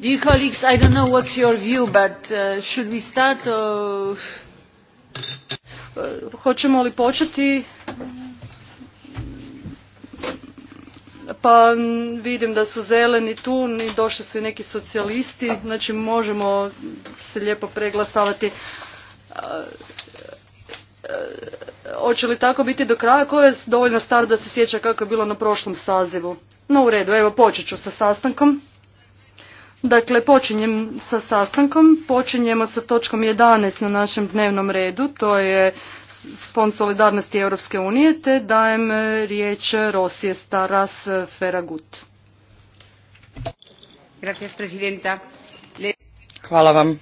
Dear colleagues, I don't know what's your view, but uh, should we start? Hoćemo li početi? Pa vidim da su zeleni tu, došli su i neki socijalisti, znači možemo se lijepo preglasavati. Hoće li tako biti do kraja? Ko je dovoljno star da se sjeća kako je bilo na prošlom sazivu? No u redu, evo počet ću sa sastankom. Dakle, počinjem sa sastankom. Počinjemo sa točkom 11 na našem dnevnom redu. To je Fond solidarnosti Europske unije, te dajem e, riječ Rosije Staras e, Feragut. Hvala vam.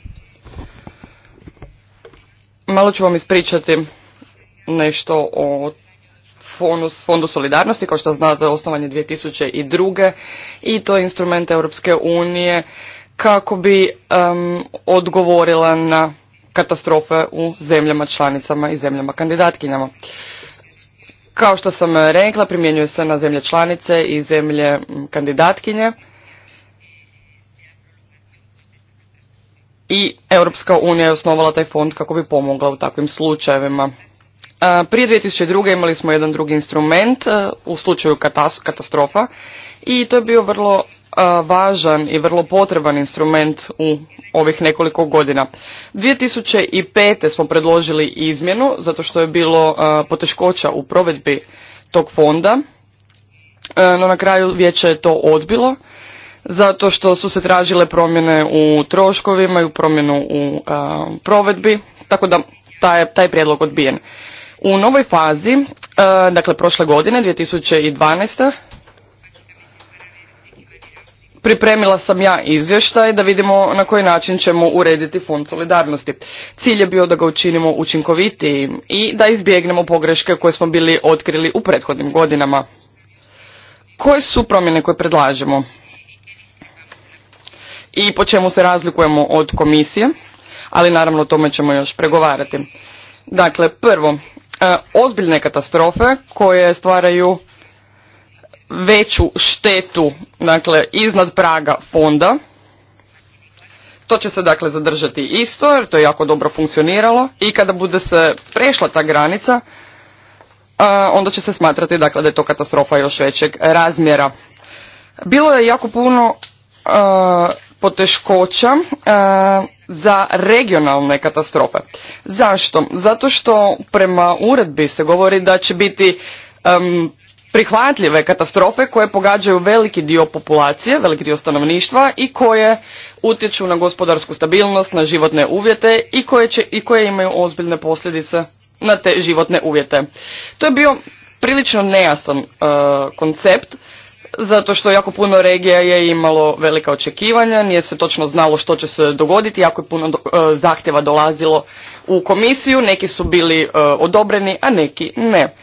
Malo ću vam ispričati nešto o fondu, fondu solidarnosti, kao što znate, osnovan je 2002. i to je instrument Europske unije kako bi odgovorila na katastrofe u zemljama članicama i zemljama kandidatkinjama. Kao što sam rekla, primjenjuje se na zemlje članice i zemlje kandidatkinje. I Europska unija je osnovala taj fond kako bi pomogla u takvim slučajevima. Prije 2002. imali smo jedan drugi instrument u slučaju katastrofa i to je bio vrlo važan i vrlo potreban instrument u ovih nekoliko godina. 2005. smo predložili izmjenu zato što je bilo poteškoća u provedbi tog fonda, no na kraju vijeće je to odbilo zato što su se tražile promjene u troškovima i promjenu u provedbi, tako da taj, taj prijedlog odbijen. U novoj fazi, e, dakle prošle godine, 2012. Pripremila sam ja izvještaj da vidimo na koji način ćemo urediti fond solidarnosti. Cilj je bio da ga učinimo učinkovitijim i da izbjegnemo pogreške koje smo bili otkrili u prethodnim godinama. Koje su promjene koje predlažemo? I po čemu se razlikujemo od komisije? Ali naravno o tome ćemo još pregovarati. Dakle, prvo, E, ozbiljne katastrofe koje stvaraju veću štetu dakle iznad praga fonda to će se dakle zadržati isto jer to je jako dobro funkcioniralo i kada bude se prešla ta granica e, onda će se smatrati dakle da je to katastrofa još većeg razmjera bilo je jako puno e, poteškoća za regionalne katastrofe. Zašto? Zato što prema uredbi se govori da će biti prihvatljive katastrofe koje pogađaju veliki dio populacije, veliki dio stanovništva i koje utječu na gospodarsku stabilnost, na životne uvjete i koje, će, i koje imaju ozbiljne posljedice na te životne uvjete. To je bio prilično nejasan e, koncept zato što jako puno regija je imalo velika očekivanja, nije se točno znalo što će se dogoditi, jako je puno e, zahtjeva dolazilo u komisiju, neki su bili e, odobreni, a neki ne.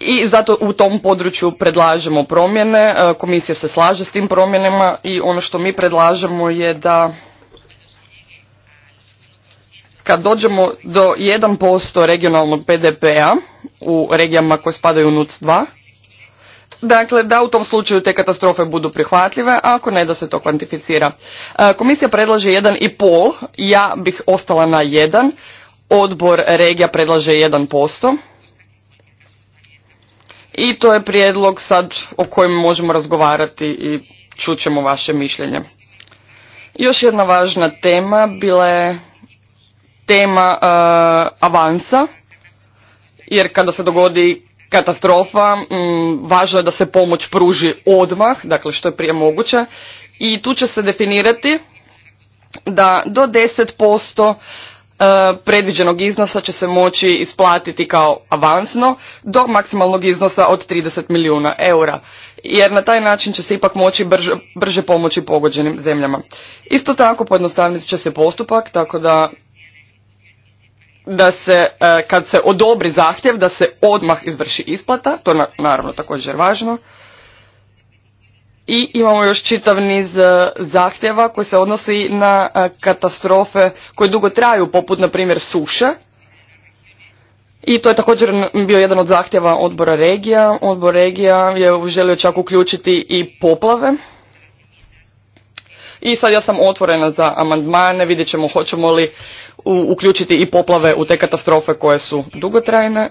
I zato u tom području predlažemo promjene, e, komisija se slaže s tim promjenama i ono što mi predlažemo je da kad dođemo do 1% regionalnog PDP-a u regijama koje spadaju u NUC 2, Dakle, da u tom slučaju te katastrofe budu prihvatljive, a ako ne da se to kvantificira. E, komisija predlaže 1,5, ja bih ostala na 1, odbor regija predlaže 1%. I to je prijedlog sad o kojem možemo razgovarati i čućemo vaše mišljenje. Još jedna važna tema bila je tema e, avansa, jer kada se dogodi katastrofa, m, mm, važno je da se pomoć pruži odmah, dakle što je prije moguće i tu će se definirati da do 10% e, predviđenog iznosa će se moći isplatiti kao avansno do maksimalnog iznosa od 30 milijuna eura jer na taj način će se ipak moći brže, pomoći pogođenim zemljama. Isto tako pojednostavnit će se postupak tako da da se e, kad se odobri zahtjev da se odmah izvrši isplata, to je naravno također važno. I imamo još čitav niz e, zahtjeva koji se odnosi na e, katastrofe koje dugo traju, poput na primjer suše. I to je također bio jedan od zahtjeva odbora regija. Odbor regija je želio čak uključiti i poplave. I sad ja sam otvorena za amandmane, vidjet ćemo hoćemo li uključiti i poplave u te katastrofe koje su dugotrajne.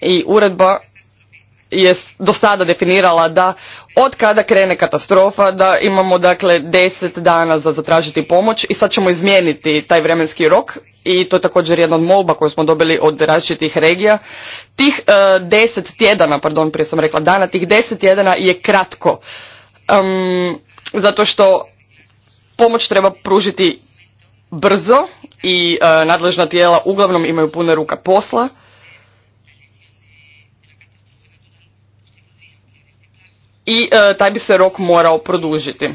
I uredba je do sada definirala da od kada krene katastrofa da imamo dakle 10 dana za zatražiti pomoć i sad ćemo izmijeniti taj vremenski rok i to je također jedna od molba koju smo dobili od različitih regija. Tih e, deset 10 tjedana, pardon prije sam rekla dana, tih 10 tjedana je kratko um, zato što pomoć treba pružiti brzo i e, nadležna tijela uglavnom imaju pune ruka posla i e, taj bi se rok morao produžiti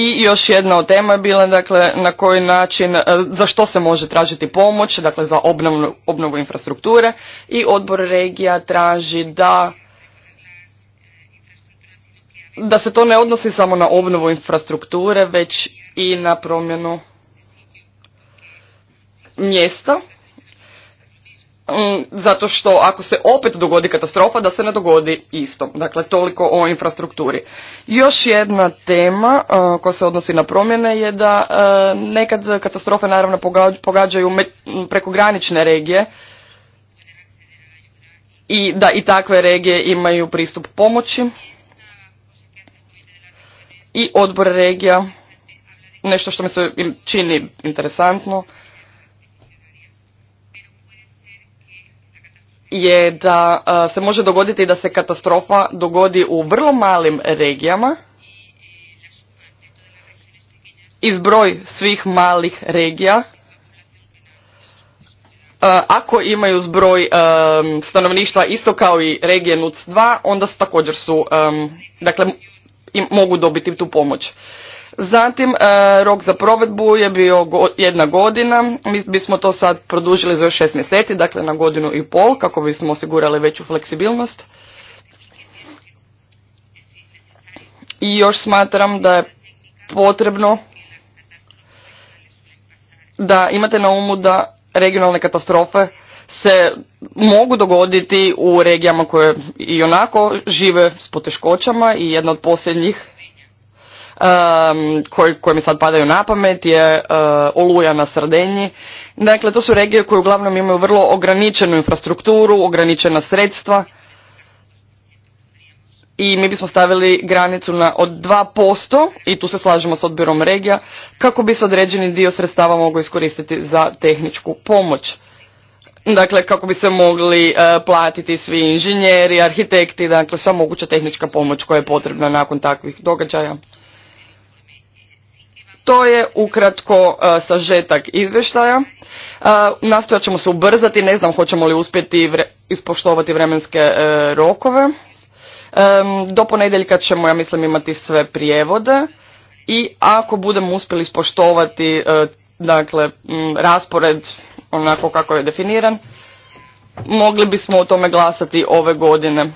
I još jedna od tema je bila dakle, na koji način, e, za što se može tražiti pomoć, dakle za obnovu, obnovu infrastrukture i odbor regija traži da da se to ne odnosi samo na obnovu infrastrukture, već i na promjenu mjesta Mm, zato što ako se opet dogodi katastrofa da se ne dogodi isto. Dakle, toliko o infrastrukturi. Još jedna tema e, koja se odnosi na promjene je da e, nekad katastrofe naravno pogađaju prekogranične regije i da i takve regije imaju pristup pomoći i odbor regija nešto što mi se čini interesantno je da se može dogoditi da se katastrofa dogodi u vrlo malim regijama i zbroj svih malih regija ako imaju zbroj stanovništva isto kao i regije NUC2, onda također su, dakle, mogu dobiti tu pomoć. Zatim, e, rok za provedbu je bio jedna godina. Mi bismo to sad produžili za još šest mjeseci, dakle na godinu i pol, kako bismo osigurali veću fleksibilnost. I još smatram da je potrebno da imate na umu da regionalne katastrofe se mogu dogoditi u regijama koje i onako žive s poteškoćama i jedna od posljednjih koje, mi sad padaju na pamet je e, Oluja na Sardenji. Dakle, to su regije koje uglavnom imaju vrlo ograničenu infrastrukturu, ograničena sredstva i mi bismo stavili granicu na od 2% i tu se slažemo s odbirom regija kako bi se određeni dio sredstava mogao iskoristiti za tehničku pomoć. Dakle, kako bi se mogli e, platiti svi inženjeri, arhitekti, dakle sva moguća tehnička pomoć koja je potrebna nakon takvih događaja. To je ukratko e, sažetak izvještaja. E, nastojat ćemo se ubrzati, ne znam hoćemo li uspjeti ispoštovati vremenske e, rokove. Do ponedjeljka ćemo, ja mislim, imati sve prijevode i ako budemo uspjeli ispoštovati dakle, raspored onako kako je definiran, mogli bismo o tome glasati ove godine.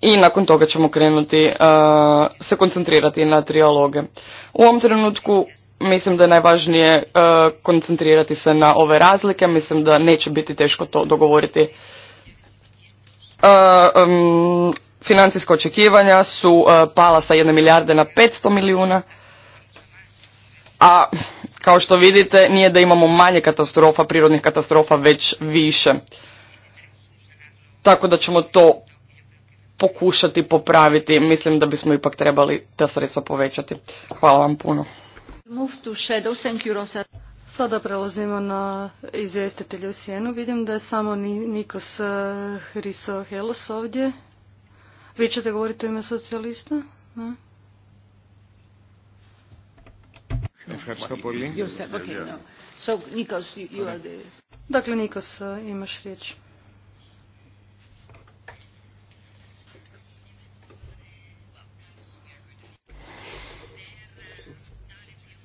i nakon toga ćemo krenuti uh, se koncentrirati na trialoge. U ovom trenutku mislim da je najvažnije uh, koncentrirati se na ove razlike, mislim da neće biti teško to dogovoriti. Uh, um, financijska očekivanja su uh, pala sa 1 milijarde na 500 milijuna, a kao što vidite nije da imamo manje katastrofa, prirodnih katastrofa, već više. Tako da ćemo to pokušati popraviti. Mislim da bismo ipak trebali ta sredstva povećati. Hvala vam puno. Sada prelazimo na izvjestitelju sjenu. Vidim da je samo Nikos eh, Helos ovdje. Vi ćete govoriti o ime socijalista? Dakle, Nikos, eh, imaš riječ.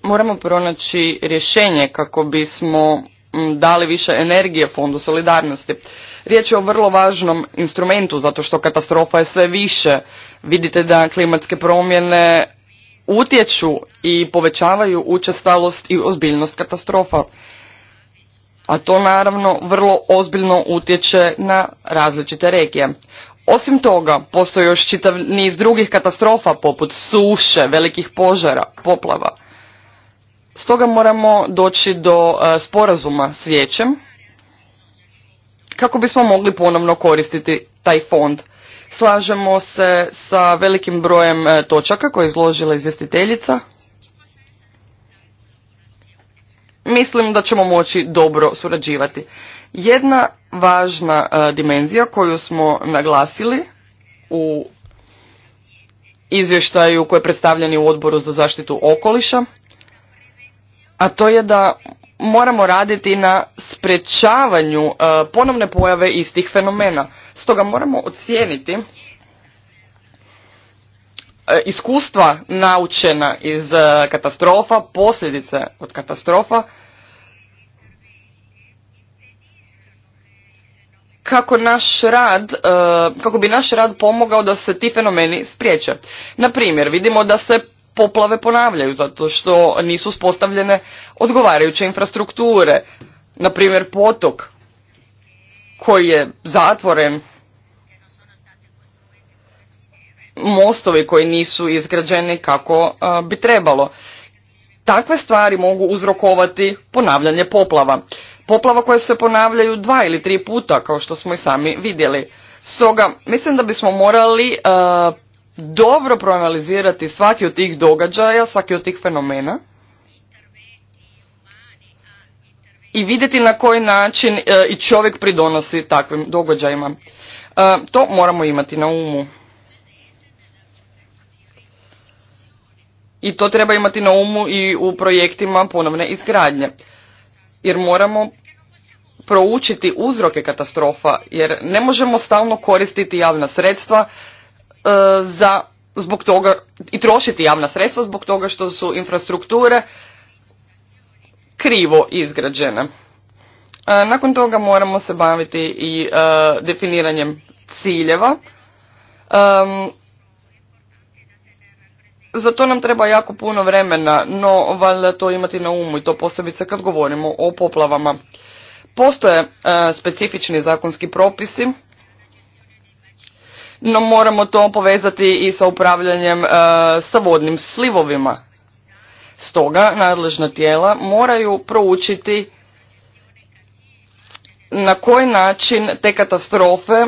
moramo pronaći rješenje kako bismo dali više energije fondu solidarnosti. Riječ je o vrlo važnom instrumentu zato što katastrofa je sve više. Vidite da klimatske promjene utječu i povećavaju učestalost i ozbiljnost katastrofa. A to naravno vrlo ozbiljno utječe na različite regije. Osim toga, postoji još čitav niz drugih katastrofa poput suše, velikih požara, poplava. Stoga moramo doći do e, sporazuma s vijećem kako bismo mogli ponovno koristiti taj fond. Slažemo se sa velikim brojem e, točaka koje je izložila izvjestiteljica. Mislim da ćemo moći dobro surađivati. Jedna važna e, dimenzija koju smo naglasili u izvještaju koji je predstavljen u odboru za zaštitu okoliša a to je da moramo raditi na sprečavanju e, ponovne pojave istih fenomena. Stoga moramo ocijeniti e, iskustva naučena iz e, katastrofa, posljedice od katastrofa, kako naš rad, kako bi naš rad pomogao da se ti fenomeni spriječe. Na primjer, vidimo da se poplave ponavljaju zato što nisu spostavljene odgovarajuće infrastrukture. Na primjer potok koji je zatvoren, mostovi koji nisu izgrađeni kako bi trebalo. Takve stvari mogu uzrokovati ponavljanje poplava. Poplava koje se ponavljaju dva ili tri puta, kao što smo i sami vidjeli. Stoga, mislim da bismo morali dobro proanalizirati svaki od tih događaja, svaki od tih fenomena i vidjeti na koji način e, i čovjek pridonosi takvim događajima. E, to moramo imati na umu. I to treba imati na umu i u projektima ponovne izgradnje. Jer moramo proučiti uzroke katastrofa, jer ne možemo stalno koristiti javna sredstva, E, za zbog toga i trošiti javna sredstva zbog toga što su infrastrukture krivo izgrađene. E, nakon toga moramo se baviti i e, definiranjem ciljeva. Za to nam treba jako puno vremena, no valjda to imati na umu i to posebice kad govorimo o poplavama. Postoje specifični zakonski propisi no moramo to povezati i sa upravljanjem e, sa vodnim slivovima. Stoga nadležna tijela moraju proučiti na koji način te katastrofe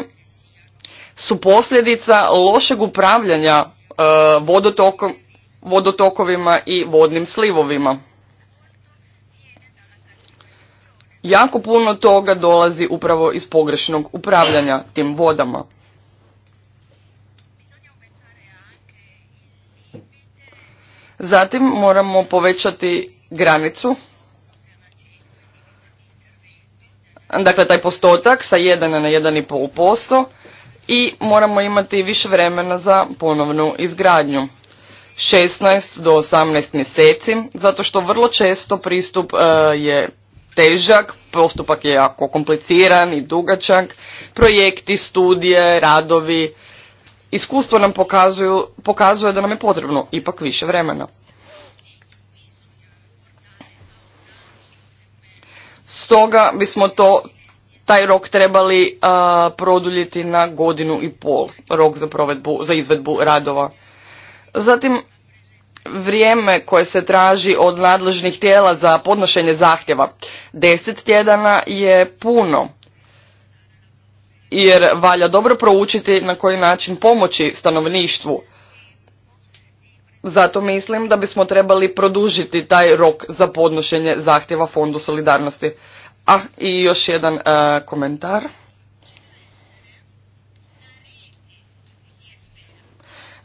su posljedica lošeg upravljanja e, vodotokovima i vodnim slivovima. Jako puno toga dolazi upravo iz pogrešnog upravljanja tim vodama. Zatim moramo povećati granicu. Dakle, taj postotak sa 1 na 1,5% i moramo imati više vremena za ponovnu izgradnju. 16 do 18 mjeseci, zato što vrlo često pristup e, je težak, postupak je jako kompliciran i dugačak, projekti, studije, radovi, iskustvo nam pokazuje da nam je potrebno ipak više vremena. Stoga bismo to, taj rok trebali produljiti na godinu i pol, rok za, provedbu, za izvedbu radova. Zatim, vrijeme koje se traži od nadležnih tijela za podnošenje zahtjeva. Deset tjedana je puno jer valja dobro proučiti na koji način pomoći stanovništvu. Zato mislim da bismo trebali produžiti taj rok za podnošenje zahtjeva Fondu solidarnosti. A i još jedan e, komentar.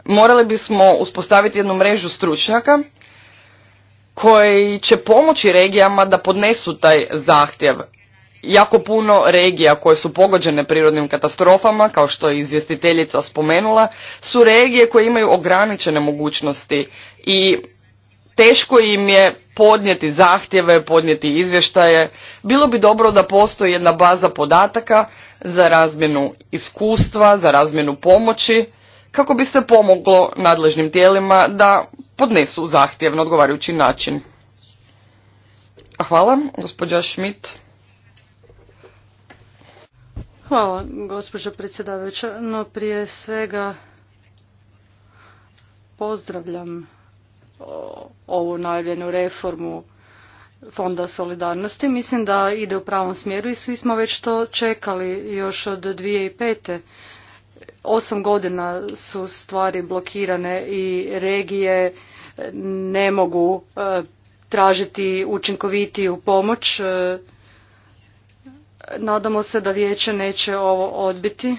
Morali bismo uspostaviti jednu mrežu stručnjaka koji će pomoći regijama da podnesu taj zahtjev jako puno regija koje su pogođene prirodnim katastrofama, kao što je izvjestiteljica spomenula, su regije koje imaju ograničene mogućnosti i teško im je podnijeti zahtjeve, podnijeti izvještaje. Bilo bi dobro da postoji jedna baza podataka za razmjenu iskustva, za razmjenu pomoći, kako bi se pomoglo nadležnim tijelima da podnesu zahtjev na odgovarajući način. Hvala, gospođa Schmidt. Hvala, gospođo predsjedavajuća. No prije svega pozdravljam ovu najavljenu reformu Fonda solidarnosti. Mislim da ide u pravom smjeru i svi smo već to čekali još od 2005. Osam godina su stvari blokirane i regije e, ne mogu e, tražiti učinkovitiju pomoć e, Nadamo se da vijeće neće ovo odbiti.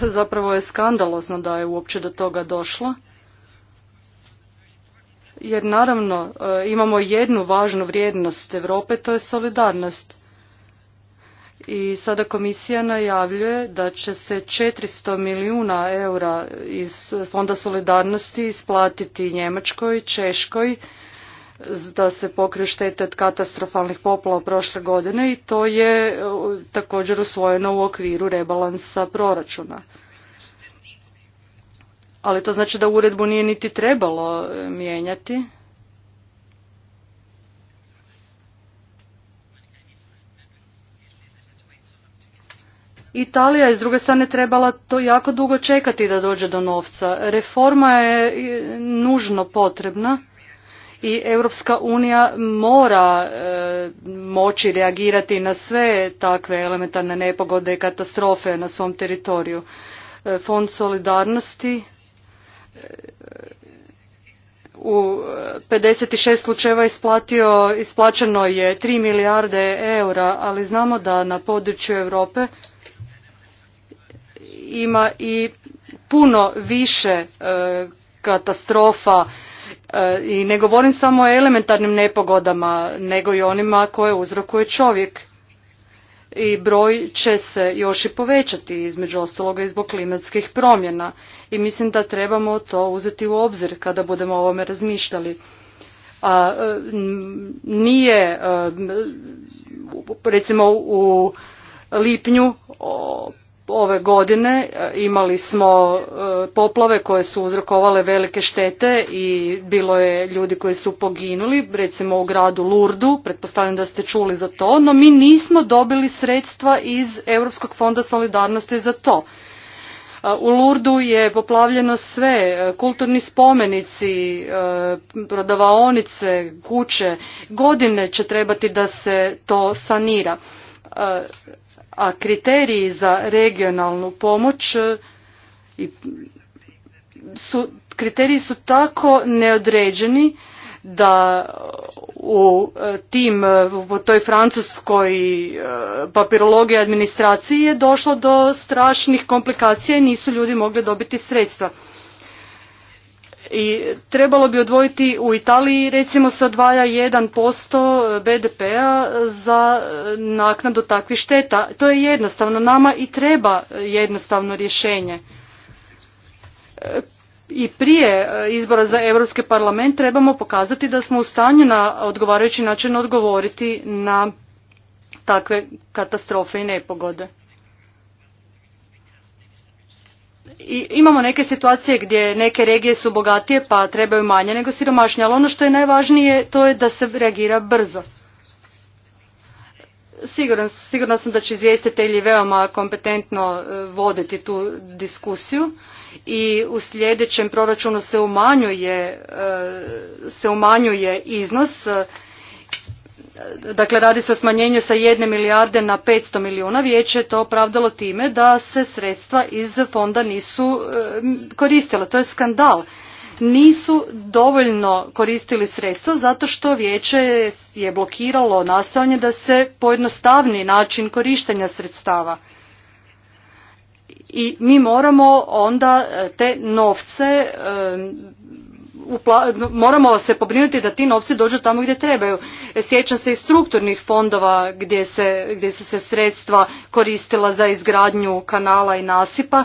Zapravo je skandalozno da je uopće do toga došlo. Jer naravno e, imamo jednu važnu vrijednost Europe, to je solidarnost. I sada komisija najavljuje da će se 400 milijuna eura iz Fonda solidarnosti isplatiti Njemačkoj, Češkoj, da se pokriju štete od katastrofalnih poplava prošle godine i to je e, također usvojeno u okviru rebalansa proračuna. Ali to znači da uredbu nije niti trebalo e, mijenjati. Italija je s druge strane trebala to jako dugo čekati da dođe do novca. Reforma je e, nužno potrebna i Europska unija mora e, moći reagirati na sve takve elementarne nepogode i katastrofe na svom teritoriju. E, Fond solidarnosti e, u 56 slučajeva isplatio, isplaćeno je 3 milijarde eura, ali znamo da na području Europe ima i puno više katastrofa E, I ne govorim samo o elementarnim nepogodama, nego i onima koje uzrokuje čovjek. I broj će se još i povećati, između ostaloga i zbog klimatskih promjena. I mislim da trebamo to uzeti u obzir kada budemo o ovome razmišljali. A, e, nije, e, recimo u lipnju Ove godine e, imali smo e, poplave koje su uzrokovale velike štete i bilo je ljudi koji su poginuli, recimo u gradu Lurdu, pretpostavljam da ste čuli za to, no mi nismo dobili sredstva iz Europskog fonda solidarnosti za to. E, u Lurdu je poplavljeno sve, kulturni spomenici, prodavaonice, kuće, godine će trebati da se to sanira a kriteriji za regionalnu pomoć e, su, kriteriji su tako neodređeni da u e, tim, e, u toj francuskoj papirologiji administraciji je došlo do strašnih komplikacija i nisu ljudi mogli dobiti sredstva i trebalo bi odvojiti u Italiji recimo se odvaja 1% BDP-a za e, naknadu takvih šteta. To je jednostavno. Nama i treba jednostavno rješenje. E, I prije e, izbora za Europski parlament trebamo pokazati da smo u stanju na odgovarajući način odgovoriti na takve katastrofe i nepogode. i imamo neke situacije gdje neke regije su bogatije pa trebaju manje nego siromašnije, ali ono što je najvažnije to je da se reagira brzo. Siguran, sam da će izvjestitelji veoma kompetentno e, voditi tu diskusiju i u sljedećem proračunu se umanjuje, e, se umanjuje iznos e, dakle radi se o smanjenju sa jedne milijarde na 500 milijuna, vijeće je to opravdalo time da se sredstva iz fonda nisu e, koristila. To je skandal. Nisu dovoljno koristili sredstva zato što vijeće je blokiralo nastojanje da se pojednostavni način korištenja sredstava. I mi moramo onda te novce e, moramo se pobrinuti da ti novci dođu tamo gdje trebaju. E, sjećam se i strukturnih fondova gdje, su se sredstva koristila za izgradnju kanala i nasipa.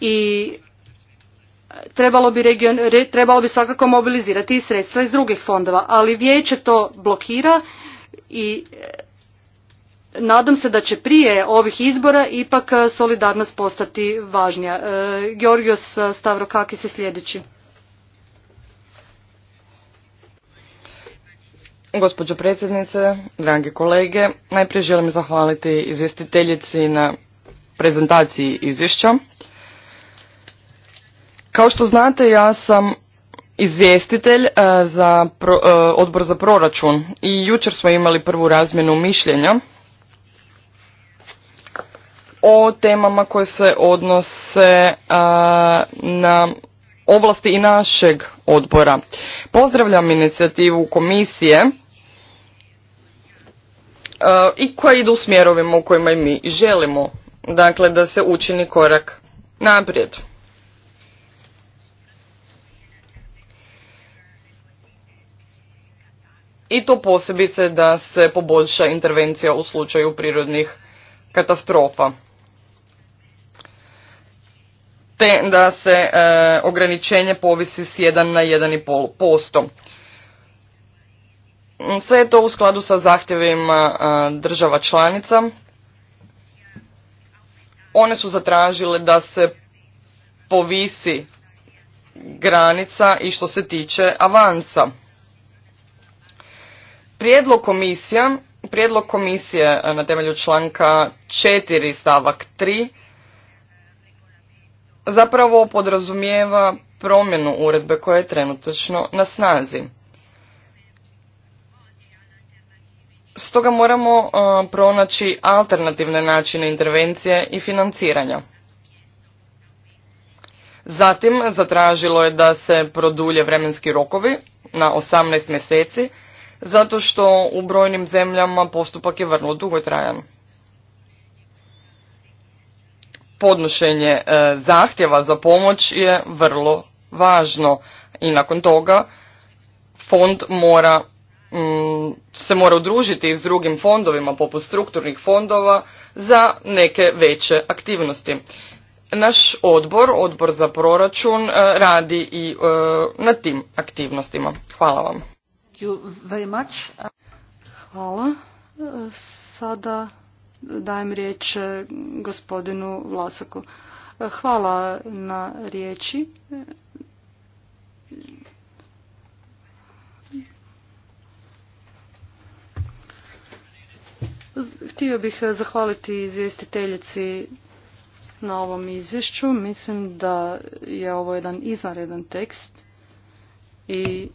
I trebalo bi, trebalo bi svakako mobilizirati i sredstva iz drugih fondova, ali vijeće to blokira i nadam se da će prije ovih izbora ipak e, solidarnost postati važnija. E, Georgios Stavrokakis je sljedeći. Gospođo predsjednice, dragi kolege, najprije želim zahvaliti izvjestiteljici na prezentaciji izvješća. Kao što znate, ja sam izvjestitelj e, za odbor za proračun i jučer smo imali prvu razmjenu mišljenja o temama koje se odnose na oblasti i našeg odbora. Pozdravljam inicijativu komisije i koja idu u smjerovima u kojima i mi želimo. Dakle, da se učini korak naprijed. I to posebice da se poboljša intervencija u slučaju prirodnih katastrofa te da se e, ograničenje povisi s 1 na 1,5%. Mm, sve je to u skladu sa zahtjevima e, država članica. One su zatražile da se povisi granica i što se tiče avansa. Prijedlog komisija, prijedlog komisije e, na temelju članka 4 stavak 3 zapravo podrazumijeva promjenu uredbe koja je trenutačno na snazi. Stoga moramo e, pronaći alternativne načine intervencije i financiranja. Zatim zatražilo je da se produlje vremenski rokovi na 18 mjeseci, zato što u brojnim zemljama postupak je vrlo dugotrajan podnošenje e, zahtjeva za pomoć je vrlo važno i nakon toga fond mora mm, se mora udružiti s drugim fondovima poput strukturnih fondova za neke veće aktivnosti. Naš odbor, odbor za proračun, e, radi i e, na tim aktivnostima. Hvala vam. Hvala. Sada dajem riječ e, gospodinu Vlasaku. E, hvala na riječi. Htio bih zahvaliti izvjestiteljici na ovom izvješću. Mislim da je ovo jedan izvanredan tekst i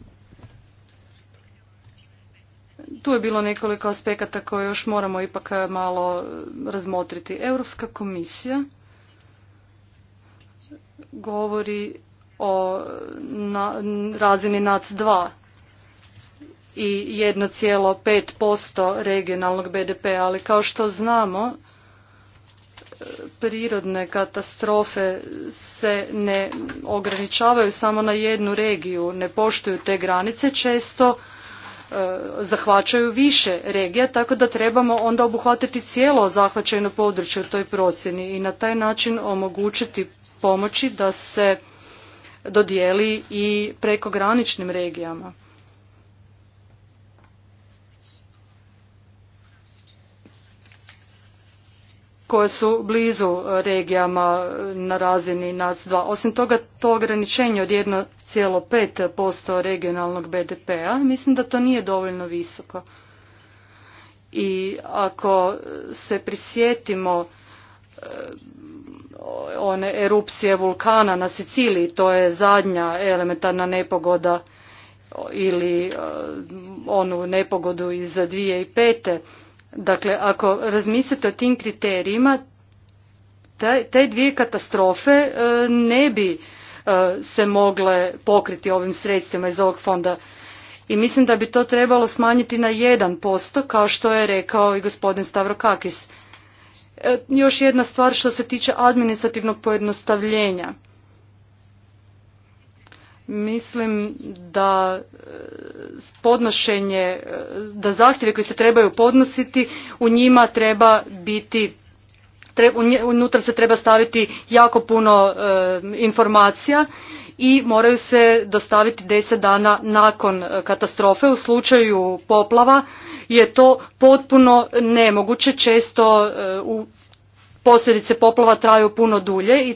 tu je bilo nekoliko aspekata koje još moramo ipak e, malo e, razmotriti. Europska komisija govori o razini NAC2 i 1,5% regionalnog BDP, ali kao što znamo e, prirodne katastrofe se ne ograničavaju samo na jednu regiju, ne poštuju te granice, često E, zahvaćaju više regija, tako da trebamo onda obuhvatiti cijelo zahvaćeno područje u toj procjeni i na taj način omogućiti pomoći da se dodijeli i prekograničnim regijama. koje su blizu e, regijama e, na razini NAC2. Osim toga, to ograničenje od 1,5% regionalnog BDP-a, mislim da to nije dovoljno visoko. I ako se prisjetimo e, one erupcije vulkana na Siciliji, to je zadnja elementarna nepogoda ili onu nepogodu iz 2005 Dakle, ako razmislite o tim kriterijima, te dvije katastrofe e, ne bi e, se mogle pokriti ovim sredstvima iz ovog fonda. I mislim da bi to trebalo smanjiti na 1%, kao što je rekao i gospodin Kakis. E, još jedna stvar što se tiče administrativnog pojednostavljenja mislim da e, podnošenje, e, da zahtjeve koji se trebaju podnositi u njima treba biti unutra se treba staviti jako puno e, informacija i moraju se dostaviti deset dana nakon katastrofe. U slučaju poplava je to potpuno nemoguće. Često u posljedice poplava traju puno dulje i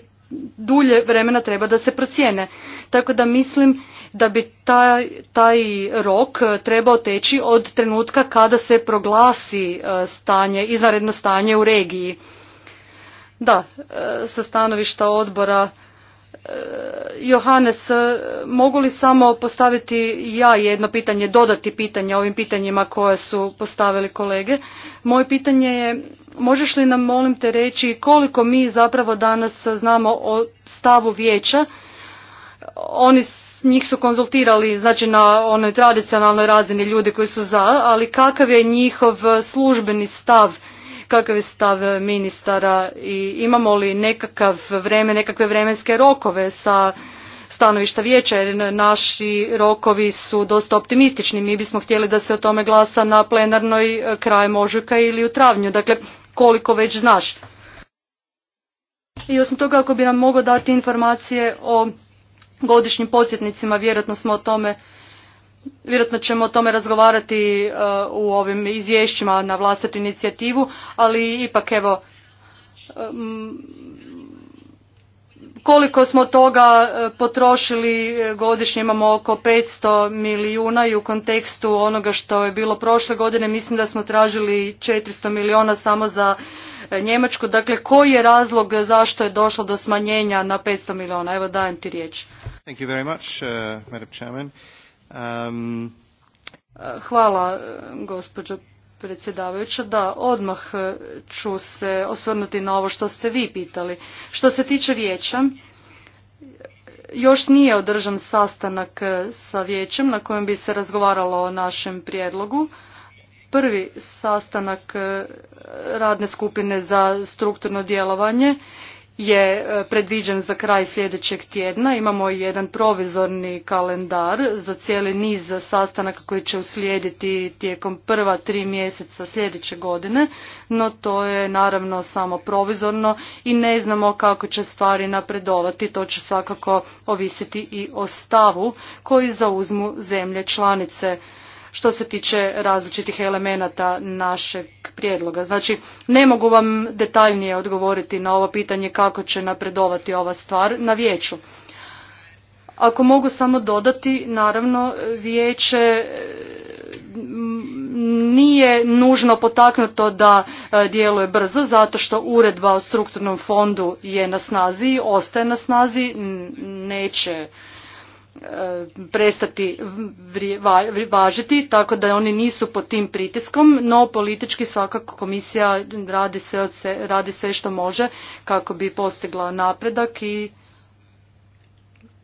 dulje vremena treba da se procijene. Tako da mislim da bi taj, taj rok eh, trebao teći od trenutka kada se proglasi eh, stanje, izvanredno stanje u regiji. Da, eh, sa stanovišta odbora Eh, Johannes, eh, mogu li samo postaviti ja jedno pitanje, dodati pitanje ovim pitanjima koje su postavili kolege? Moje pitanje je, možeš li nam molim te reći koliko mi zapravo danas znamo o stavu vijeća? Oni njih su konzultirali znači na onoj tradicionalnoj razini ljudi koji su za, ali kakav je njihov službeni stav kakav je stav ministara i imamo li nekakav vreme, nekakve vremenske rokove sa stanovišta vijeća jer naši rokovi su dosta optimistični. Mi bismo htjeli da se o tome glasa na plenarnoj e, krajem ožujka ili u travnju. Dakle, koliko već znaš. I osim toga, ako bi nam mogao dati informacije o godišnjim podsjetnicima, vjerojatno smo o tome Vjerojatno ćemo o tome razgovarati uh, u ovim izvješćima na vlastitu inicijativu, ali ipak evo um, koliko smo toga uh, potrošili uh, godišnje imamo oko 500 milijuna i u kontekstu onoga što je bilo prošle godine mislim da smo tražili 400 milijuna samo za Njemačku. Dakle, koji je razlog zašto je došlo do smanjenja na 500 milijuna? Evo dajem ti riječ. Thank you very Um, Hvala gospođo predsjedavajuća. Da, odmah ću se osvrnuti na ovo što ste vi pitali. Što se tiče vijeća, još nije održan sastanak sa vijećem na kojem bi se razgovaralo o našem prijedlogu. Prvi sastanak radne skupine za strukturno djelovanje je e, predviđen za kraj sljedećeg tjedna. Imamo jedan provizorni kalendar za cijeli niz sastanaka koji će uslijediti tijekom prva tri mjeseca sljedeće godine, no to je naravno samo provizorno i ne znamo kako će stvari napredovati. To će svakako ovisiti i o stavu koji zauzmu zemlje članice što se tiče različitih elemenata našeg prijedloga. Znači, ne mogu vam detaljnije odgovoriti na ovo pitanje kako će napredovati ova stvar na vijeću. Ako mogu samo dodati, naravno, vijeće e, nije nužno potaknuto da e, djeluje brzo zato što uredba o strukturnom fondu je na snazi, ostaje na snazi, neće prestati važiti, tako da oni nisu pod tim pritiskom, no politički svakako komisija radi sve, radi sve što može kako bi postigla napredak i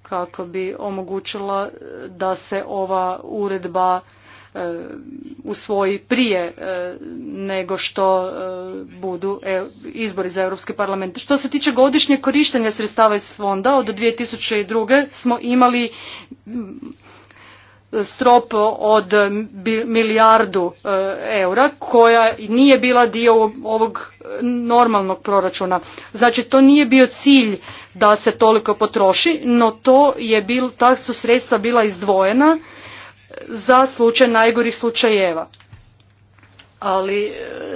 kako bi omogućila da se ova uredba E, usvoji prije e, nego što e, budu izbori za Europski parlament. Što se tiče godišnje korištenja sredstava iz fonda, od 2002. smo imali strop od milijardu eura koja nije bila dio ovog normalnog proračuna. Znači to nije bio cilj da se toliko potroši, no to je bil, ta su sredstva bila izdvojena za slučaj najgorih slučajeva. Ali e,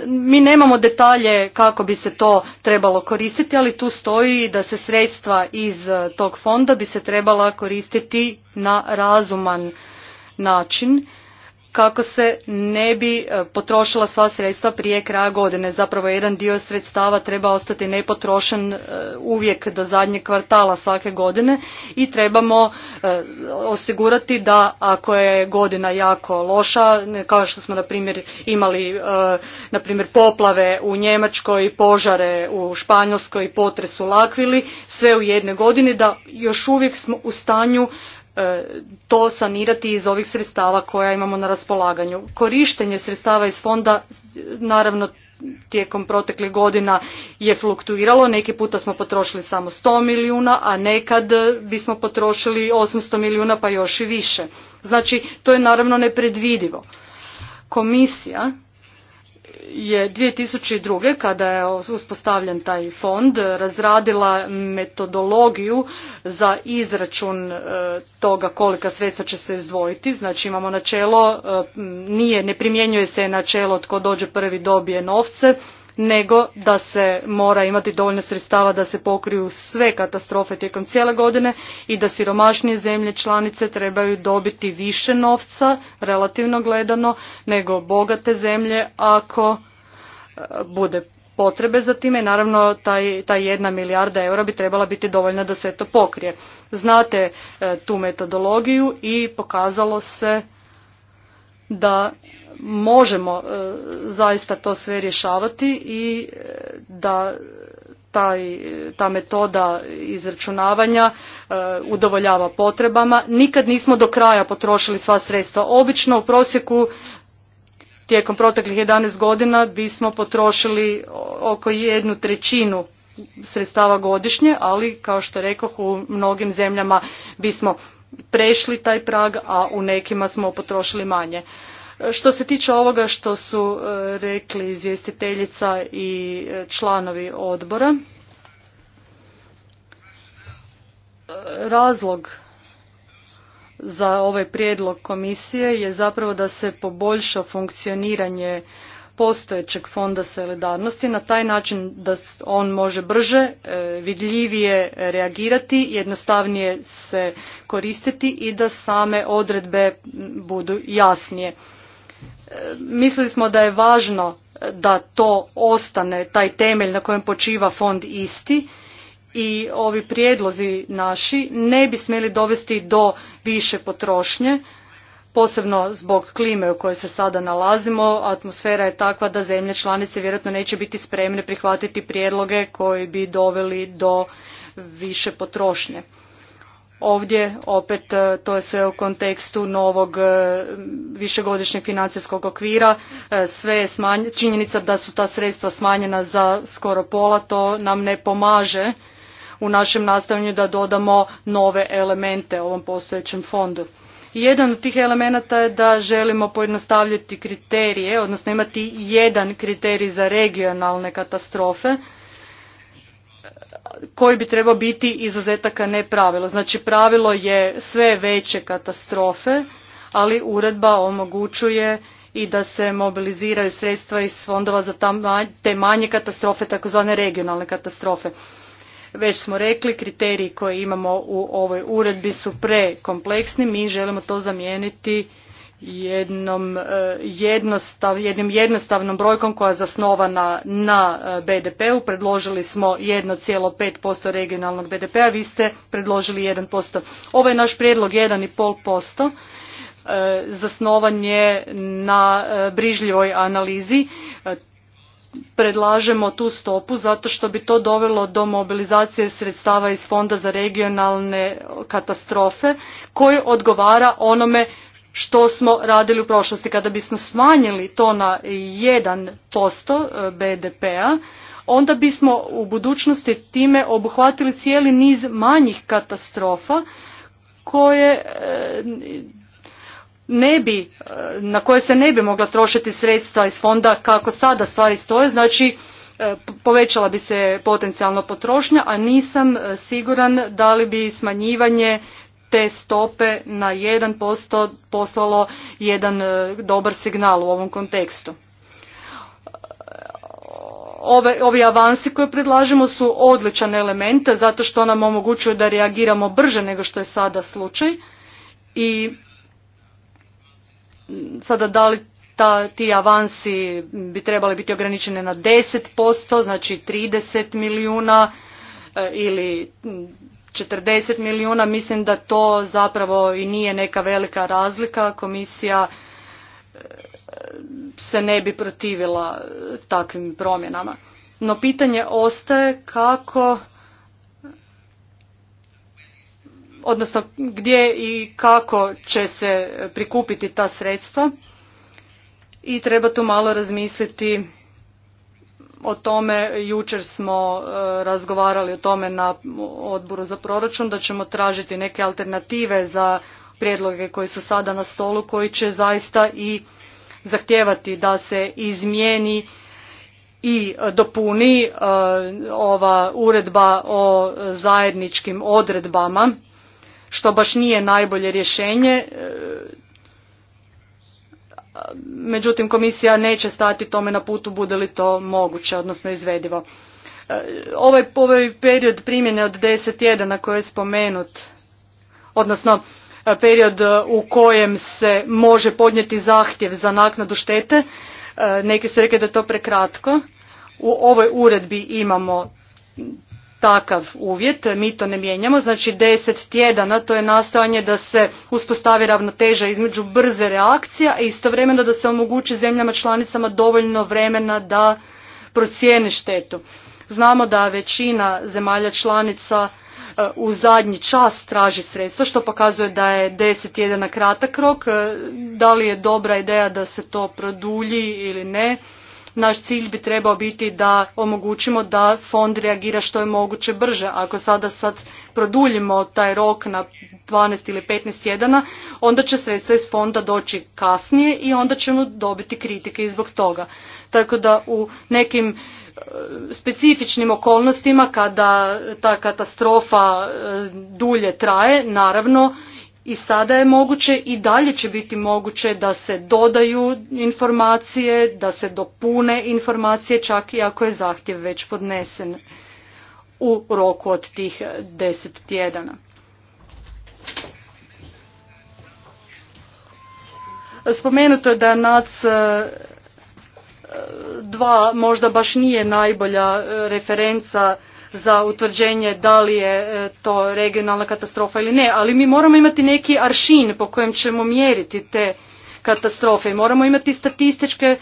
mi nemamo detalje kako bi se to trebalo koristiti, ali tu stoji da se sredstva iz e, tog fonda bi se trebala koristiti na razuman način kako se ne bi e, potrošila sva sredstva prije kraja godine. Zapravo jedan dio sredstava treba ostati nepotrošen e, uvijek do zadnjeg kvartala svake godine i trebamo e, osigurati da ako je godina jako loša, kao što smo na primjer imali na primjer poplave u Njemačkoj, požare u Španjolskoj, potres u Lakvili, sve u jedne godine da još uvijek smo u stanju E, to sanirati iz ovih sredstava koja imamo na raspolaganju. Korištenje sredstava iz fonda naravno tijekom proteklih godina je fluktuiralo. Neki puta smo potrošili samo 100 milijuna, a nekad bismo potrošili 800 milijuna pa još i više. Znači, to je naravno nepredvidivo. Komisija je 2002. kada je uspostavljen taj fond razradila metodologiju za izračun e, toga kolika sredstva će se izdvojiti. Znači imamo načelo, e, nije, ne primjenjuje se načelo tko dođe prvi dobije novce, nego da se mora imati dovoljno sredstava da se pokriju sve katastrofe tijekom cijele godine i da siromašnije zemlje članice trebaju dobiti više novca relativno gledano nego bogate zemlje ako e, bude potrebe za time i naravno taj, ta jedna milijarda eura bi trebala biti dovoljna da sve to pokrije. Znate e, tu metodologiju i pokazalo se da možemo e, zaista to sve rješavati i e, da taj, ta metoda izračunavanja e, udovoljava potrebama. Nikad nismo do kraja potrošili sva sredstva. Obično u prosjeku tijekom proteklih 11 godina bismo potrošili oko jednu trećinu sredstava godišnje, ali kao što rekoh u mnogim zemljama bismo prešli taj prag, a u nekima smo potrošili manje. Što se tiče ovoga što su e, rekli izvjestiteljica i e, članovi odbora, razlog za ovaj prijedlog komisije je zapravo da se poboljša funkcioniranje postojećeg fonda solidarnosti na taj način da on može brže, e, vidljivije reagirati, jednostavnije se koristiti i da same odredbe budu jasnije mislili smo da je važno da to ostane, taj temelj na kojem počiva fond isti i ovi prijedlozi naši ne bi smjeli dovesti do više potrošnje, posebno zbog klime u kojoj se sada nalazimo. Atmosfera je takva da zemlje članice vjerojatno neće biti spremne prihvatiti prijedloge koji bi doveli do više potrošnje. Ovdje opet e, to je sve u kontekstu novog e, višegodišnjeg financijskog okvira. E, sve je činjenica da su ta sredstva smanjena za skoro pola, to nam ne pomaže u našem nastavnju da dodamo nove elemente ovom postojećem fondu. Jedan od tih elemenata je da želimo pojednostavljati kriterije, odnosno imati jedan kriterij za regionalne katastrofe koji bi trebao biti izuzetaka ne pravilo. Znači pravilo je sve veće katastrofe, ali uredba omogućuje i da se mobiliziraju sredstva iz fondova za te manje katastrofe, takozvane regionalne katastrofe. Već smo rekli, kriteriji koje imamo u ovoj uredbi su prekompleksni, mi želimo to zamijeniti jednom, e, jednostavnom brojkom koja je zasnovana na e, BDP-u. Predložili smo 1,5% regionalnog BDP-a, vi ste predložili 1%. Ovo je naš prijedlog 1,5% e, zasnovan je na brižljivoj analizi. Predlažemo tu stopu zato što bi to dovelo do mobilizacije sredstava iz Fonda za regionalne katastrofe koji odgovara onome što smo radili u prošlosti. Kada bismo smanjili to na 1% e, BDP-a, onda bismo u budućnosti time obuhvatili cijeli niz manjih katastrofa koje e, ne bi, e, na koje se ne bi mogla trošiti sredstva iz fonda kako sada stvari stoje, znači povećala bi se potencijalno potrošnja, a nisam siguran da li bi smanjivanje te stope na 1% poslalo jedan e, dobar signal u ovom kontekstu. Ove, ovi avansi koje predlažemo su odličan element zato što nam omogućuje da reagiramo brže nego što je sada slučaj i sada da li ta, ti avansi bi trebali biti ograničene na 10%, znači 30 milijuna e, ili 40 milijuna, mislim da to zapravo i nije neka velika razlika. Komisija e, se ne bi protivila e, takvim promjenama. No pitanje ostaje kako odnosno gdje i kako će se prikupiti ta sredstva i treba tu malo razmisliti o tome jučer smo e, razgovarali o tome na odboru za proračun da ćemo tražiti neke alternative za prijedloge koji su sada na stolu koji će zaista i zahtijevati da se izmijeni i dopuni e, ova uredba o zajedničkim odredbama što baš nije najbolje rješenje e, međutim komisija neće stati tome na putu bude li to moguće, odnosno izvedivo. E, ovaj, ovaj period primjene od 10 tjedana koji je spomenut, odnosno e, period u kojem se može podnijeti zahtjev za naknadu štete, e, neki su rekli da je to prekratko. U ovoj uredbi imamo takav uvjet, mi to ne mijenjamo, znači deset tjedana to je nastojanje da se uspostavi ravnoteža između brze reakcije, a istovremeno da se omogući zemljama članicama dovoljno vremena da procijene štetu. Znamo da većina zemalja članica e, u zadnji čas traži sredstva, što pokazuje da je 10 tjedana kratak rok. E, da li je dobra ideja da se to produlji ili ne, naš cilj bi trebao biti da omogućimo da fond reagira što je moguće brže. Ako sada sad produljimo taj rok na 12 ili 15 tjedana onda će sredstva iz fonda doći kasnije i onda ćemo dobiti kritike i zbog toga. Tako da u nekim e, specifičnim okolnostima kada ta katastrofa e, dulje traje, naravno i sada je moguće i dalje će biti moguće da se dodaju informacije, da se dopune informacije čak i ako je zahtjev već podnesen u roku od tih deset tjedana. Spomenuto je da NAC e, dva možda baš nije najbolja e, referenca za utvrđenje da li je e, to regionalna katastrofa ili ne, ali mi moramo imati neki aršin po kojem ćemo mjeriti te katastrofe i moramo imati statističke e,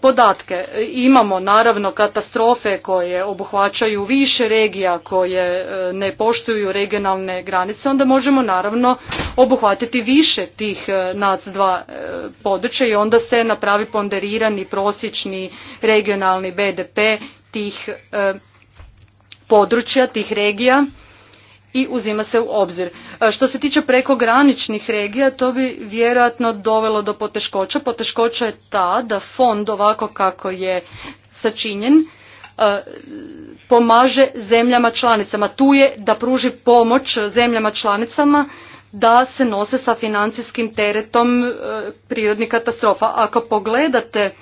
podatke. Imamo naravno katastrofe koje obuhvaćaju više regija koje e, ne poštuju regionalne granice, onda možemo naravno obuhvatiti više tih NAC2 područja i onda se napravi ponderirani prosječni regionalni BDP tih područja tih regija i uzima se u obzir. E, što se tiče prekograničnih regija, to bi vjerojatno dovelo do poteškoća. Poteškoća je ta da fond ovako kako je sačinjen e, pomaže zemljama članicama. Tu je da pruži pomoć zemljama članicama da se nose sa financijskim teretom e, prirodnih katastrofa. Ako pogledate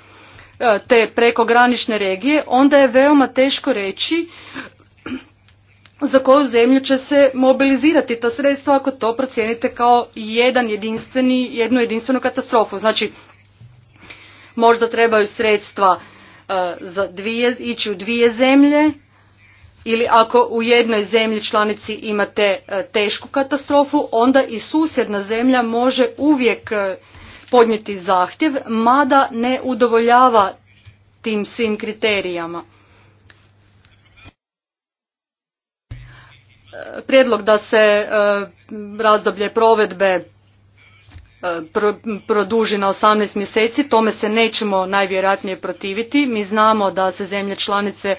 te prekogranične regije, onda je veoma teško reći za koju zemlju će se mobilizirati ta sredstva ako to procijenite kao jedan jedinstveni, jednu jedinstvenu katastrofu. Znači, možda trebaju sredstva e, za dvije, ići u dvije zemlje ili ako u jednoj zemlji članici imate e, tešku katastrofu, onda i susjedna zemlja može uvijek e, podnijeti zahtjev, mada ne udovoljava tim svim kriterijama. prijedlog da se e, razdoblje provedbe e, produži na 18 mjeseci, tome se nećemo najvjerojatnije protiviti. Mi znamo da se zemlje članice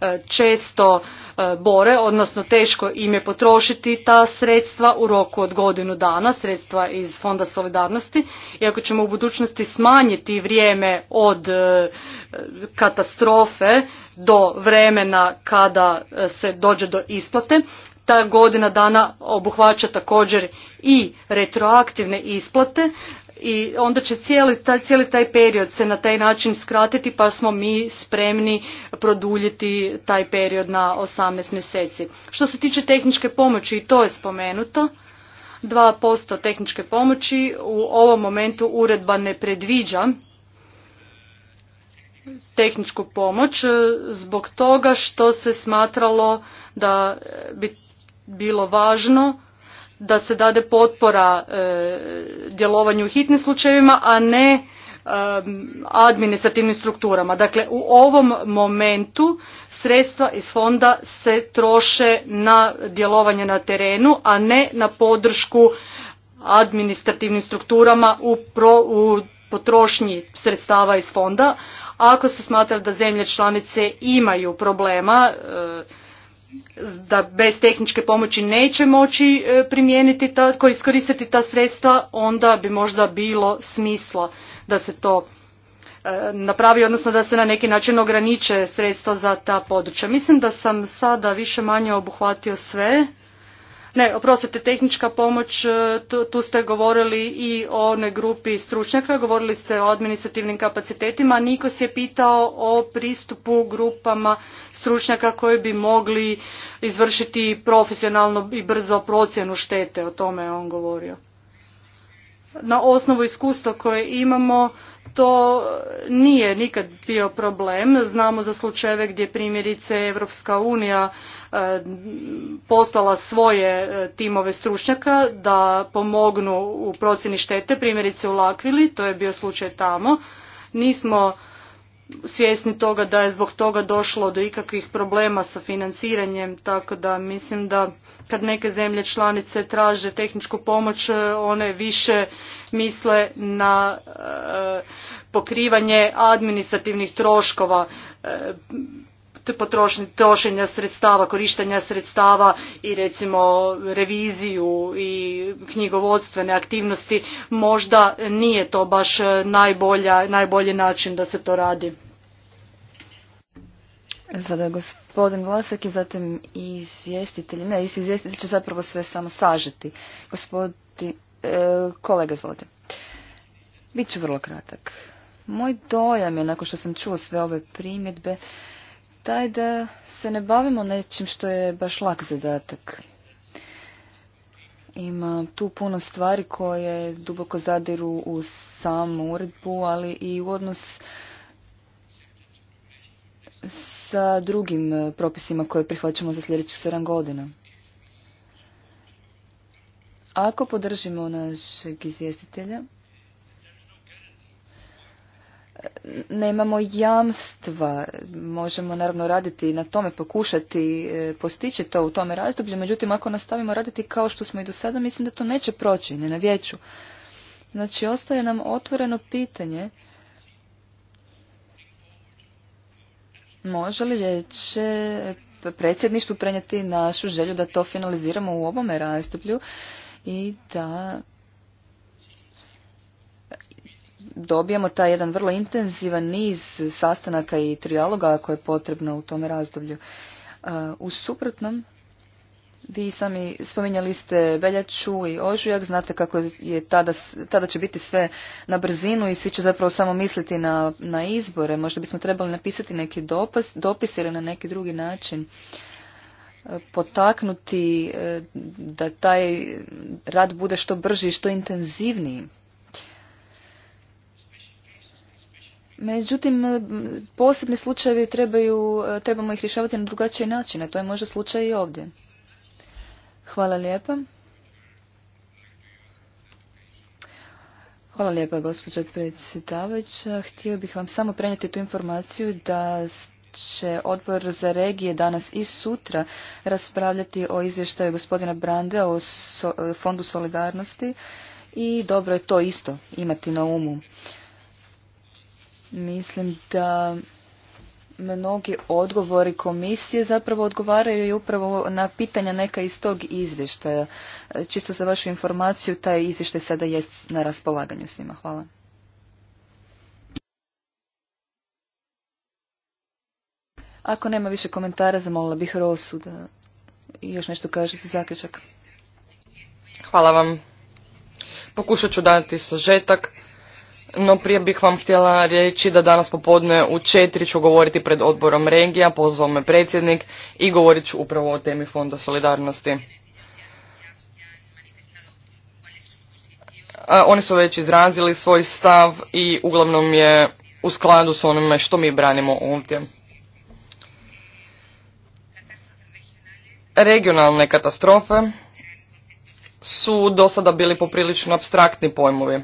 e, često bore, odnosno teško im je potrošiti ta sredstva u roku od godinu dana, sredstva iz Fonda solidarnosti. I ako ćemo u budućnosti smanjiti vrijeme od katastrofe do vremena kada se dođe do isplate, ta godina dana obuhvaća također i retroaktivne isplate i onda će cijeli taj, cijeli taj period se na taj način skratiti pa smo mi spremni produljiti taj period na 18 mjeseci. Što se tiče tehničke pomoći i to je spomenuto. 2% tehničke pomoći u ovom momentu uredba ne predviđa tehničku pomoć e, zbog toga što se smatralo da bi bilo važno da se dade potpora e, djelovanju u hitnim slučajevima, a ne e, administrativnim strukturama. Dakle, u ovom momentu sredstva iz fonda se troše na djelovanje na terenu, a ne na podršku administrativnim strukturama u, potrošnji sredstava iz fonda. Ako se smatra da zemlje članice imaju problema e, da bez tehničke pomoći neće moći e, primijeniti tako, iskoristiti ta sredstva, onda bi možda bilo smisla da se to e, napravi, odnosno da se na neki način ograniče sredstva za ta područja. Mislim da sam sada više manje obuhvatio sve. Ne, oprostite, tehnička pomoć, e, tu, ste govorili i o onoj grupi stručnjaka, govorili ste o administrativnim kapacitetima, niko se je pitao o pristupu grupama stručnjaka koji bi mogli izvršiti profesionalno i brzo procjenu štete, o tome je on govorio. Na osnovu iskustva koje imamo, to nije nikad bio problem. Znamo za slučajeve gdje primjerice Evropska unija E, poslala svoje e, timove stručnjaka da pomognu u procjeni štete, primjerice u Lakvili, to je bio slučaj tamo. Nismo svjesni toga da je zbog toga došlo do ikakvih problema sa financiranjem, tako da mislim da kad neke zemlje članice traže tehničku pomoć, e, one više misle na pokrivanje administrativnih troškova trošenja sredstava, korištenja sredstava i recimo reviziju i knjigovodstvene aktivnosti možda nije to baš najbolja, najbolji način da se to radi. Sada gospodin glasak i zatim izvjestitelj. Ne, izvjestitelj će zapravo sve samo sažeti. Gospodin, e, kolega, zvolite. Biću vrlo kratak. Moj dojam je, nakon što sam čuo sve ove primjedbe, taj da se ne bavimo nečim što je baš lak zadatak. Ima tu puno stvari koje duboko zadiru u samu uredbu, ali i u odnos sa drugim propisima koje prihvaćamo za sljedećih 7 godina. Ako podržimo našeg izvjestitelja, nemamo jamstva. Možemo naravno raditi na tome, pokušati e, postići to u tome razdoblju, međutim ako nastavimo raditi kao što smo i do sada, mislim da to neće proći, ne na vijeću. Znači, ostaje nam otvoreno pitanje može li vijeće predsjedništvu prenijeti našu želju da to finaliziramo u ovome razdoblju i da dobijemo taj jedan vrlo intenzivan niz sastanaka i trijaloga ako je potrebno u tome razdoblju. U suprotnom, vi sami spominjali ste veljaču i ožujak, znate kako je tada, tada će biti sve na brzinu i svi će zapravo samo misliti na, na izbore. Možda bismo trebali napisati neki dopis ili na neki drugi način e, potaknuti e, da taj rad bude što brži i što intenzivniji. Međutim, posebni slučajevi trebaju, e, trebamo ih rješavati na drugačiji način. A To je možda slučaj i ovdje. Hvala lijepa. Hvala lijepa, gospođo predsjedavajuća. Htio bih vam samo prenijeti tu informaciju da će odbor za regije danas i sutra raspravljati o izvještaju gospodina Brande o e, fondu solidarnosti i dobro je to isto imati na umu. Mislim da mnogi odgovori komisije zapravo odgovaraju i upravo na pitanja neka iz tog izvještaja. Čisto za vašu informaciju, taj izvještaj sada je na raspolaganju svima. Hvala. Ako nema više komentara, zamolila bih Rosu da još nešto kaže za zaključak. Hvala vam. Pokušat ću dati sažetak. No prije bih vam htjela reći da danas popodne u četiri ću govoriti pred odborom regija, pozvao me predsjednik i govorit ću upravo o temi Fonda solidarnosti. Oni su već izrazili svoj stav i uglavnom je u skladu s onime što mi branimo ovdje. Regionalne katastrofe su do sada bili poprilično abstraktni pojmovi.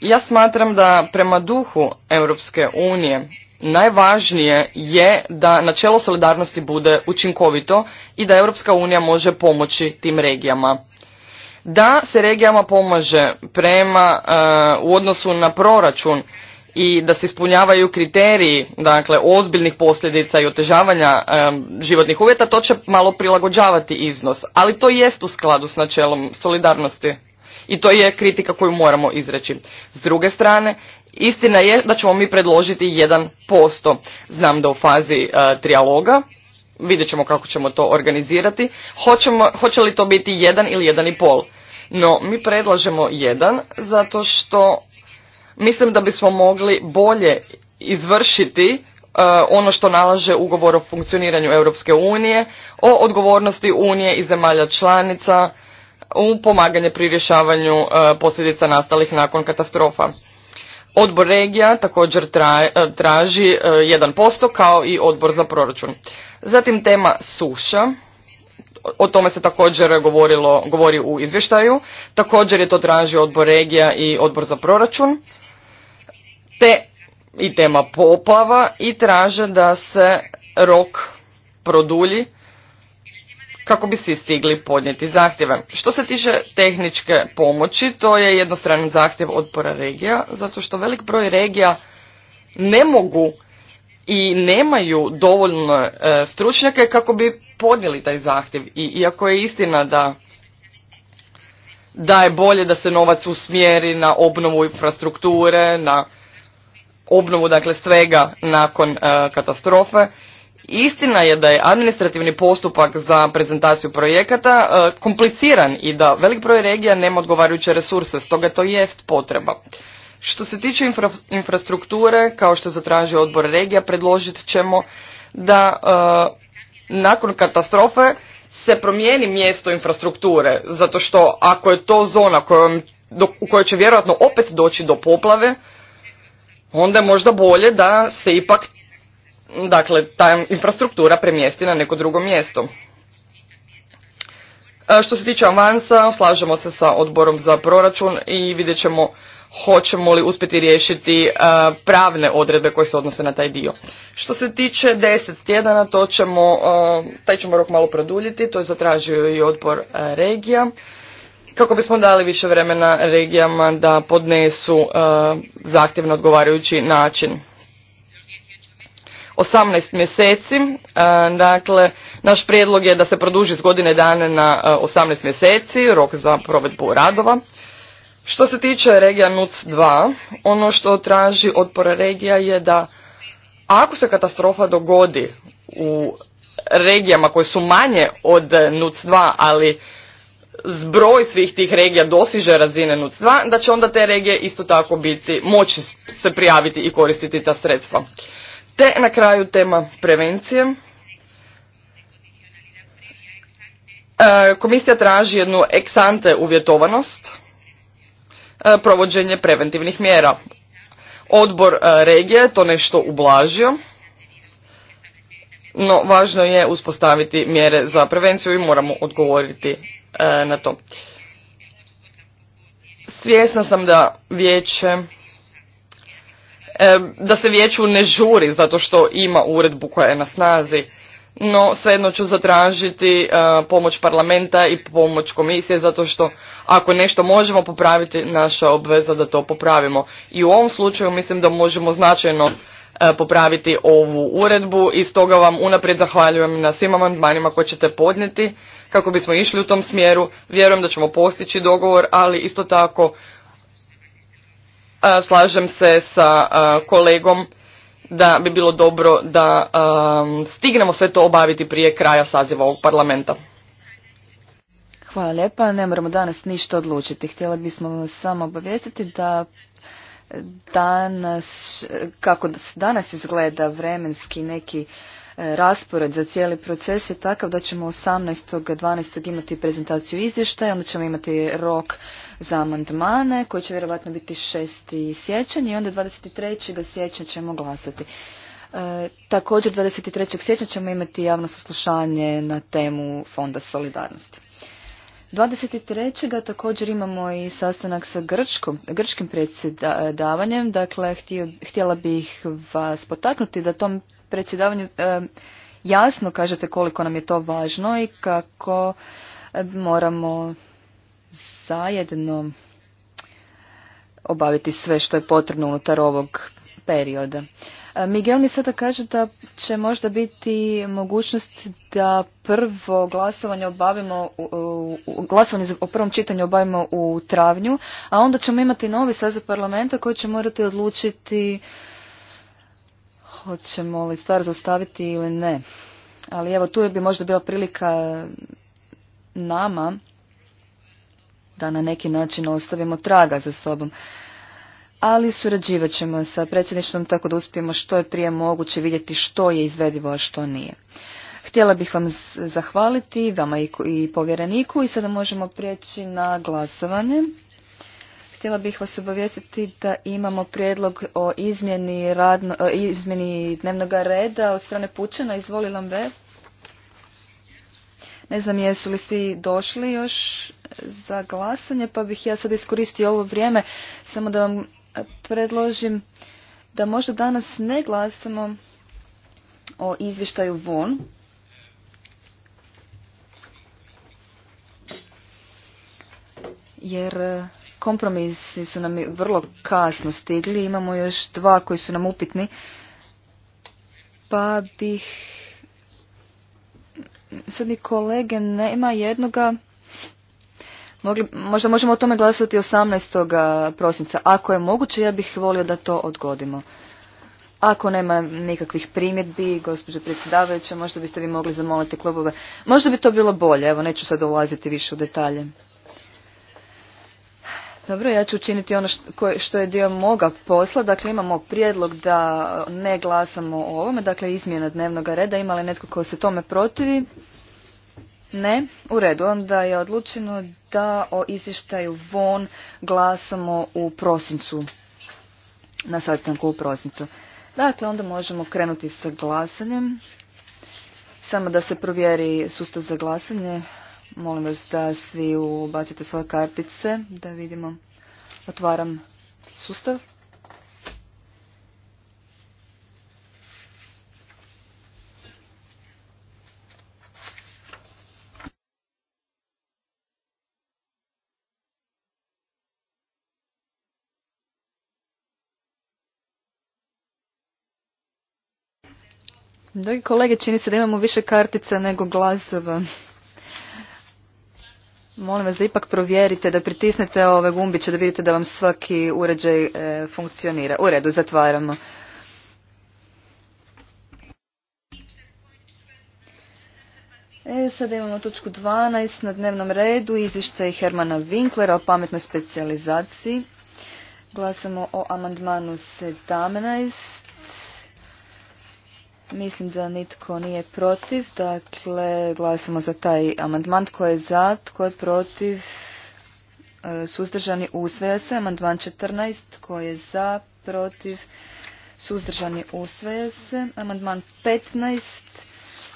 Ja smatram da prema duhu Europske unije najvažnije je da načelo solidarnosti bude učinkovito i da Europska unija može pomoći tim regijama. Da se regijama pomaže prema eh, u odnosu na proračun i da se ispunjavaju kriteriji dakle ozbiljnih posljedica i otežavanja eh, životnih uvjeta, to će malo prilagođavati iznos, ali to jest u skladu s načelom solidarnosti. I to je kritika koju moramo izreći. S druge strane, istina je da ćemo mi predložiti 1%. Znam da u fazi uh, trijaloga, vidjet ćemo kako ćemo to organizirati, hoće li to biti 1 ili 1,5%. No, mi predlažemo 1 zato što mislim da bismo mogli bolje izvršiti e, ono što nalaže ugovor o funkcioniranju Europske unije, o odgovornosti unije i zemalja članica, u pomaganje pri rješavanju e, posljedica nastalih nakon katastrofa. Odbor regija također e, traži 1% e, kao i odbor za proračun. Zatim tema suša, o tome se također govorilo, govori u izvještaju, također je to tražio odbor regija i odbor za proračun, te i tema poplava i traže da se rok produlji kako bi svi stigli podnijeti zahtjeve. Što se tiče tehničke pomoći, to je jednostrani zahtjev odpora regija, zato što velik broj regija ne mogu i nemaju dovoljno e, stručnjake kako bi podnijeli taj zahtjev. I iako je istina da da je bolje da se novac usmjeri na obnovu infrastrukture, na obnovu dakle svega nakon e, katastrofe, Istina je da je administrativni postupak za prezentaciju projekata e, kompliciran i da velik broj regija nema odgovarajuće resurse, stoga to jest potreba. Što se tiče infrastrukture, kao što zatraži odbor regija, predložit ćemo da e, nakon katastrofe se promijeni mjesto infrastrukture, zato što ako je to zona u kojoj će vjerojatno opet doći do poplave, onda je možda bolje da se ipak dakle ta infrastruktura premijesti na neko drugo mjesto. E, što se tiče avansa, slažemo se sa odborom za proračun i vidjet ćemo hoćemo li uspjeti riješiti e, pravne odredbe koje se odnose na taj dio. Što se tiče 10 tjedana, to ćemo, e, taj ćemo rok malo produljiti, to je zatražio i odbor regija. Kako bismo dali više vremena regijama da podnesu zahtjev na odgovarajući način. 18 mjeseci. E, dakle, naš prijedlog je da se produži s godine dane na 18 e, mjeseci rok za provedbu radova. Što se tiče regija NUC 2, ono što traži odpora regija je da ako se katastrofa dogodi u regijama koje su manje od NUC 2, ali zbroj svih tih regija dosiže razine NUC 2, da će onda te regije isto tako biti, moći se prijaviti i koristiti ta sredstva. Te na kraju tema prevencije. E, komisija traži jednu eksante uvjetovanost, e, provođenje preventivnih mjera. Odbor e, regije to nešto ublažio, no važno je uspostaviti mjere za prevenciju i moramo odgovoriti na to. Svjesna sam da vijeće da se vijeću ne žuri zato što ima uredbu koja je na snazi. No, svejedno ću zatražiti eh, pomoć parlamenta i pomoć komisije zato što ako nešto možemo popraviti, naša obveza da to popravimo. I u ovom slučaju mislim da možemo značajno eh, popraviti ovu uredbu i stoga vam unaprijed zahvaljujem na svim amandmanima koje ćete podnijeti kako bismo išli u tom smjeru. Vjerujem da ćemo postići dogovor, ali isto tako Slažem se sa kolegom da bi bilo dobro da stignemo sve to obaviti prije kraja saziva ovog parlamenta. Hvala lijepa. Ne moramo danas ništa odlučiti. Htjela bismo samo obavijestiti da danas, kako danas izgleda vremenski neki e, raspored za cijeli proces je takav da ćemo 18.12. imati prezentaciju izvještaja, onda ćemo imati rok za amandmane koji će vjerojatno biti 6. siječanj i onda 23. siječnja ćemo glasati. E, također 23. siječnja ćemo imati javno saslušanje na temu Fonda solidarnosti. 23. također imamo i sastanak sa Grčkom, grčkim predsjedavanjem, dakle htjela bih vas potaknuti da tom predsjedavanju e, jasno kažete koliko nam je to važno i kako e, moramo zajedno obaviti sve što je potrebno unutar ovog perioda. E, Miguel mi sada kaže da će možda biti mogućnost da prvo glasovanje obavimo, glasovanje o prvom čitanju obavimo u travnju, a onda ćemo imati novi saziv parlamenta koji će morati odlučiti hoćemo li stvar zaustaviti ili ne. Ali evo tu je bi možda bila prilika nama da na neki način ostavimo traga za sobom. Ali surađivat ćemo sa predsjedništvom tako da uspijemo što je prije moguće vidjeti što je izvedivo, a što nije. Htjela bih vam zahvaliti, vama i povjereniku i sada možemo prijeći na glasovanje. Htjela bih vas obavijestiti da imamo prijedlog o izmjeni, radno, e, izmjeni dnevnog reda od strane Pučana. Izvoli Lambert. Ne znam jesu li svi došli još za glasanje, pa bih ja sad iskoristio ovo vrijeme samo da vam e, predložim da možda danas ne glasamo o izvještaju VON. Jer e, kompromisi su nam vrlo kasno stigli, imamo još dva koji su nam upitni, pa bih sad mi kolege nema jednoga Mogli, možda možemo o tome glasati 18. prosinca. Ako je moguće, ja bih volio da to odgodimo. Ako nema nikakvih primjedbi, gospođo predsjedavajuća, možda biste vi mogli zamoliti klubove. Možda bi to bilo bolje, evo neću sad ulaziti više u detalje. Dobro, ja ću učiniti ono što je dio moga posla. Dakle, imamo prijedlog da ne glasamo o ovome, dakle izmjena dnevnog reda. Ima li netko ko se tome protivi? Ne, u redu, onda je odlučeno da o izvještaju VON glasamo u prosincu, na sastanku u prosincu. Dakle, onda možemo krenuti sa glasanjem. Samo da se provjeri sustav za glasanje. Molim vas da svi ubacite svoje kartice, da vidimo. Otvaram sustav. Dragi kolege, čini se da imamo više kartica nego glasova. Molim vas da ipak provjerite, da pritisnete ove gumbiće, da vidite da vam svaki uređaj e, funkcionira. U redu, zatvaramo. E, sada imamo točku 12 na dnevnom redu, izvještaj Hermana Winklera o pametnoj specijalizaciji. Glasamo o amandmanu 17 Mislim da nitko nije protiv, dakle glasamo za taj amandman. Tko je za, tko je protiv, e, suzdržani usvaja se. Amandman 14, tko je za, protiv, suzdržani usvaja se. Amandman 15,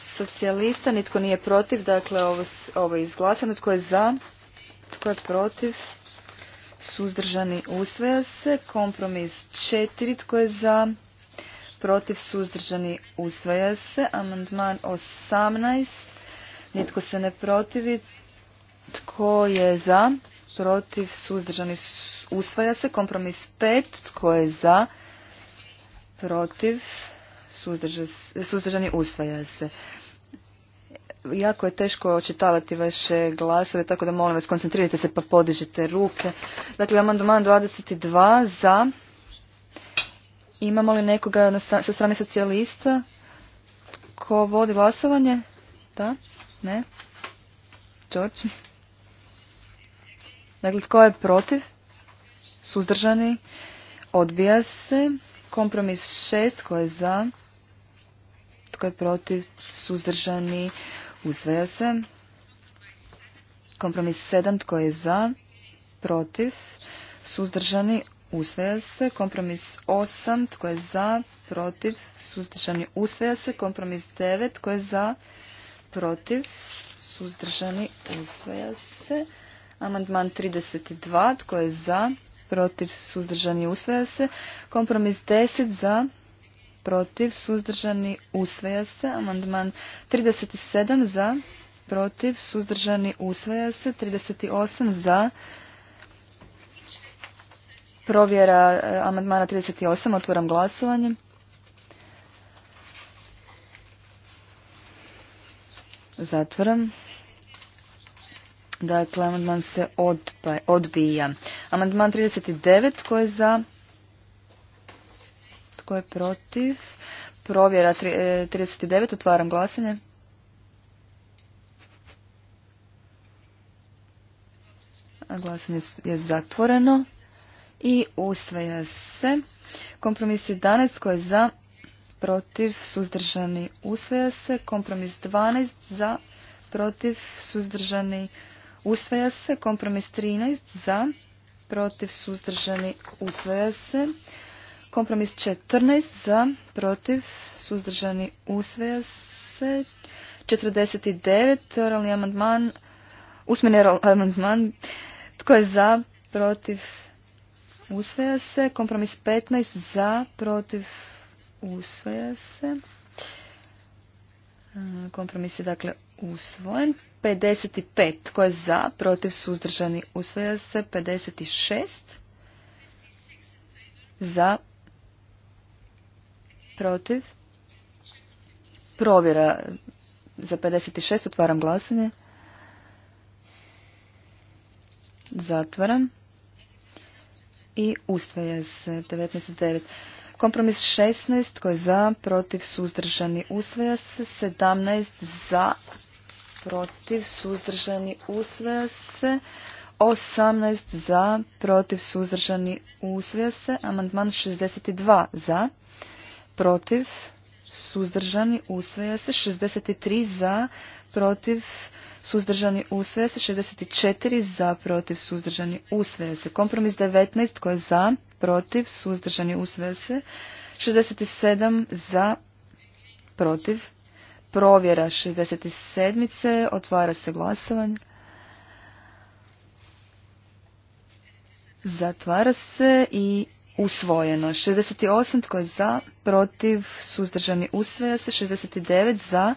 socijalista, nitko nije protiv, dakle ovo, ovo je izglasano. Tko je za, tko je protiv, suzdržani usvaja se. Kompromis 4, tko je za, protiv, suzdržani, usvaja se. Amandman 18, nitko se ne protivi, tko je za, protiv, suzdržani, usvaja se. Kompromis 5, tko je za, protiv, suzdržani, usvaja se. Jako je teško očitavati vaše glasove, tako da molim vas koncentrirajte se pa podižite ruke. Dakle, amandman 22 za, Imamo li nekoga na sa strane socijalista ko vodi glasovanje? Da? Ne? George? Dakle, tko je protiv? Suzdržani? Odbija se. Kompromis šest. Tko je za? Tko je protiv? Suzdržani? Usvaja se. Kompromis sedam. Tko je za? Protiv? Suzdržani? usvaja se. Kompromis 8, tko je za, protiv, suzdržani, usvaja se. Kompromis 9, tko je za, protiv, suzdržani, usvaja se. Amandman 32, tko je za, protiv, suzdržani, usvaja se. Kompromis 10, za, protiv, suzdržani, usvaja se. Amandman 37, za, protiv, suzdržani, usvaja se. 38, za, protiv Provjera e, amandmana 38. Otvoram glasovanje. Zatvoram. Dakle, amandman se odbija. Amandman 39. Tko je za? Tko je protiv? Provjera 39. E, otvaram glasanje. Glasanje je zatvoreno i usvaja se. Kompromis 11 koji je za, protiv, suzdržani, usvaja se. Kompromis 12 za, protiv, suzdržani, usvaja se. Kompromis 13 za, protiv, suzdržani, usvaja se. Kompromis 14 za, protiv, suzdržani, usvaja se. 49, oralni amandman, usmeni amandman, tko je za, protiv, Usvaja se. Kompromis 15 za, protiv, usvaja se. E, kompromis je dakle usvojen. 55 tko je za, protiv, suzdržani, usvaja se. 56 za, protiv, provjera za 56, otvaram glasanje. Zatvaram i ustaje se 19.9. Kompromis 16 koji je za, protiv, suzdržani, usvaja se. 17 za, protiv, suzdržani, usvaja se. 18 za, protiv, suzdržani, usvaja se. Amandman 62 za, protiv, suzdržani, usvaja se. 63 za, protiv, suzdržani, suzdržani sve se, 64 za, protiv, suzdržani usvaja se. Kompromis 19 tko je za, protiv, suzdržani usvaja se, 67 za, protiv, provjera 67. Otvara se glasovanje. Zatvara se i usvojeno. 68 tko je za, protiv, suzdržani usvaja se. 69 za,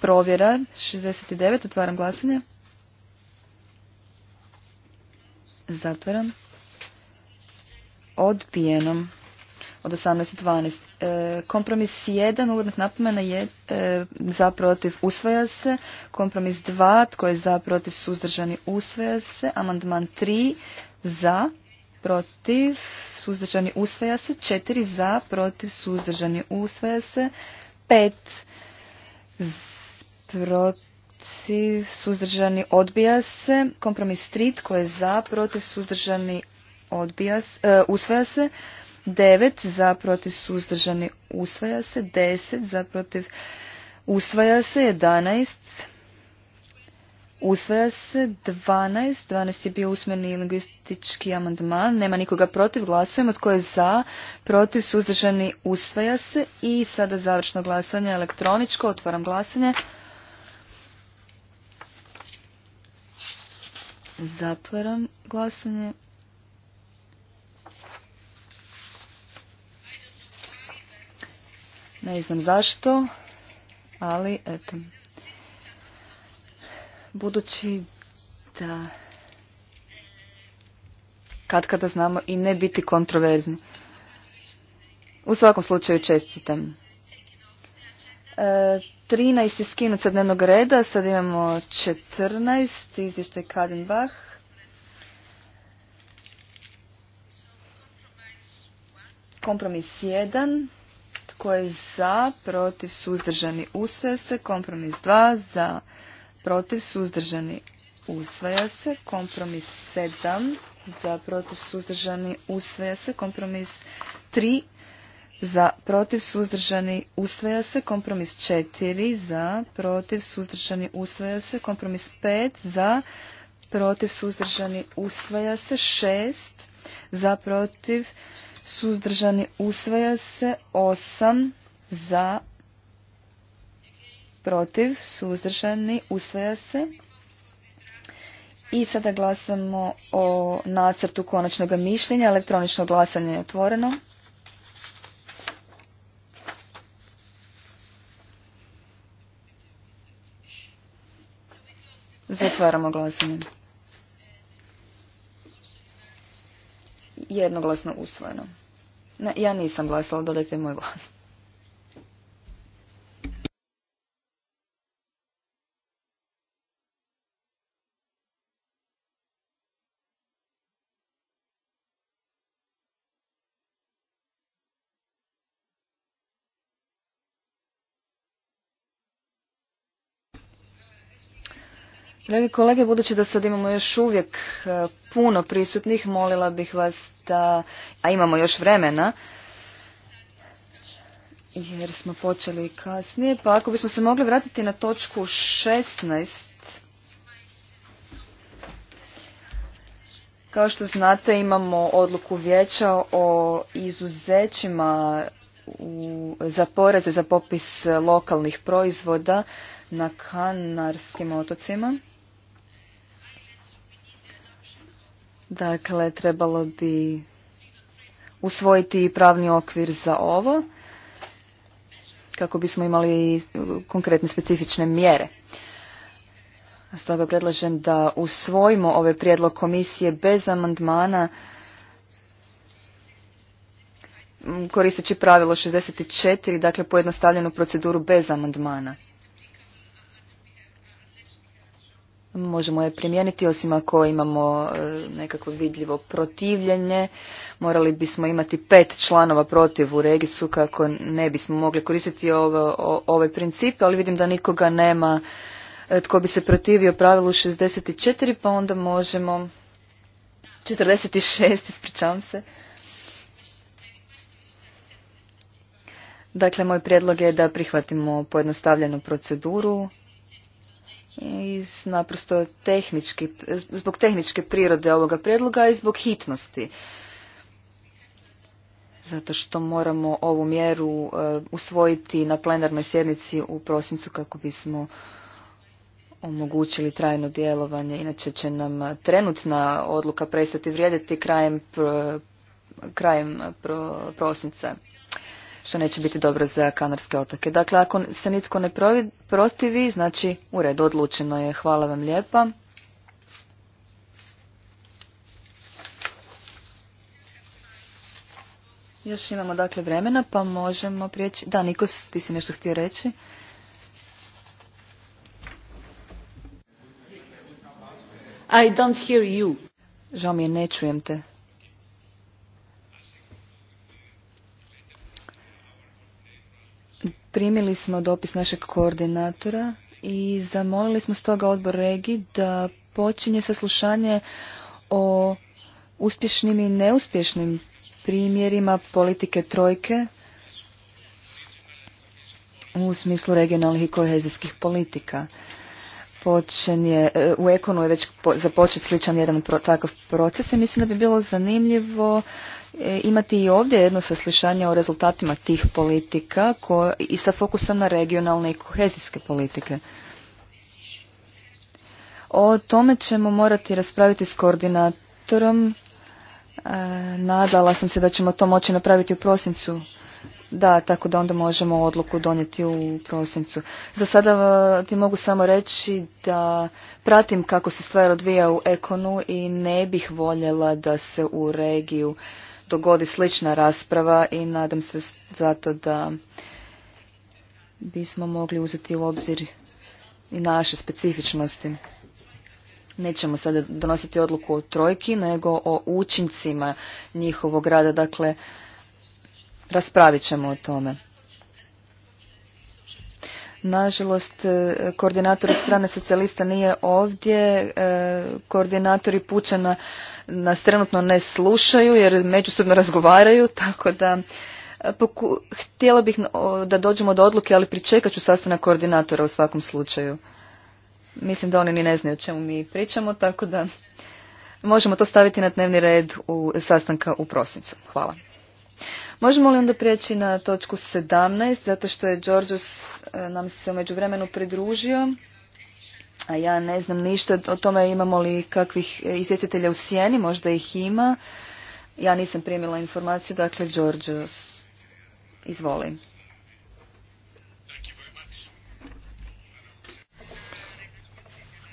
Provjera 69. Otvaram glasanje. Zatvaram. Odbijenom. Od 18.12. E, kompromis 1. Uvodnih napomena je e, za protiv usvaja se. Kompromis 2. Tko je za protiv suzdržani usvaja se. Amandman 3. Za protiv suzdržani usvaja se. 4. Za protiv suzdržani usvaja se. 5. Za protiv, suzdržani, odbija se. Kompromis 3, tko je za, protiv, suzdržani, odbija se, usvaja se. 9 za, protiv, suzdržani, usvaja se. 10 za, protiv, usvaja se. 11 Usvaja se 12. 12 je bio usmeni lingvistički amandman. Nema nikoga protiv. Glasujemo. Tko je za? Protiv? Suzdržani? Usvaja se. I sada završno glasanje elektroničko. Otvaram glasanje. Zatvaram glasanje. Ne znam zašto, ali eto. Budući da kad kada znamo i ne biti kontroverzni. U svakom slučaju čestitam. E, 13 je skinut sa dnevnog reda, sad imamo 14, izvještaj Kadenbach. Kompromis 1, tko je za, protiv, suzdržani, usvaja se. Kompromis 2, za, protiv, suzdržani, usvaja se. Kompromis 7, za, protiv, suzdržani, usvaja se. Kompromis 3, za protiv suzdržani usvaja se kompromis četiri. za protiv suzdržani usvaja se kompromis 5 za protiv suzdržani usvaja se šest. za protiv suzdržani usvaja se osam. za protiv suzdržani usvaja se i sada glasamo o nacrtu konačnog mišljenja. Elektronično glasanje je otvoreno. Zatvaramo glasanje. Jednoglasno usvojeno. Ne, ja nisam glasala, dodajte moj glas. Dragi kolege, budući da sad imamo još uvijek e, puno prisutnih, molila bih vas da, a imamo još vremena, jer smo počeli kasnije, pa ako bismo se mogli vratiti na točku 16, Kao što znate imamo odluku vijeća o izuzećima u, za poreze za popis lokalnih proizvoda na Kanarskim otocima. Dakle, trebalo bi usvojiti pravni okvir za ovo kako bismo imali konkretne specifične mjere. Stoga predlažem da usvojimo ovaj prijedlog komisije bez amandmana koristeći pravilo 64, dakle pojednostavljenu proceduru bez amandmana. možemo je primijeniti, osim ako imamo e, nekakvo vidljivo protivljenje. Morali bismo imati pet članova protiv u regisu kako ne bismo mogli koristiti ove, ove principe, ali vidim da nikoga nema e, tko bi se protivio pravilu 64, pa onda možemo... 46, ispričavam se. Dakle, moj prijedlog je da prihvatimo pojednostavljenu proceduru iz naprosto tehnički, zbog tehničke prirode ovoga prijedloga i zbog hitnosti. Zato što moramo ovu mjeru e, usvojiti na plenarnoj sjednici u prosincu kako bismo omogućili trajno djelovanje. Inače će nam trenutna odluka prestati vrijediti krajem, krajem e, prosinca što neće biti dobro za Kanarske otoke. Dakle, ako se nitko ne protivi, znači u redu odlučeno je. Hvala vam lijepa. Još imamo dakle vremena, pa možemo prijeći... Da, Nikos, ti si nešto htio reći. I don't hear you. Žao mi je, ne čujem te. Primili smo dopis našeg koordinatora i zamolili smo stoga odbor regi da počinje saslušanje o uspješnim i neuspješnim primjerima politike trojke u smislu regionalnih i kohezijskih politika. je, e, u Ekonu je već započet sličan jedan pro, takav proces i mislim da bi bilo zanimljivo imati i ovdje jedno saslišanje o rezultatima tih politika i sa fokusom na regionalne i kohezijske politike. O tome ćemo morati raspraviti s koordinatorom. E, nadala sam se da ćemo to moći napraviti u prosincu. Da, tako da onda možemo odluku donijeti u prosincu. Za sada e, ti mogu samo reći da pratim kako se stvar odvija u Ekonu i ne bih voljela da se u regiju dogodi slična rasprava i nadam se zato da bismo mogli uzeti u obzir i naše specifičnosti. Nećemo sada donositi odluku o trojki, nego o učincima njihovog rada, dakle raspravit ćemo o tome. Nažalost, e, koordinator od strane socijalista nije ovdje. E, koordinatori pučana nas trenutno ne slušaju jer međusobno razgovaraju, tako da e, poku... htjela bih da dođemo do odluke, ali pričekat ću sastanak koordinatora u svakom slučaju. Mislim da oni ni ne znaju o čemu mi pričamo, tako da možemo to staviti na dnevni red u sastanka u prosincu. Hvala. Možemo li onda prijeći na točku 17, zato što je Đorđos e, nam se umeđu vremenu pridružio, a ja ne znam ništa o tome imamo li kakvih e, izvjestitelja u sjeni, možda ih ima. Ja nisam primila informaciju, dakle Đorđos, izvoli.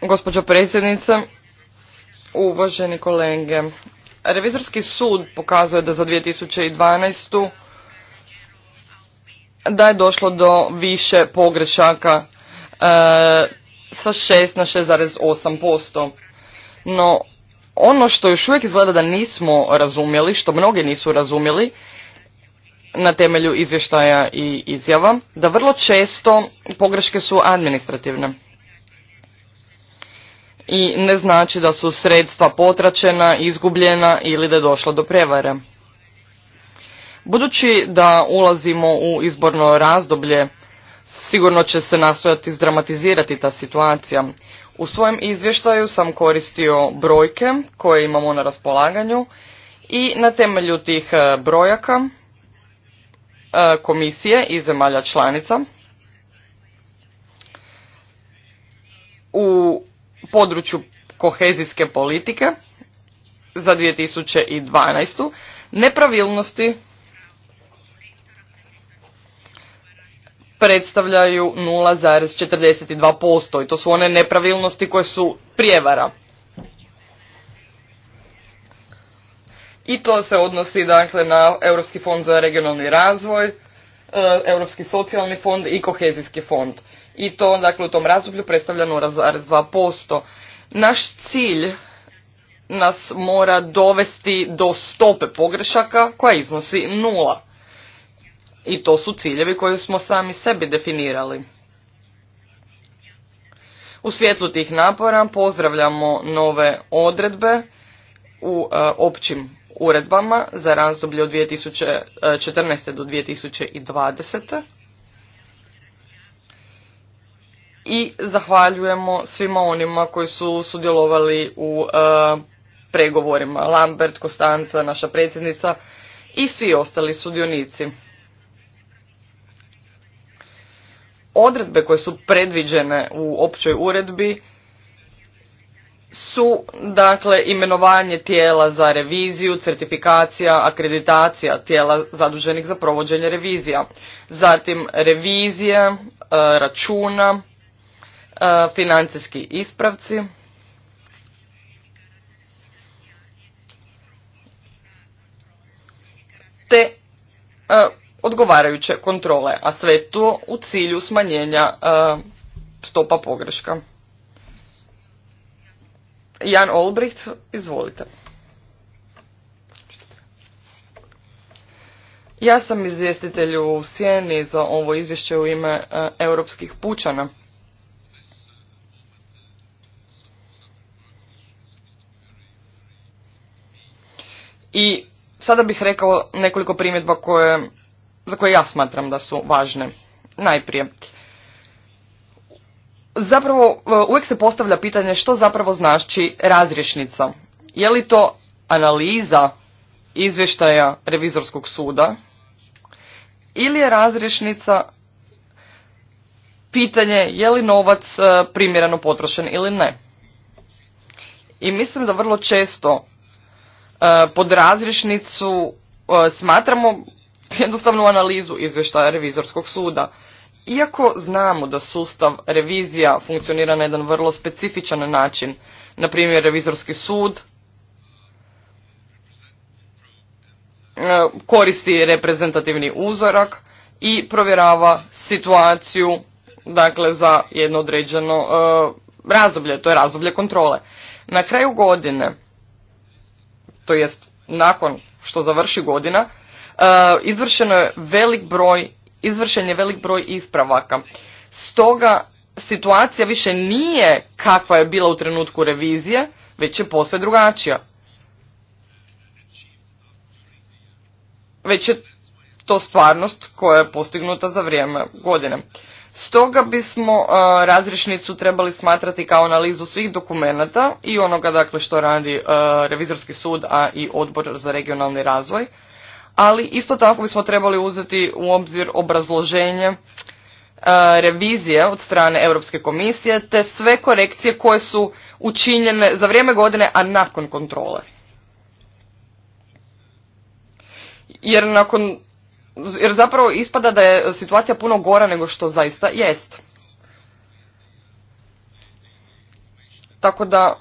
Gospođo predsjednica, uvaženi kolege, Revizorski sud pokazuje da za 2012. da je došlo do više pogrešaka e, sa 6 na 6,8%. No, ono što još uvijek izgleda da nismo razumjeli, što mnogi nisu razumjeli, na temelju izvještaja i izjava, da vrlo često pogreške su administrativne i ne znači da su sredstva potračena, izgubljena ili da je došlo do prevare. Budući da ulazimo u izborno razdoblje, sigurno će se nastojati zdramatizirati ta situacija. U svojem izvještaju sam koristio brojke koje imamo na raspolaganju i na temelju tih e, brojaka e, komisije i zemalja članica u području kohezijske politike za 2012. nepravilnosti predstavljaju 0,42% i to su one nepravilnosti koje su prijevara. I to se odnosi dakle na Europski fond za regionalni razvoj, e, Europski socijalni fond i kohezijski fond i to dakle u tom razdoblju predstavlja 0,2%. Naš cilj nas mora dovesti do stope pogrešaka koja iznosi nula. I to su ciljevi koje smo sami sebi definirali. U svjetlu tih napora pozdravljamo nove odredbe u e, općim uredbama za razdoblje od 2014. E, do 2020. i zahvaljujemo svima onima koji su sudjelovali u uh, pregovorima. Lambert, Kostanca, naša predsjednica i svi ostali sudionici. Odredbe koje su predviđene u općoj uredbi su dakle imenovanje tijela za reviziju, certifikacija, akreditacija tijela zaduženih za provođenje revizija, zatim revizije, uh, računa, E, financijski ispravci te e, odgovarajuće kontrole, a sve to u cilju smanjenja e, stopa pogreška. Jan Olbricht, izvolite. Ja sam izvjestitelj u Sjeni za ovo izvješće u ime europskih pučana. I sada bih rekao nekoliko primjedba koje, za koje ja smatram da su važne. Najprije, zapravo e, uvijek se postavlja pitanje što zapravo znači razrješnica. Je li to analiza izvještaja revizorskog suda ili je razrješnica pitanje je li novac e, primjereno potrošen ili ne. I mislim da vrlo često E, pod razrišnicu e, smatramo jednostavnu analizu izvještaja revizorskog suda. Iako znamo da sustav revizija funkcionira na jedan vrlo specifičan način, na primjer revizorski sud e, koristi reprezentativni uzorak i provjerava situaciju dakle za jedno određeno razdoblje, to je razdoblje kontrole. Na kraju godine to jest nakon što završi godina, e, izvršeno je velik broj, izvršen je velik broj ispravaka. Stoga situacija više nije kakva je bila u trenutku revizije, već je posve drugačija. Već je to stvarnost koja je postignuta za vrijeme godine. Stoga bismo e, razrišnicu trebali smatrati kao analizu svih dokumenata i onoga dakle što radi e, revizorski sud, a i odbor za regionalni razvoj. Ali isto tako bismo trebali uzeti u obzir obrazloženje e, revizije od strane Europske komisije te sve korekcije koje su učinjene za vrijeme godine, a nakon kontrole. Jer nakon jer zapravo ispada da je situacija puno gora nego što zaista jest. Tako da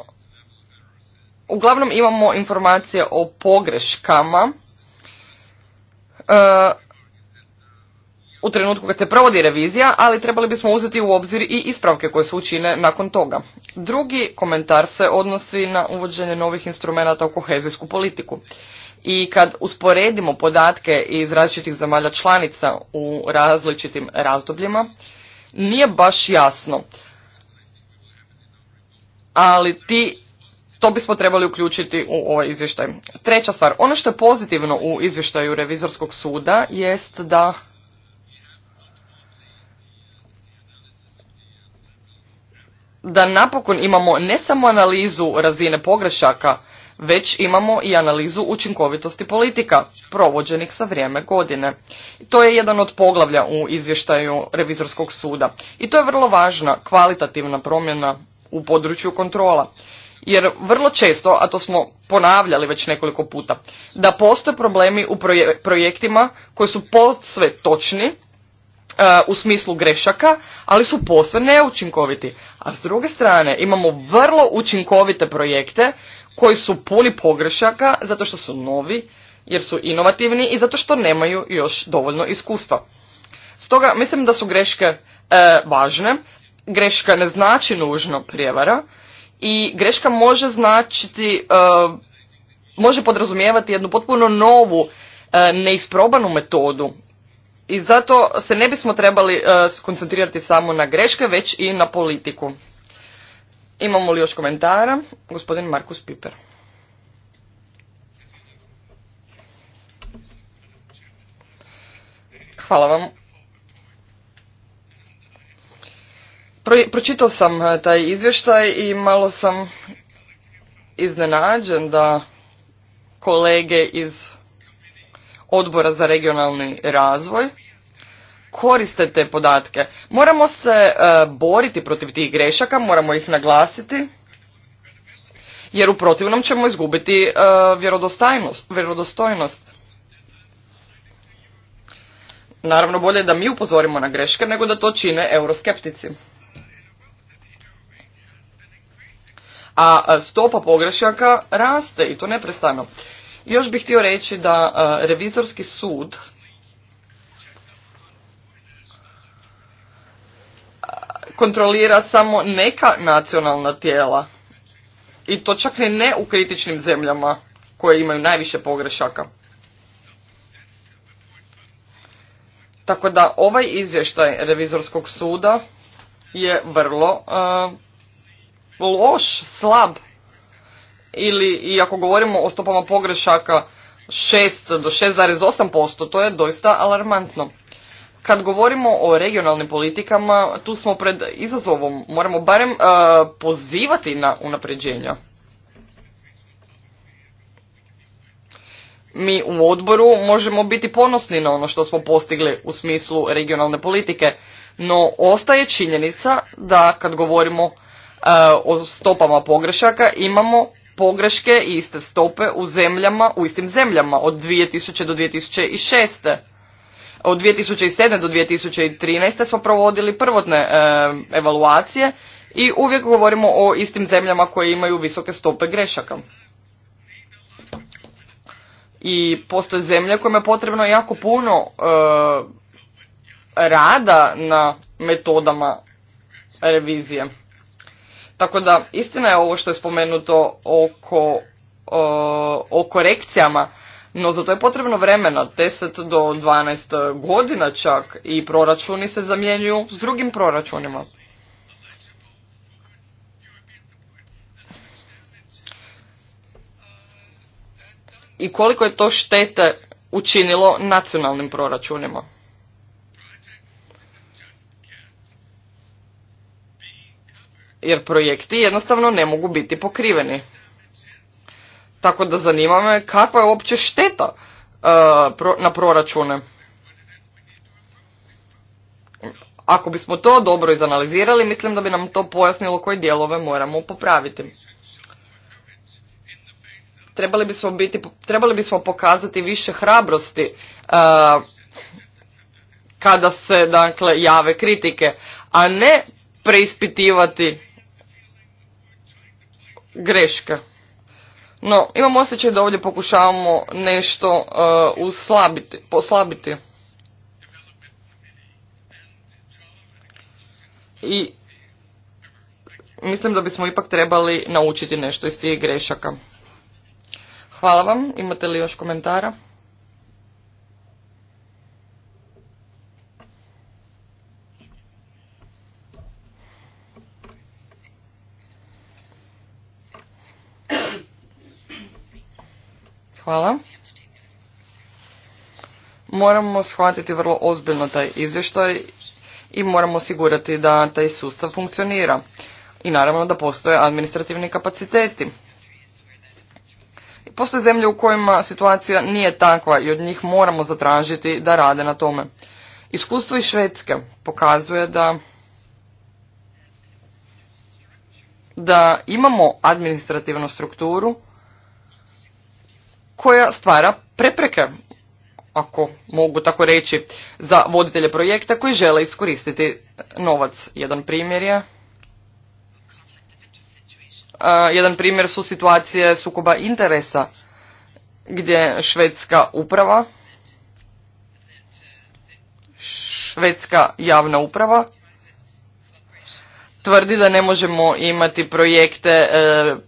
uglavnom imamo informacije o pogreškama e, u trenutku kad se provodi revizija, ali trebali bismo uzeti u obzir i ispravke koje se učine nakon toga. Drugi komentar se odnosi na uvođenje novih instrumenata u kohezijsku politiku i kad usporedimo podatke iz različitih zemalja članica u različitim razdobljima, nije baš jasno. Ali ti, to bismo trebali uključiti u ovaj izvještaj. Treća stvar, ono što je pozitivno u izvještaju revizorskog suda jest da da napokon imamo ne samo analizu razine pogrešaka, već imamo i analizu učinkovitosti politika provođenih sa vrijeme godine. To je jedan od poglavlja u izvještaju revizorskog suda i to je vrlo važna kvalitativna promjena u području kontrola. Jer vrlo često, a to smo ponavljali već nekoliko puta, da postoje problemi u projektima koji su posve točni e, u smislu grešaka, ali su posve neučinkoviti. A s druge strane imamo vrlo učinkovite projekte koji su puni pogrešaka zato što su novi, jer su inovativni i zato što nemaju još dovoljno iskustva. Stoga mislim da su greške e, važne. Greška ne znači nužno prijevara i greška može značiti, e, može podrazumijevati jednu potpuno novu e, neisprobanu metodu i zato se ne bismo trebali skoncentrirati samo na greške već i na politiku. Imamo li još komentara? Gospodin Markus Piper. Hvala vam. pročitao sam e, taj izvještaj i malo sam iznenađen da kolege iz odbora za regionalni razvoj koriste te podatke. Moramo se e, boriti protiv tih grešaka, moramo ih naglasiti, jer u protivnom ćemo izgubiti e, vjerodostojnost. Naravno bolje je da mi upozorimo na greške nego da to čine euroskeptici. A e, stopa pogrešaka raste i to neprestano. Još bih htio reći da revizorski sud kontrolira samo neka nacionalna tijela. I to čak i ne u kritičnim zemljama koje imaju najviše pogrešaka. Tako da ovaj izvještaj revizorskog suda je vrlo e, loš, slab. Ili i ako govorimo o stopama pogrešaka 6 do 6,8%, to je doista alarmantno. Kad govorimo o regionalnim politikama, tu smo pred izazovom. Moramo barem e, pozivati na unapređenja. Mi u odboru možemo biti ponosni na ono što smo postigli u smislu regionalne politike, no ostaje činjenica da kad govorimo e, o stopama pogrešaka imamo pogreške i iste stope u zemljama, u istim zemljama od 2000 do 2006. Od 2007. do 2013. smo provodili prvotne e, evaluacije i uvijek govorimo o istim zemljama koje imaju visoke stope grešaka. I postoje zemlje kojima je potrebno jako puno e, rada na metodama revizije. Tako da, istina je ovo što je spomenuto oko e, o korekcijama no za to je potrebno vremena, 10 do 12 godina čak i proračuni se zamjenjuju s drugim proračunima. I koliko je to štete učinilo nacionalnim proračunima? Jer projekti jednostavno ne mogu biti pokriveni. Tako da zanima me kakva je uopće šteta e, na proračune. Ako bismo to dobro izanalizirali, mislim da bi nam to pojasnilo koje dijelove moramo popraviti. Trebali bismo, biti, trebali bismo pokazati više hrabrosti e, kada se dakle jave kritike, a ne preispitivati greške. No, imam osjećaj da ovdje pokušavamo nešto uh, poslabiti. I mislim da bismo ipak trebali naučiti nešto iz tih grešaka. Hvala vam. Imate li još komentara? Hvala. Moramo shvatiti vrlo ozbiljno taj izvještaj i moramo osigurati da taj sustav funkcionira. I naravno da postoje administrativni kapaciteti. Postoje zemlje u kojima situacija nije takva i od njih moramo zatražiti da rade na tome. Iskustvo iz Švedske pokazuje da da imamo administrativnu strukturu koja stvara prepreke, ako mogu tako reći, za voditelje projekta koji žele iskoristiti novac. Jedan primjer je jedan primjer su situacije sukoba interesa gdje švedska uprava, švedska javna uprava tvrdi da ne možemo imati projekte e,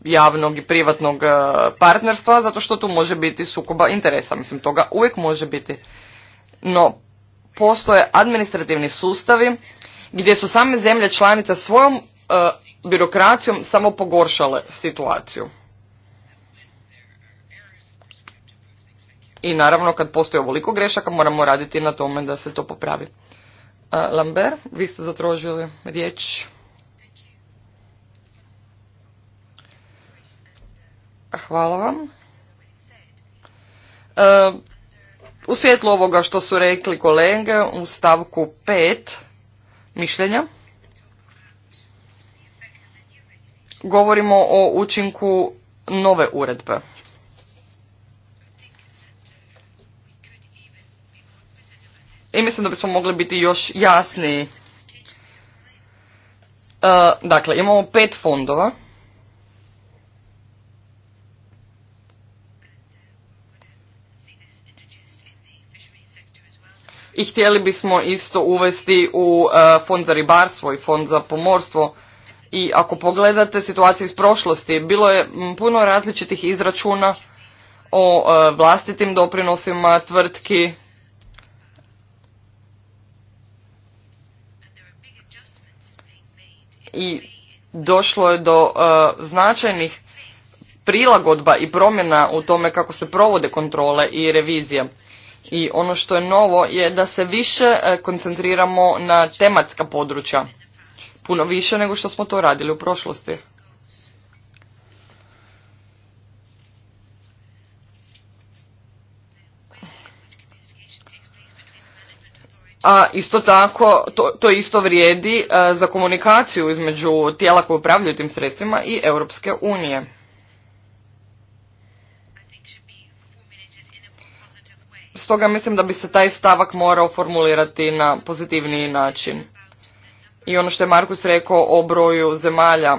javnog i privatnog e, partnerstva zato što tu može biti sukoba interesa. Mislim, toga uvijek može biti. No, postoje administrativni sustavi gdje su same zemlje članice svojom e, birokracijom samo pogoršale situaciju. I naravno, kad postoje ovoliko grešaka, moramo raditi na tome da se to popravi. Lambert, vi ste zatrožili riječ. Hvala vam. E, u svjetlu ovoga što su rekli kolege u stavku 5 mišljenja govorimo o učinku nove uredbe. I mislim da bismo mogli biti još jasniji. E, dakle, imamo pet fondova. i htjeli bismo isto uvesti u e, fond za ribarstvo i fond za pomorstvo. I ako pogledate situaciju iz prošlosti, bilo je puno različitih izračuna o e, vlastitim doprinosima tvrtki, i došlo je do e, značajnih prilagodba i promjena u tome kako se provode kontrole i revizije. I ono što je novo je da se više e, koncentriramo na tematska područja. Puno više nego što smo to radili u prošlosti. A isto tako, to, to isto vrijedi e, za komunikaciju između tijela koje upravljaju tim sredstvima i Europske unije. Stoga mislim da bi se taj stavak morao formulirati na pozitivniji način. I ono što je Markus rekao o broju zemalja e,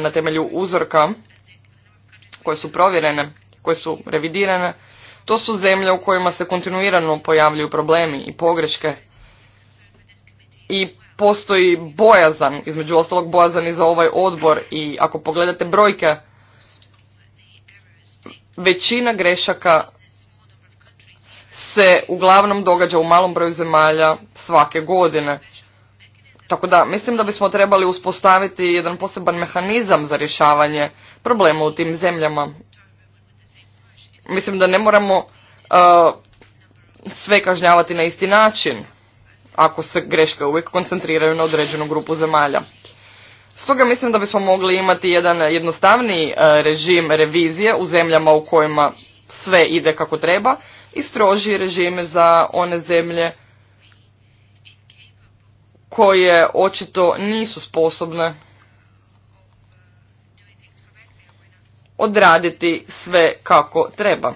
na temelju uzorka koje su provjerene, koje su revidirane, to su zemlje u kojima se kontinuirano pojavljuju problemi i pogreške. I postoji bojazan, između ostalog bojazan i za ovaj odbor i ako pogledate brojke, većina grešaka se uglavnom događa u malom broju zemalja svake godine. Tako da mislim da bismo trebali uspostaviti jedan poseban mehanizam za rješavanje problema u tim zemljama. Mislim da ne moramo uh, sve kažnjavati na isti način ako se greške uvijek koncentriraju na određenu grupu zemalja. Stoga mislim da bismo mogli imati jedan jednostavni uh, režim revizije u zemljama u kojima sve ide kako treba, i stroži režime za one zemlje koje očito nisu sposobne odraditi sve kako treba.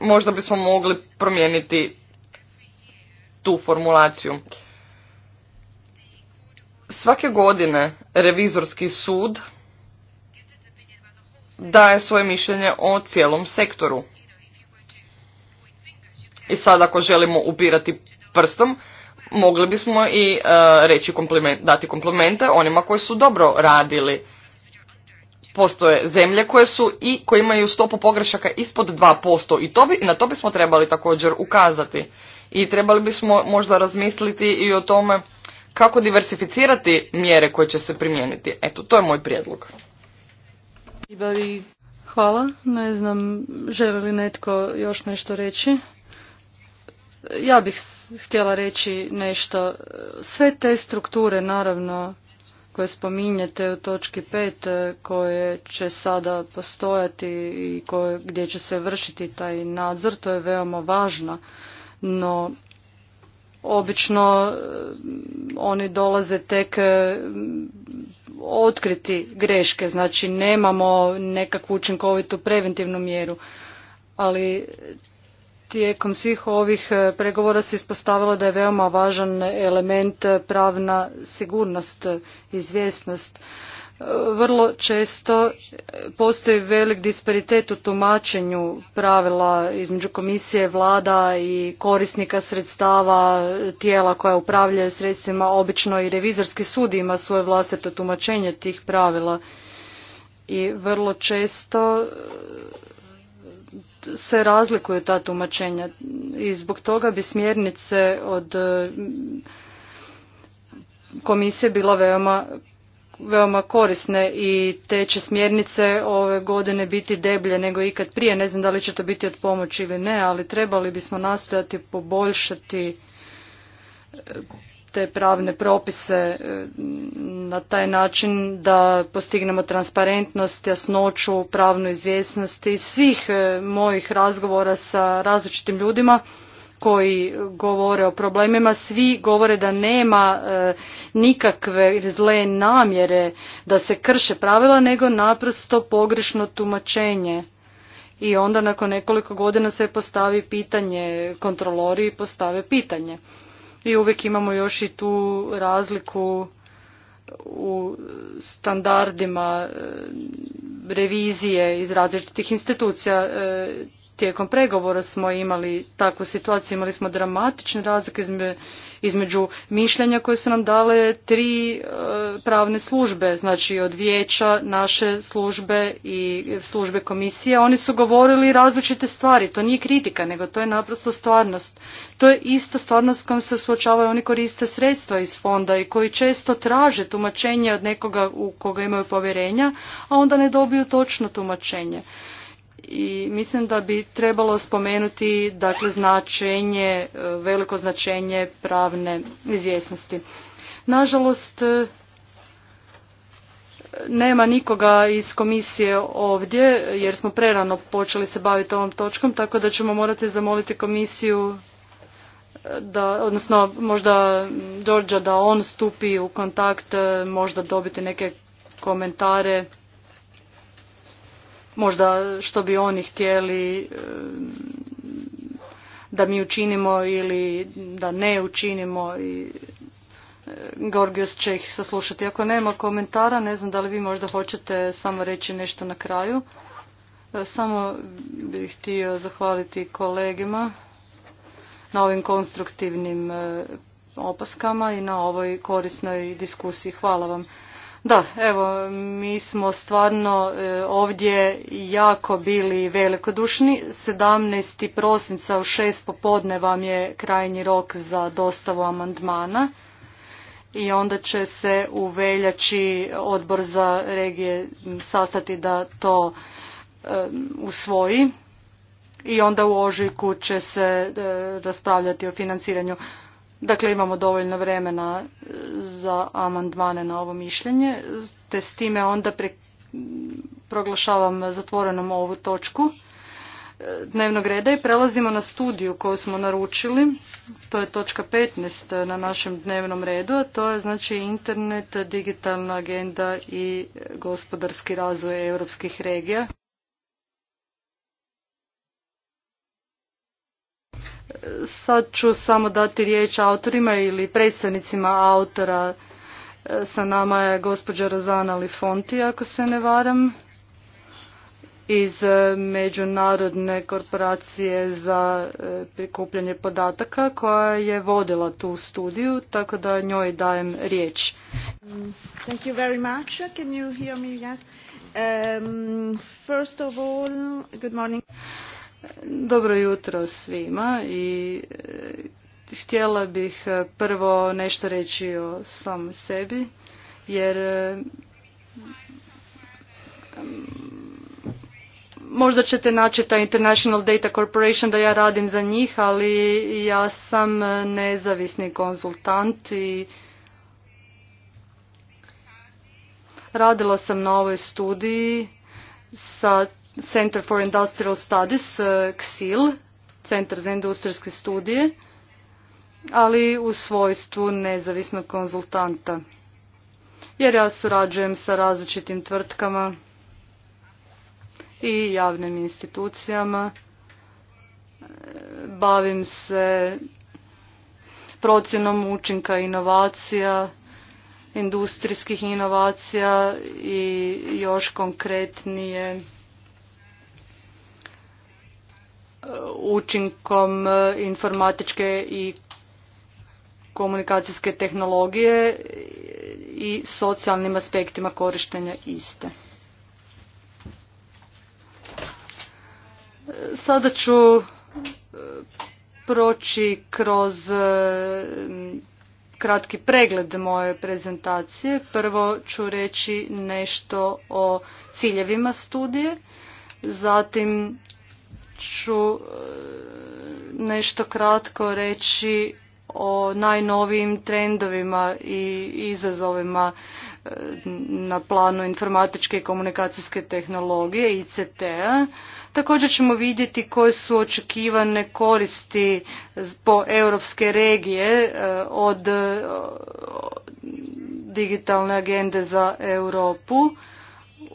Možda bismo mogli promijeniti tu formulaciju. Svake godine revizorski sud daje svoje mišljenje o cijelom sektoru. I sad ako želimo upirati prstom, mogli bismo i e, reći dati komplimente onima koji su dobro radili. Postoje zemlje koje su i koje imaju stopu pogrešaka ispod 2% i to bi, na to bismo trebali također ukazati. I trebali bismo možda razmisliti i o tome kako diversificirati mjere koje će se primijeniti. Eto, to je moj prijedlog. Hvala. Ne znam, želi li netko još nešto reći? Ja bih htjela reći nešto. Sve te strukture, naravno, koje spominjete u točki 5, koje će sada postojati i koje, gdje će se vršiti taj nadzor, to je veoma važno. No, obično eh, oni dolaze tek eh, otkriti greške, znači nemamo nekakvu učinkovitu preventivnu mjeru, ali tijekom svih ovih eh, pregovora se ispostavilo da je veoma važan element pravna sigurnost, izvjesnost vrlo često postoji velik disparitet u tumačenju pravila između komisije, vlada i korisnika sredstava, tijela koja upravljaju sredstvima, obično i revizorski sud ima svoje vlastito tumačenje tih pravila i vrlo često e, se razlikuju ta tumačenja i zbog toga bi smjernice od e, komisije bila veoma veoma korisne i te će smjernice ove godine biti deblje nego ikad prije. Ne znam da li će to biti od pomoći ili ne, ali trebali bismo nastojati poboljšati e, te pravne propise e, na taj način da postignemo transparentnost, jasnoću, pravnu izvjesnost i svih e, mojih razgovora sa različitim ljudima koji govore o problemima, svi govore da nema e, nikakve zle namjere da se krše pravila, nego naprosto pogrešno tumačenje. I onda nakon nekoliko godina se postavi pitanje, kontrolori postave pitanje. I uvijek imamo još i tu razliku u standardima e, revizije iz različitih institucija. E, tijekom pregovora smo imali takvu situaciju, imali smo dramatične razlike između mišljenja koje su nam dale tri e, pravne službe, znači od vijeća, naše službe i službe komisije. Oni su govorili različite stvari, to nije kritika, nego to je naprosto stvarnost. To je ista stvarnost s kojom se suočavaju oni koriste sredstva iz fonda i koji često traže tumačenje od nekoga u koga imaju povjerenja, a onda ne dobiju točno tumačenje i mislim da bi trebalo spomenuti dakle značenje, e, veliko značenje pravne izvjesnosti. Nažalost, e, nema nikoga iz komisije ovdje jer smo prerano počeli se baviti ovom točkom, tako da ćemo morati zamoliti komisiju e, da, odnosno možda Đorđa da on stupi u kontakt, možda dobiti neke komentare možda što bi oni htjeli e, da mi učinimo ili da ne učinimo i e, Gorgios će ih saslušati. Ako nema komentara, ne znam da li vi možda hoćete samo reći nešto na kraju. E, samo bih htio zahvaliti kolegima na ovim konstruktivnim opaskama i na ovoj korisnoj diskusiji. Hvala vam. Da, evo, mi smo stvarno e, ovdje jako bili velikodušni. 17. prosinca u 6 popodne vam je krajnji rok za dostavu amandmana i onda će se u veljači odbor za regije sastati da to e, usvoji i onda u ožujku će se e, raspravljati o financiranju. Dakle, imamo dovoljno vremena e, za amandmane na ovo mišljenje, te s time onda proglašavam zatvorenom ovu točku e, dnevnog reda i prelazimo na studiju koju smo naručili. To je točka 15 e, na našem dnevnom redu, a to je znači internet, digitalna agenda i gospodarski razvoj europskih regija. Sad ću samo dati riječ autorima ili predstavnicima autora. Sa nama je gospođa Rozana Lifonti, ako se ne varam, iz Međunarodne korporacije za e, prikupljanje podataka koja je vodila tu studiju, tako da njoj dajem riječ. Thank you very much. Can you hear me? Yes. Um, first of all, good morning. Dobro jutro svima i e, htjela bih e, prvo nešto reći o samom sebi jer e, možda ćete naći ta International Data Corporation da ja radim za njih, ali ja sam nezavisni konzultant i radila sam na ovoj studiji sa Center for Industrial Studies, eh, XIL, Centar za industrijske studije, ali u svojstvu nezavisnog konzultanta. Jer ja surađujem sa različitim tvrtkama i javnim institucijama. Eh, bavim se procjenom učinka inovacija, industrijskih inovacija i još konkretnije učinkom e, informatičke i komunikacijske tehnologije i socijalnim aspektima korištenja iste. E, sada ću e, proći kroz kratki pregled moje prezentacije. Prvo ću reći nešto o ciljevima studije, zatim ću e, nešto kratko reći o najnovijim trendovima i izazovima e, na planu informatičke i komunikacijske tehnologije ICT-a. Također ćemo vidjeti koje su očekivane koristi po europske regije e, od digitalne agende za Europu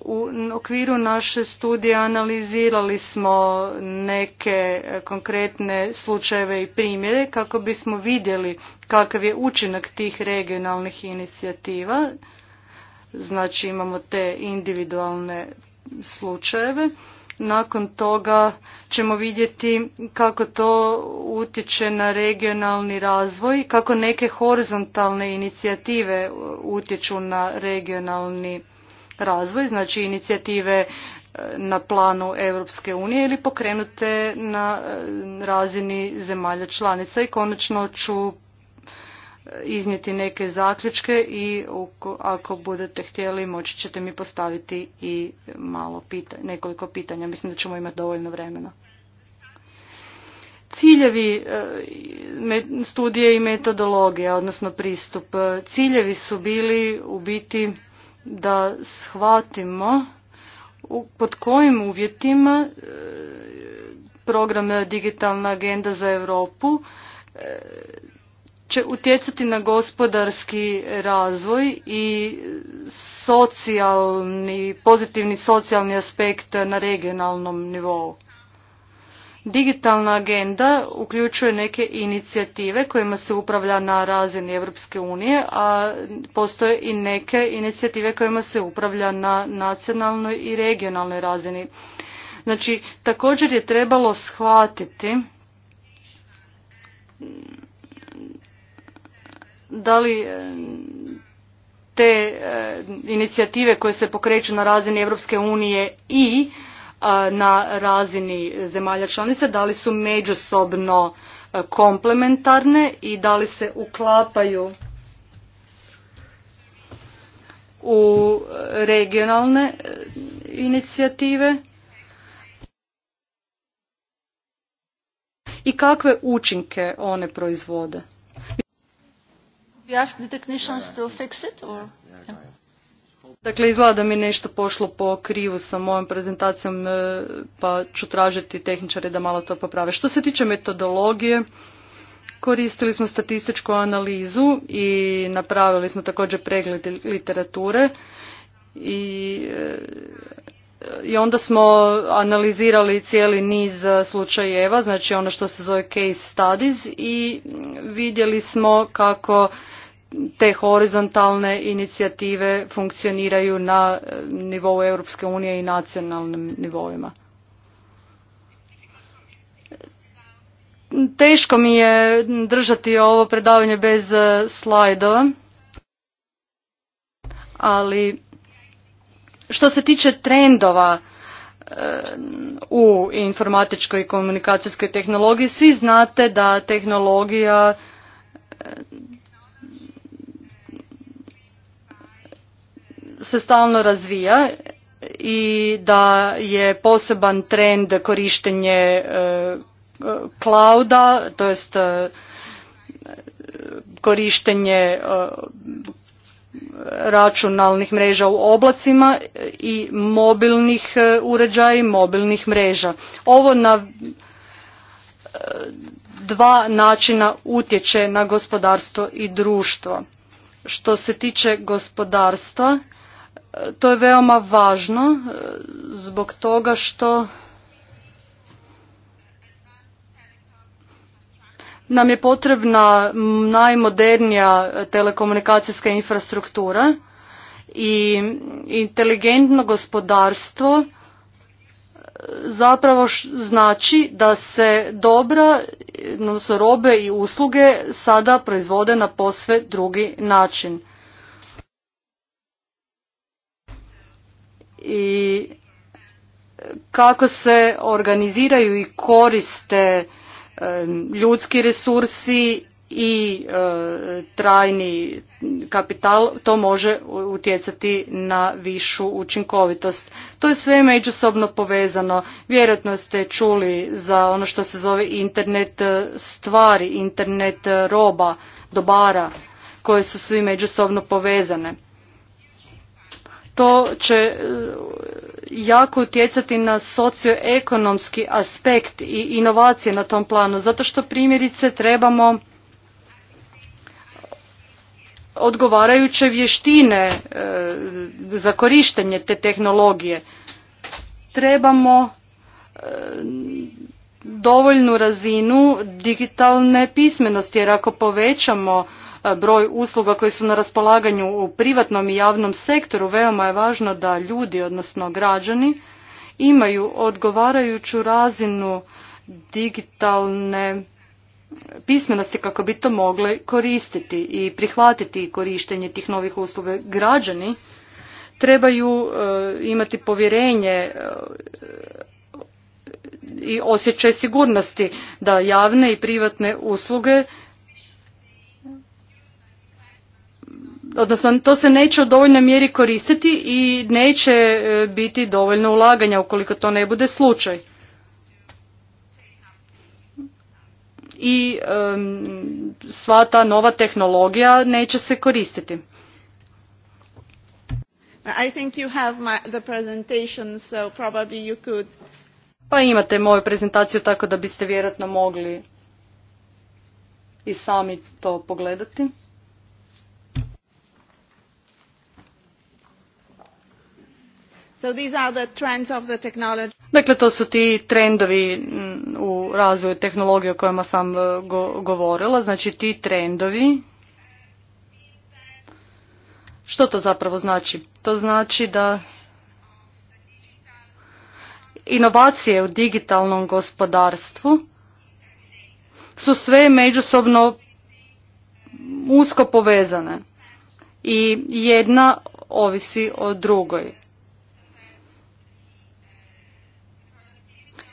u okviru naše studije analizirali smo neke e, konkretne slučajeve i primjere kako bismo vidjeli kakav je učinak tih regionalnih inicijativa. Znači imamo te individualne slučajeve. Nakon toga ćemo vidjeti kako to utječe na regionalni razvoj, kako neke horizontalne inicijative utječu na regionalni razvoj, znači inicijative e, na planu Europske unije ili pokrenute na e, razini zemalja članica i konačno ću e, iznijeti neke zaključke i ako budete htjeli moći ćete mi postaviti i malo nekoliko pitanja. Mislim da ćemo imati dovoljno vremena. Ciljevi studije i metodologija, odnosno pristup. Ciljevi su bili u biti da shvatimo pod kojim uvjetima e, program Digitalna agenda za Europu e, će utjecati na gospodarski razvoj i socijalni, pozitivni socijalni aspekt na regionalnom nivou. Digitalna agenda uključuje neke inicijative kojima se upravlja na razini Europske unije, a postoje i neke inicijative kojima se upravlja na nacionalnoj i regionalnoj razini. Znači, također je trebalo shvatiti da li e, te e, inicijative koje se pokreću na razini Europske unije i na razini zemalja članica, da li su međusobno e, komplementarne i da li se uklapaju u regionalne e, inicijative i kakve učinke one proizvode. Dakle, izgleda da mi nešto pošlo po krivu sa mojom prezentacijom, e, pa ću tražiti tehničare da malo to poprave. Što se tiče metodologije, koristili smo statističku analizu i napravili smo također pregled literature i, e, i onda smo analizirali cijeli niz slučajeva, znači ono što se zove case studies i vidjeli smo kako te horizontalne inicijative funkcioniraju na eh, nivou Europske unije i nacionalnim nivoima. Teško mi je držati ovo predavanje bez eh, slajdova, ali što se tiče trendova eh, u informatičkoj i komunikacijskoj tehnologiji, svi znate da tehnologija se stalno razvija i da je poseban trend korištenje klauda, e, to jest e, korištenje e, računalnih mreža u oblacima i mobilnih uređaja i mobilnih mreža. Ovo na dva načina utječe na gospodarstvo i društvo. Što se tiče gospodarstva, to je veoma važno e, zbog toga što nam je potrebna najmodernija telekomunikacijska infrastruktura i inteligentno gospodarstvo e, zapravo znači da se dobra, odnosno robe i usluge sada proizvode na posve drugi način. i kako se organiziraju i koriste ljudski resursi i e, trajni kapital, to može utjecati na višu učinkovitost. To je sve međusobno povezano. Vjerojatno ste čuli za ono što se zove internet e, stvari, internet e, roba, dobara, koje su svi međusobno povezane to će e, jako utjecati na socioekonomski aspekt i inovacije na tom planu, zato što primjerice trebamo odgovarajuće vještine e, za korištenje te tehnologije. Trebamo e, dovoljnu razinu digitalne pismenosti jer ako povećamo broj usluga koji su na raspolaganju u privatnom i javnom sektoru, veoma je važno da ljudi, odnosno građani, imaju odgovarajuću razinu digitalne pismenosti kako bi to mogle koristiti i prihvatiti korištenje tih novih usluga. Građani trebaju e, imati povjerenje e, i osjećaj sigurnosti da javne i privatne usluge odnosno to se neće u dovoljnoj mjeri koristiti i neće e, biti dovoljno ulaganja ukoliko to ne bude slučaj. I sva ta nova tehnologija neće se koristiti. Pa imate moju prezentaciju tako da biste vjerojatno mogli i sami to pogledati. So these are the trends of the technology. Dakle, to su ti trendovi mm, u razvoju tehnologije o kojima sam e, govorila. Znači, ti trendovi... Što to zapravo znači? To znači da inovacije u digitalnom gospodarstvu su sve međusobno usko povezane i jedna ovisi o drugoj.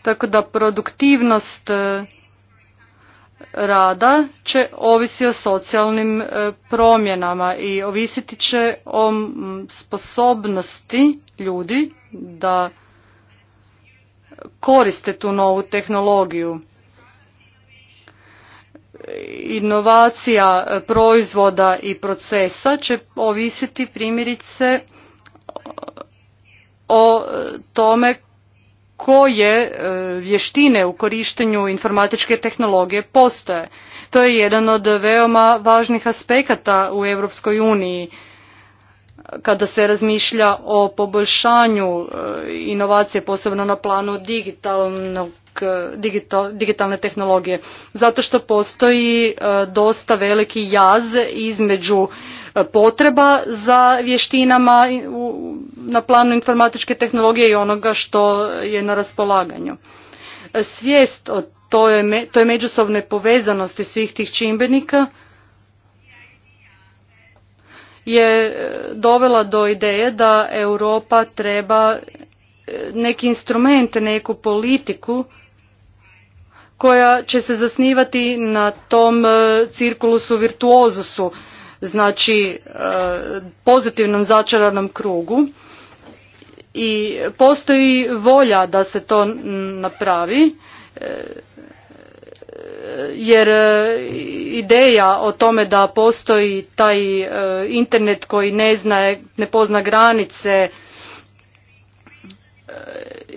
Tako da produktivnost e, rada će ovisi o socijalnim e, promjenama i ovisiti će o sposobnosti ljudi da koriste tu novu tehnologiju. Inovacija e, proizvoda i procesa će ovisiti primjerice o tome koje e, vještine u korištenju informatičke tehnologije postoje. To je jedan od veoma važnih aspekata u Europskoj uniji kada se razmišlja o poboljšanju e, inovacije posebno na planu digitalnog digitalne tehnologije zato što postoji e, dosta veliki jaz između potreba za vještinama na planu informatičke tehnologije i onoga što je na raspolaganju. Svijest o toj toj međusobne povezanosti svih tih čimbenika je e, dovela do ideje da Europa treba e, neki instrument, neku politiku koja će se zasnivati na tom e, cirkulusu virtuozusu znači e, pozitivnom začaranom krugu i postoji volja da se to napravi e, jer e, ideja o tome da postoji taj internet koji ne zna, ne pozna granice,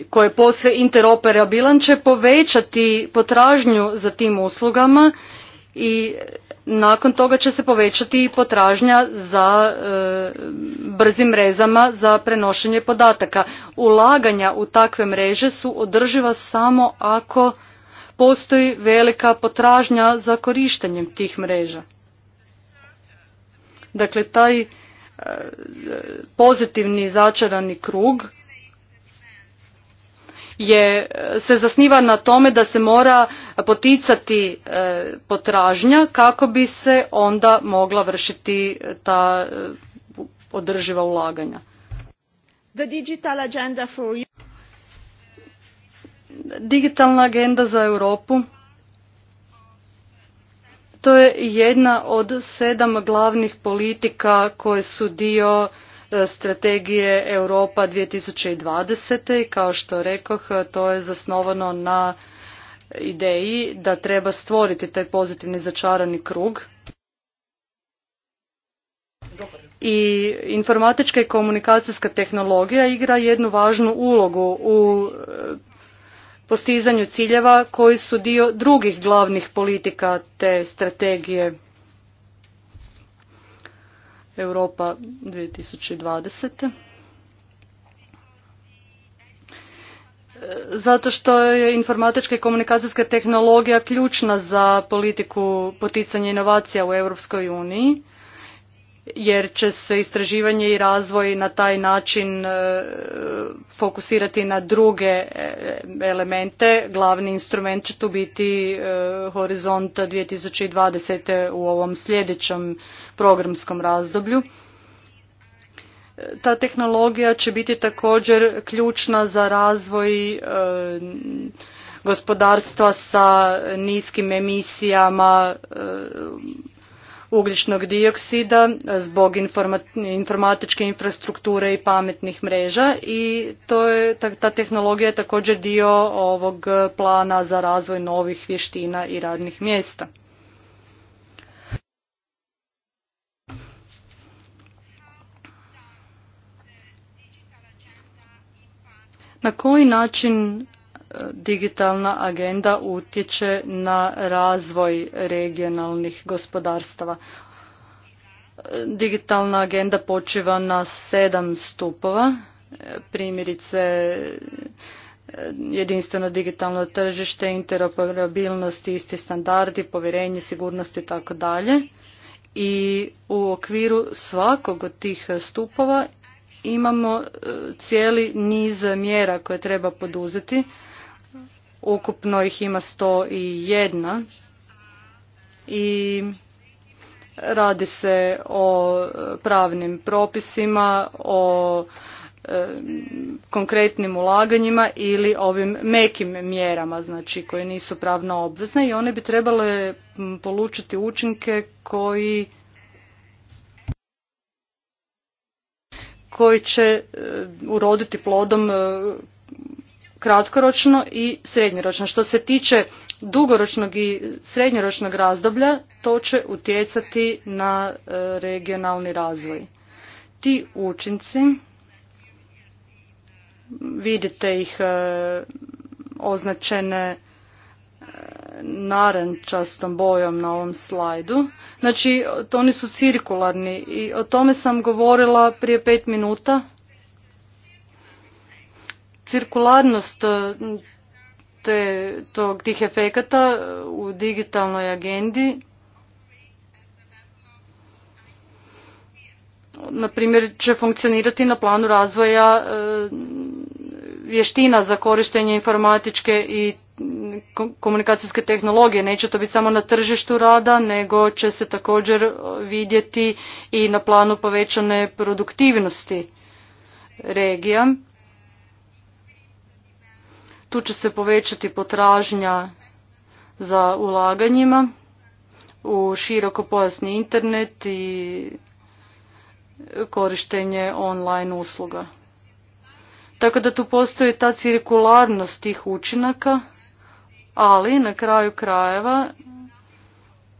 koji je posve interoperabilan će povećati potražnju za tim uslugama i nakon toga će se povećati i potražnja za e, brzim mrezama za prenošenje podataka ulaganja u takve mreže su održiva samo ako postoji velika potražnja za korištenjem tih mreža dakle taj e, pozitivni začarani krug je, se zasniva na tome da se mora poticati e, potražnja kako bi se onda mogla vršiti e, ta e, održiva ulaganja. The digital agenda for you. Digitalna agenda za Europu to je jedna od sedam glavnih politika koje su dio strategije Europa 2020. i kao što rekoh to je zasnovano na ideji da treba stvoriti taj pozitivni začarani krug i informatička i komunikacijska tehnologija igra jednu važnu ulogu u e, postizanju ciljeva koji su dio drugih glavnih politika te strategije Europa 2020. Zato što je informatička i komunikacijska tehnologija ključna za politiku poticanja inovacija u Europskoj uniji jer će se istraživanje i razvoj na taj način e, fokusirati na druge e, elemente. Glavni instrument će tu biti e, Horizont 2020. u ovom sljedećem programskom razdoblju. Ta tehnologija će biti također ključna za razvoj gospodarstva sa niskim emisijama ugljičnog dioksida zbog informatičke infrastrukture i pametnih mreža i to je, ta, ta tehnologija je također dio ovog plana za razvoj novih vještina i radnih mjesta. Na koji način digitalna agenda utječe na razvoj regionalnih gospodarstava. Digitalna agenda počiva na sedam stupova, primjerice jedinstveno digitalno tržište, interoperabilnost, isti standardi, povjerenje, sigurnost i tako dalje. I u okviru svakog od tih stupova imamo e, cijeli niz mjera koje treba poduzeti ukupno ih ima 101 i radi se o e, pravnim propisima, o e, konkretnim ulaganjima ili ovim mekim mjerama, znači koje nisu pravno obvezne i one bi trebale polučiti učinke koji koji će e, uroditi plodom kratkoročno i srednjoročno. Što se tiče dugoročnog i srednjoročnog razdoblja, to će utjecati na e, regionalni razvoj. Ti učinci, vidite ih e, označene e, narančastom bojom na ovom slajdu. Znači, to oni su cirkularni i o tome sam govorila prije pet minuta cirkularnost e, tog, tih efekata e, u digitalnoj agendi na primjer će funkcionirati na planu razvoja e, vještina za korištenje informatičke i komunikacijske tehnologije. Neće to biti samo na tržištu rada, nego će se također vidjeti i na planu povećane produktivnosti regija tu će se povećati potražnja za ulaganjima u široko pojasni internet i korištenje online usluga. Tako da tu postoji ta cirkularnost tih učinaka, ali na kraju krajeva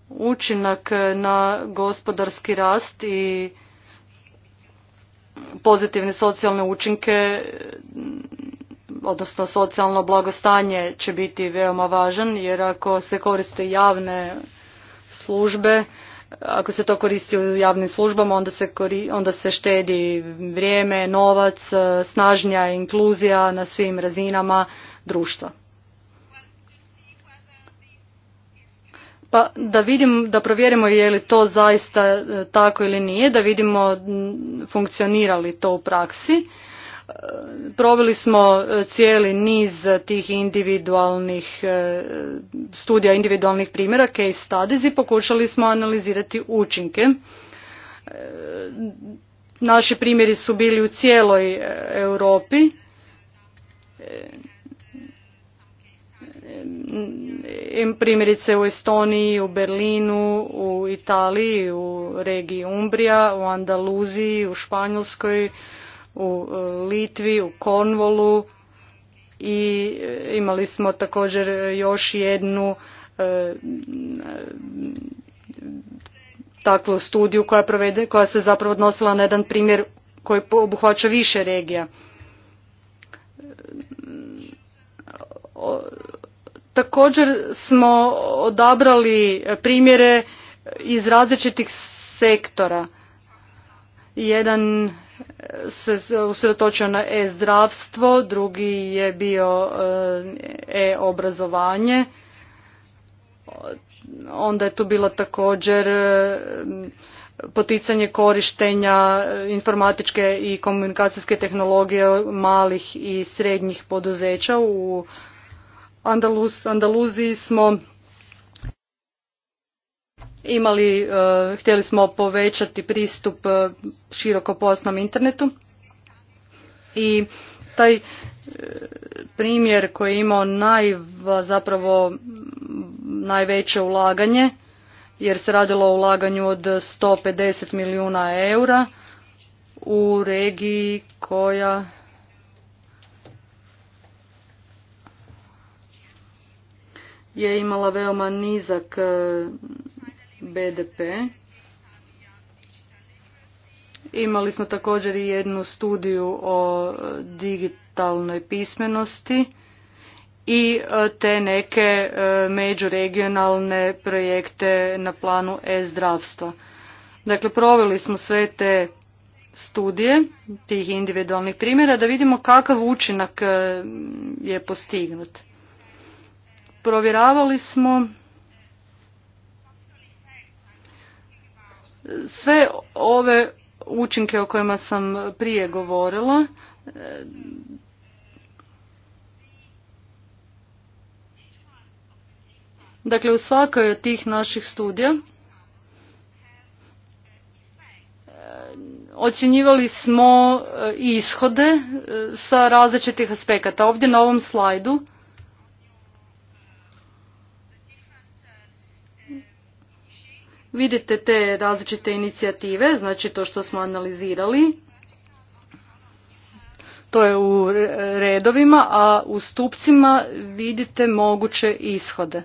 učinak na gospodarski rast i pozitivne socijalne učinke odnosno socijalno blagostanje će biti veoma važan jer ako se koriste javne službe, ako se to koristi u javnim službama onda se, onda se štedi vrijeme, novac, snažnja inkluzija na svim razinama društva. Pa da vidim, da provjerimo je li to zaista tako ili nije, da vidimo funkcionira li to u praksi Proveli smo e, cijeli niz tih individualnih e, studija, individualnih primjera, case studies i pokušali smo analizirati učinke. E, naši primjeri su bili u cijeloj Europi. Primjerice u Estoniji, u Berlinu, u Italiji, u regiji Umbrija, u Andaluziji, u Španjolskoj, u e, Litvi, u Konvolu i e, imali smo također još jednu e, takvu studiju koja, provede, koja se zapravo odnosila na jedan primjer koji obuhvaća više regija. Također smo odabrali primjere iz različitih sektora. Jedan se usredotočio na e-zdravstvo, drugi je bio e, e-obrazovanje. Onda je tu bilo također e, poticanje korištenja informatičke i komunikacijske tehnologije malih i srednjih poduzeća. U Andaluziji smo imali, e, htjeli smo povećati pristup e, širokopojasnom internetu i taj e, primjer koji je imao naj, zapravo najveće ulaganje jer se radilo o ulaganju od 150 milijuna eura u regiji koja je imala veoma nizak BDP. Imali smo također i jednu studiju o digitalnoj pismenosti i e, te neke e, međuregionalne projekte na planu e-zdravstva. Dakle, proveli smo sve te studije, tih individualnih primjera, da vidimo kakav učinak e, je postignut. Provjeravali smo Sve ove učinke o kojima sam prije govorila e, Dakle, u svakoj od tih naših studija e, ocjenjivali smo e, ishode sa različitih aspekata. Ovdje na ovom slajdu Vidite te različite inicijative, znači to što smo analizirali, to je u redovima, a u stupcima vidite moguće ishode.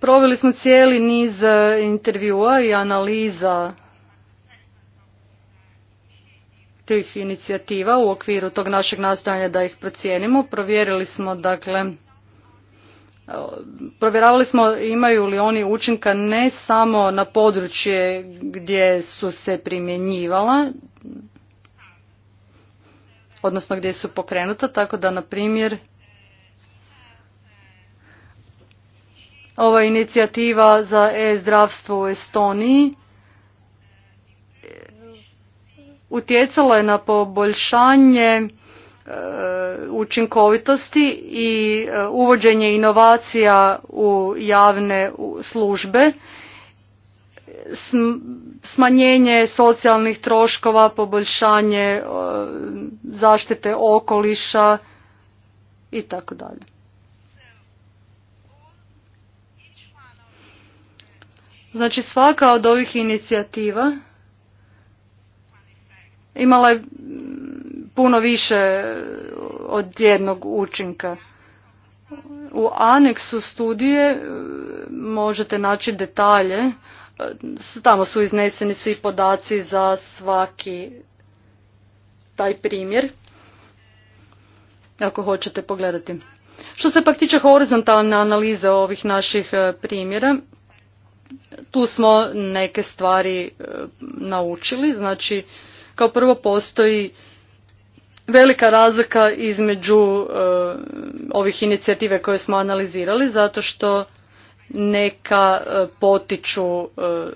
Proveli smo cijeli niz e, intervjua i analiza tih inicijativa u okviru tog našeg nastojanja da ih procijenimo. Provjerili smo dakle Provjeravali smo imaju li oni učinka ne samo na područje gdje su se primjenjivala, odnosno gdje su pokrenuta, tako da na primjer ova inicijativa za e-zdravstvo u Estoniji utjecala je na poboljšanje učinkovitosti i e, uvođenje inovacija u javne službe smanjenje socijalnih troškova, poboljšanje e, zaštite okoliša i tako dalje. Znači svaka od ovih inicijativa imala je puno više od jednog učinka. U aneksu studije e, možete naći detalje, e, tamo su izneseni svi podaci za svaki taj primjer, ako hoćete pogledati. Što se pak tiče horizontalne analize ovih naših e, primjera, tu smo neke stvari naučili, znači kao prvo postoji velika razlika između e, ovih inicijative koje smo analizirali zato što neka e, potiču e,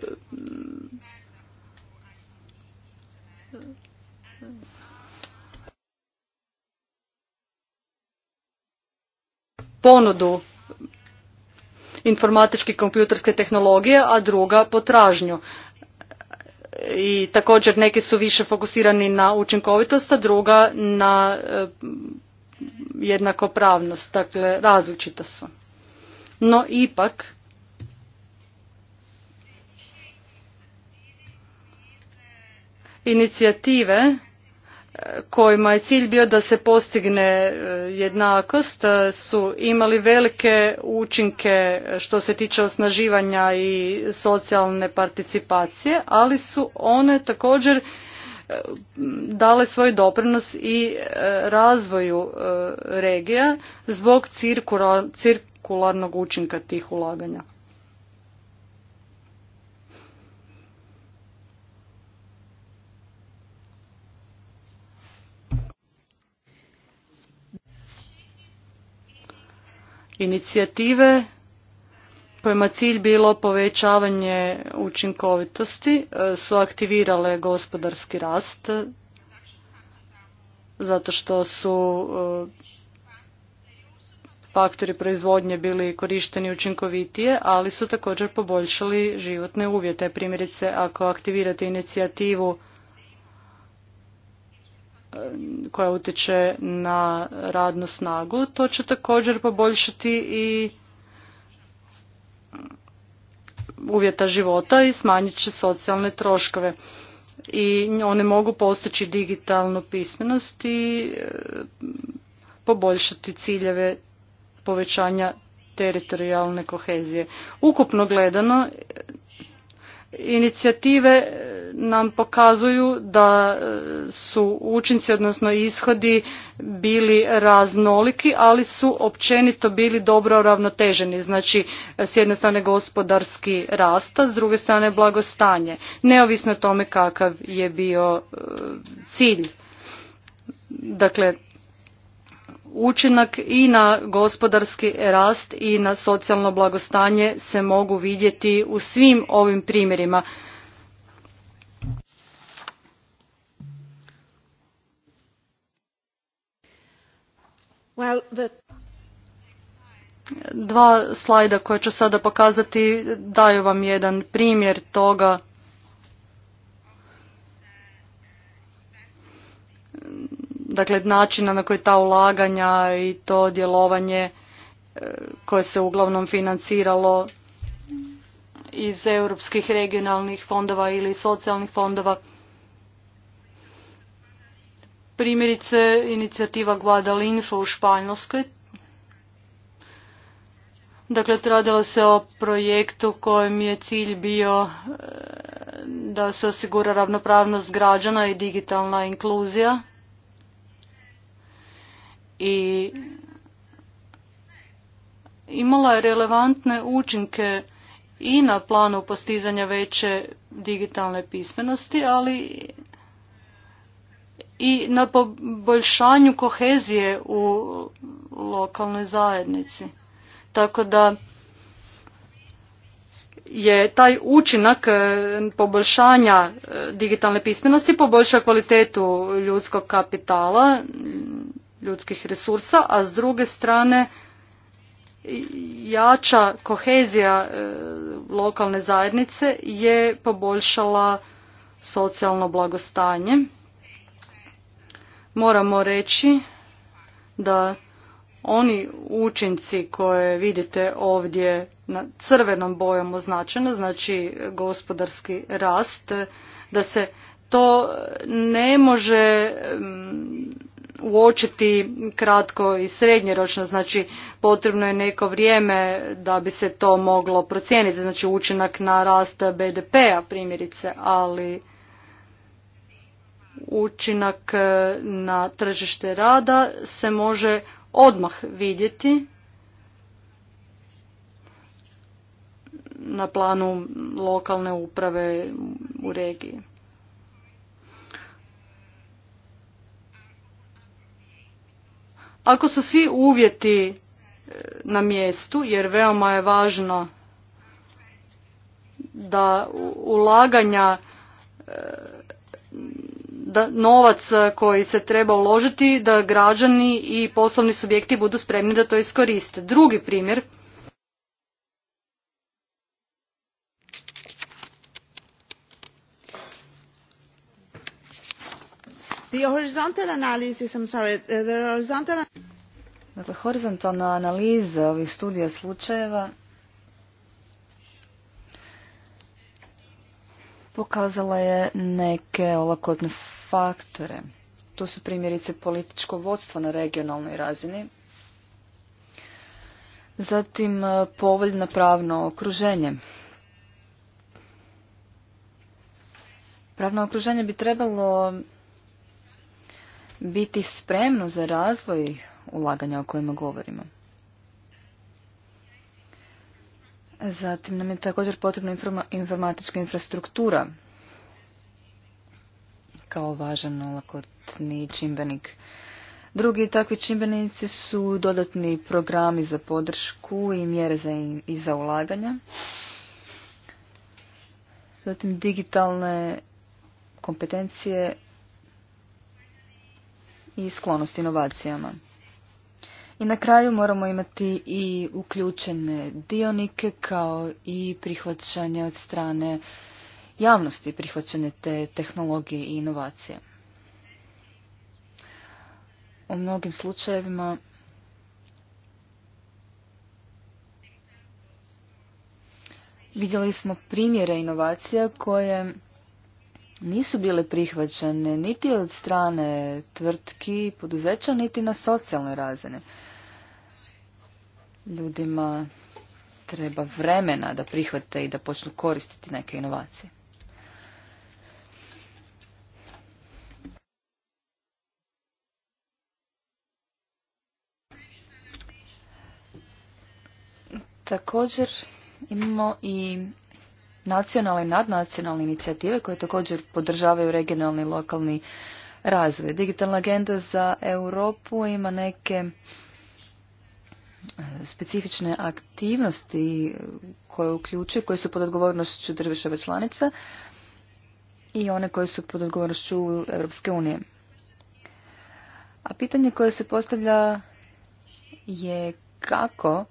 ponudu informatički kompjuterske tehnologije, a druga potražnju i također neki su više fokusirani na učinkovitost, a druga na e, jednakopravnost, dakle različita su. No ipak inicijative kojima je cilj bio da se postigne e, jednakost e, su imali velike učinke e, što se tiče osnaživanja i socijalne participacije, ali su one također dale svoj doprinos i razvoju regija zbog cirkularnog učinka tih ulaganja. inicijative kojima cilj bilo povećavanje učinkovitosti e, su aktivirale gospodarski rast e, zato što su e, faktori proizvodnje bili korišteni učinkovitije, ali su također poboljšali životne uvjete. Primjerice, ako aktivirate inicijativu koja utječe na radnu snagu. To će također poboljšati i uvjeta života i smanjit će socijalne troškove. I one mogu postići digitalnu pismenost i e, poboljšati ciljeve povećanja teritorijalne kohezije. Ukupno gledano, inicijative nam pokazuju da e, su učinci, odnosno ishodi bili raznoliki, ali su općenito bili dobro ravnoteženi. Znači, s jedne strane gospodarski rasta, s druge strane blagostanje. Neovisno tome kakav je bio e, cilj. Dakle, učinak i na gospodarski rast i na socijalno blagostanje se mogu vidjeti u svim ovim primjerima. Dva slajda koje ću sada pokazati daju vam jedan primjer toga dakle načina na koji ta ulaganja i to djelovanje e, koje se uglavnom financiralo iz europskih regionalnih fondova ili socijalnih fondova. Primjerice inicijativa Guadalinfo u Španjolskoj. Dakle, radilo se o projektu kojem je cilj bio e, da se osigura ravnopravnost građana i digitalna inkluzija i imala je relevantne učinke i na planu postizanja veće digitalne pismenosti, ali i na poboljšanju kohezije u lokalnoj zajednici. Tako da je taj učinak e, poboljšanja e, digitalne pismenosti poboljša kvalitetu ljudskog kapitala ljudskih resursa, a s druge strane jača kohezija e, lokalne zajednice je poboljšala socijalno blagostanje. Moramo reći da oni učinci koje vidite ovdje na crvenom bojom označeno, znači gospodarski rast, da se to ne može uočiti kratko i srednjeročno, znači potrebno je neko vrijeme da bi se to moglo procijeniti, znači učinak na rast BDP-a primjerice, ali učinak e, na tržište rada se može odmah vidjeti na planu lokalne uprave u regiji. Ako su svi uvjeti e, na mjestu, jer veoma je važno da ulaganja e, da novac koji se treba uložiti da građani i poslovni subjekti budu spremni da to iskoriste. Drugi primjer Uh, dakle, horizontalna analiza ovih studija slučajeva pokazala je neke olakotne faktore. Tu su primjerice političko vodstvo na regionalnoj razini, zatim uh, povoljno pravno okruženje. Pravno okruženje bi trebalo biti spremno za razvoj ulaganja o kojima govorimo. Zatim nam je također potrebna informatička infrastruktura kao važan olakotni čimbenik. Drugi takvi čimbenici su dodatni programi za podršku i mjere za i za ulaganja. Zatim digitalne kompetencije i sklonost inovacijama. I na kraju moramo imati i uključene dionike kao i prihvaćanje od strane javnosti prihvaćanje te tehnologije i inovacije. U mnogim slučajevima vidjeli smo primjere inovacija koje nisu bile prihvaćene niti od strane tvrtki, poduzeća, niti na socijalnoj razini. Ljudima treba vremena da prihvate i da počnu koristiti neke inovacije. Također imamo i nacionalne i nadnacionalne inicijative koje također podržavaju regionalni i lokalni razvoj. Digitalna agenda za Europu ima neke e, specifične aktivnosti koje uključuju, koje su pod odgovornošću država članica i one koje su pod odgovornošću Europske unije. A pitanje koje se postavlja je kako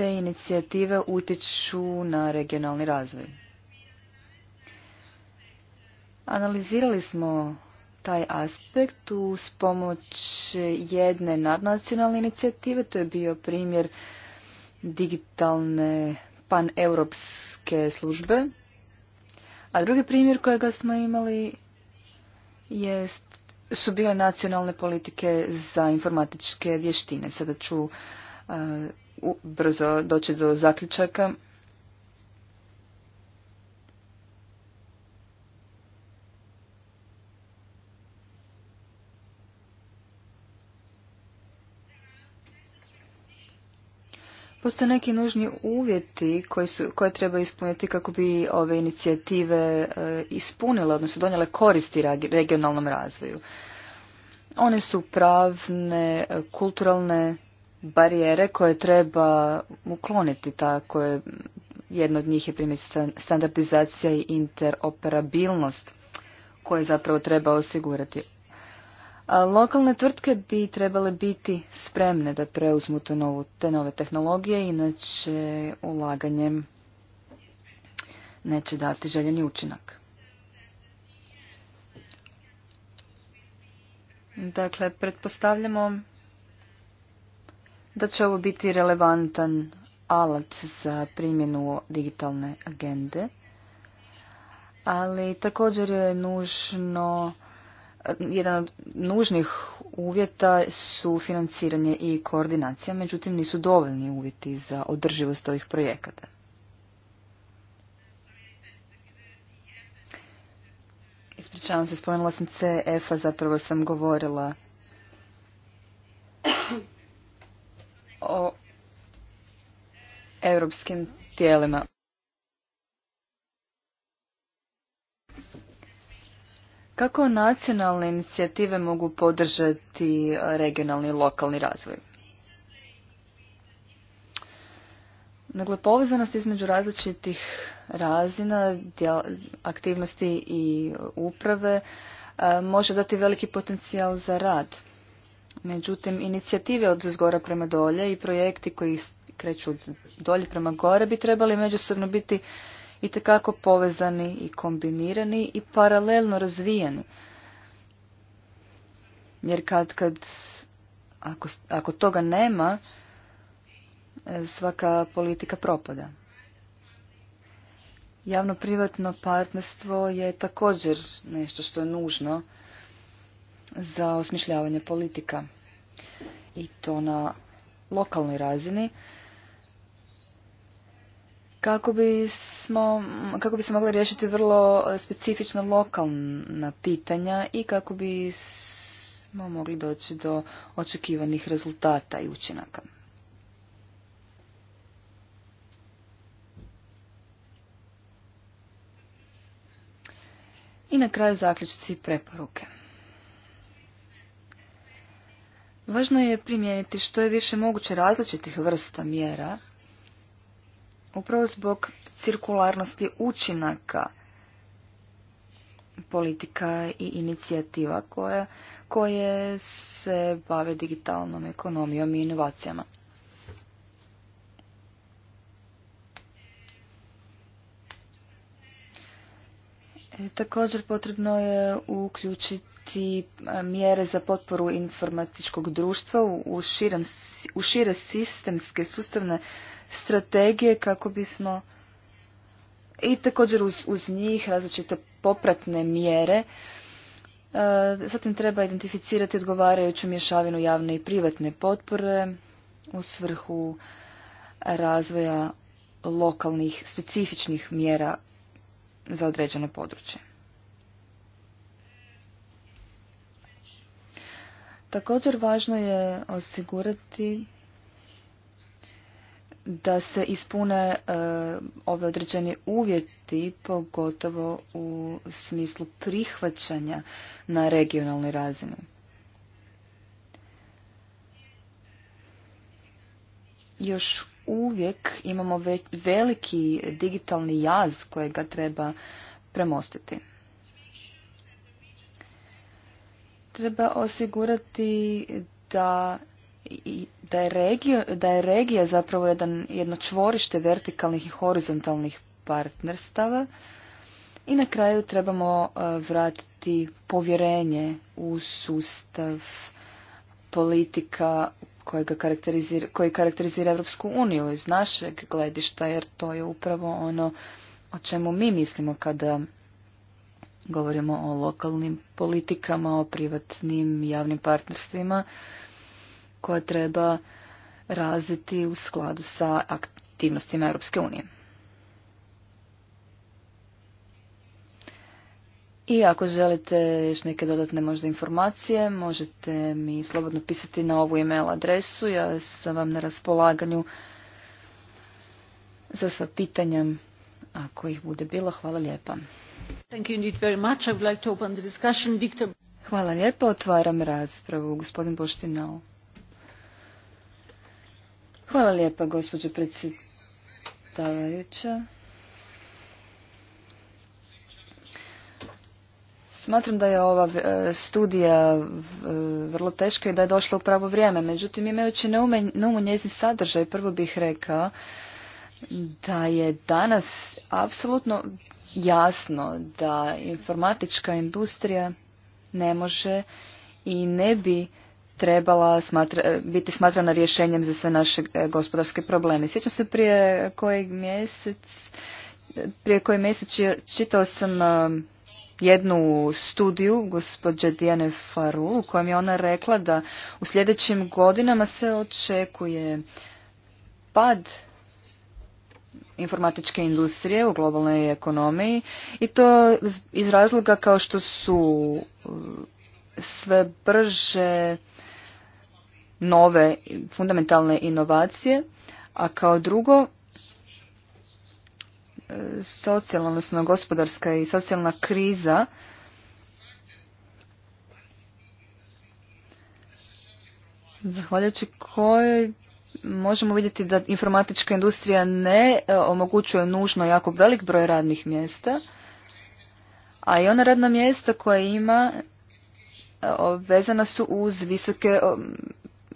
te inicijative utječu na regionalni razvoj. Analizirali smo taj aspekt uz pomoć jedne nadnacionalne inicijative, to je bio primjer digitalne paneuropske službe. A drugi primjer kojega smo imali jest, su bile nacionalne politike za informatičke vještine. Sada ću brzo doći do zaključaka. Postoje neki nužni uvjeti koji su, koje treba ispuniti kako bi ove inicijative e, ispunile, odnosno donijele koristi regionalnom razvoju. One su pravne, e, kulturalne, barijere koje treba ukloniti tako je jedno od njih je primjer standardizacija i interoperabilnost koje zapravo treba osigurati. lokalne tvrtke bi trebale biti spremne da preuzmu te, te nove tehnologije, inače ulaganjem neće dati željeni učinak. Dakle, pretpostavljamo da će ovo biti relevantan alat za primjenu digitalne agende, ali također je nužno jedan od nužnih uvjeta su financiranje i koordinacija, međutim nisu dovoljni uvjeti za održivost ovih projekata. Ispričavam se, spomenula sam CF-a, zapravo sam govorila o europskim tijelima. Kako nacionalne inicijative mogu podržati regionalni i lokalni razvoj? Dakle, povezanost između različitih razina, aktivnosti i uprave e, može dati veliki potencijal za rad. Međutim, inicijative od zgora prema dolje i projekti koji kreću od dolje prema gore bi trebali međusobno biti itekako povezani i kombinirani i paralelno razvijeni. Jer kad kad, ako, ako toga nema, e, svaka politika propada. Javno-privatno partnerstvo je također nešto što je nužno za osmišljavanje politika i to na lokalnoj razini kako bi kako se mogli riješiti vrlo e, specifična lokalna pitanja i kako bismo mogli doći do očekivanih rezultata i učinaka. I na kraju zaključci preporuke. Važno je primijeniti što je više moguće različitih vrsta mjera, upravo zbog cirkularnosti učinaka politika i inicijativa koje, koje se bave digitalnom ekonomijom i inovacijama. E, također potrebno je uključiti i e, mjere za potporu informatičkog društva u, u šire sistemske sustavne strategije kako bismo i također uz, uz njih različite popratne mjere. E, zatim treba identificirati odgovarajuću mješavinu javne i privatne potpore u svrhu razvoja lokalnih specifičnih mjera za određeno područje. Također važno je osigurati da se ispune e, ove određeni uvjeti, pogotovo u smislu prihvaćanja na regionalnoj razini. Još uvijek imamo veliki digitalni jaz kojega treba premostiti. treba osigurati da da je, regija, da je regija zapravo jedan, jedno čvorište vertikalnih i horizontalnih partnerstava i na kraju trebamo e, vratiti povjerenje u sustav politika koji, karakterizira, koji karakterizira Europsku uniju iz našeg gledišta, jer to je upravo ono o čemu mi mislimo kada Govorimo o lokalnim politikama, o privatnim javnim partnerstvima koja treba razviti u skladu sa aktivnostima Europske unije. I ako želite još neke dodatne možda informacije, možete mi slobodno pisati na ovu e-mail adresu. Ja sam vam na raspolaganju za sva pitanja ako ih bude bilo. Hvala lijepa. Hvala lijepa. Otvaram raspravu. Gospodin Boštinao. Hvala lijepa, gospođo predsjedavajuća. Smatram da je ova e, studija e, vrlo teška i da je došla u pravo vrijeme. Međutim, imajući na umu njezin sadržaj, prvo bih rekao da je danas apsolutno jasno da informatička industrija ne može i ne bi trebala smatra, biti smatrana rješenjem za sve naše e, gospodarske probleme. Sjećam se prije kojeg mjesec, prije koji mjesec čitao sam e, jednu studiju gospođe Dijane Faru u kojem je ona rekla da u sljedećim godinama se očekuje pad informatičke industrije u globalnoj ekonomiji i to iz razloga kao što su e, sve brže nove fundamentalne inovacije, a kao drugo e, socijalna, odnosno gospodarska i socijalna kriza zahvaljujući kojoj možemo vidjeti da informatička industrija ne e, omogućuje nužno jako velik broj radnih mjesta, a i ona radna mjesta koja ima e, vezana su uz visoke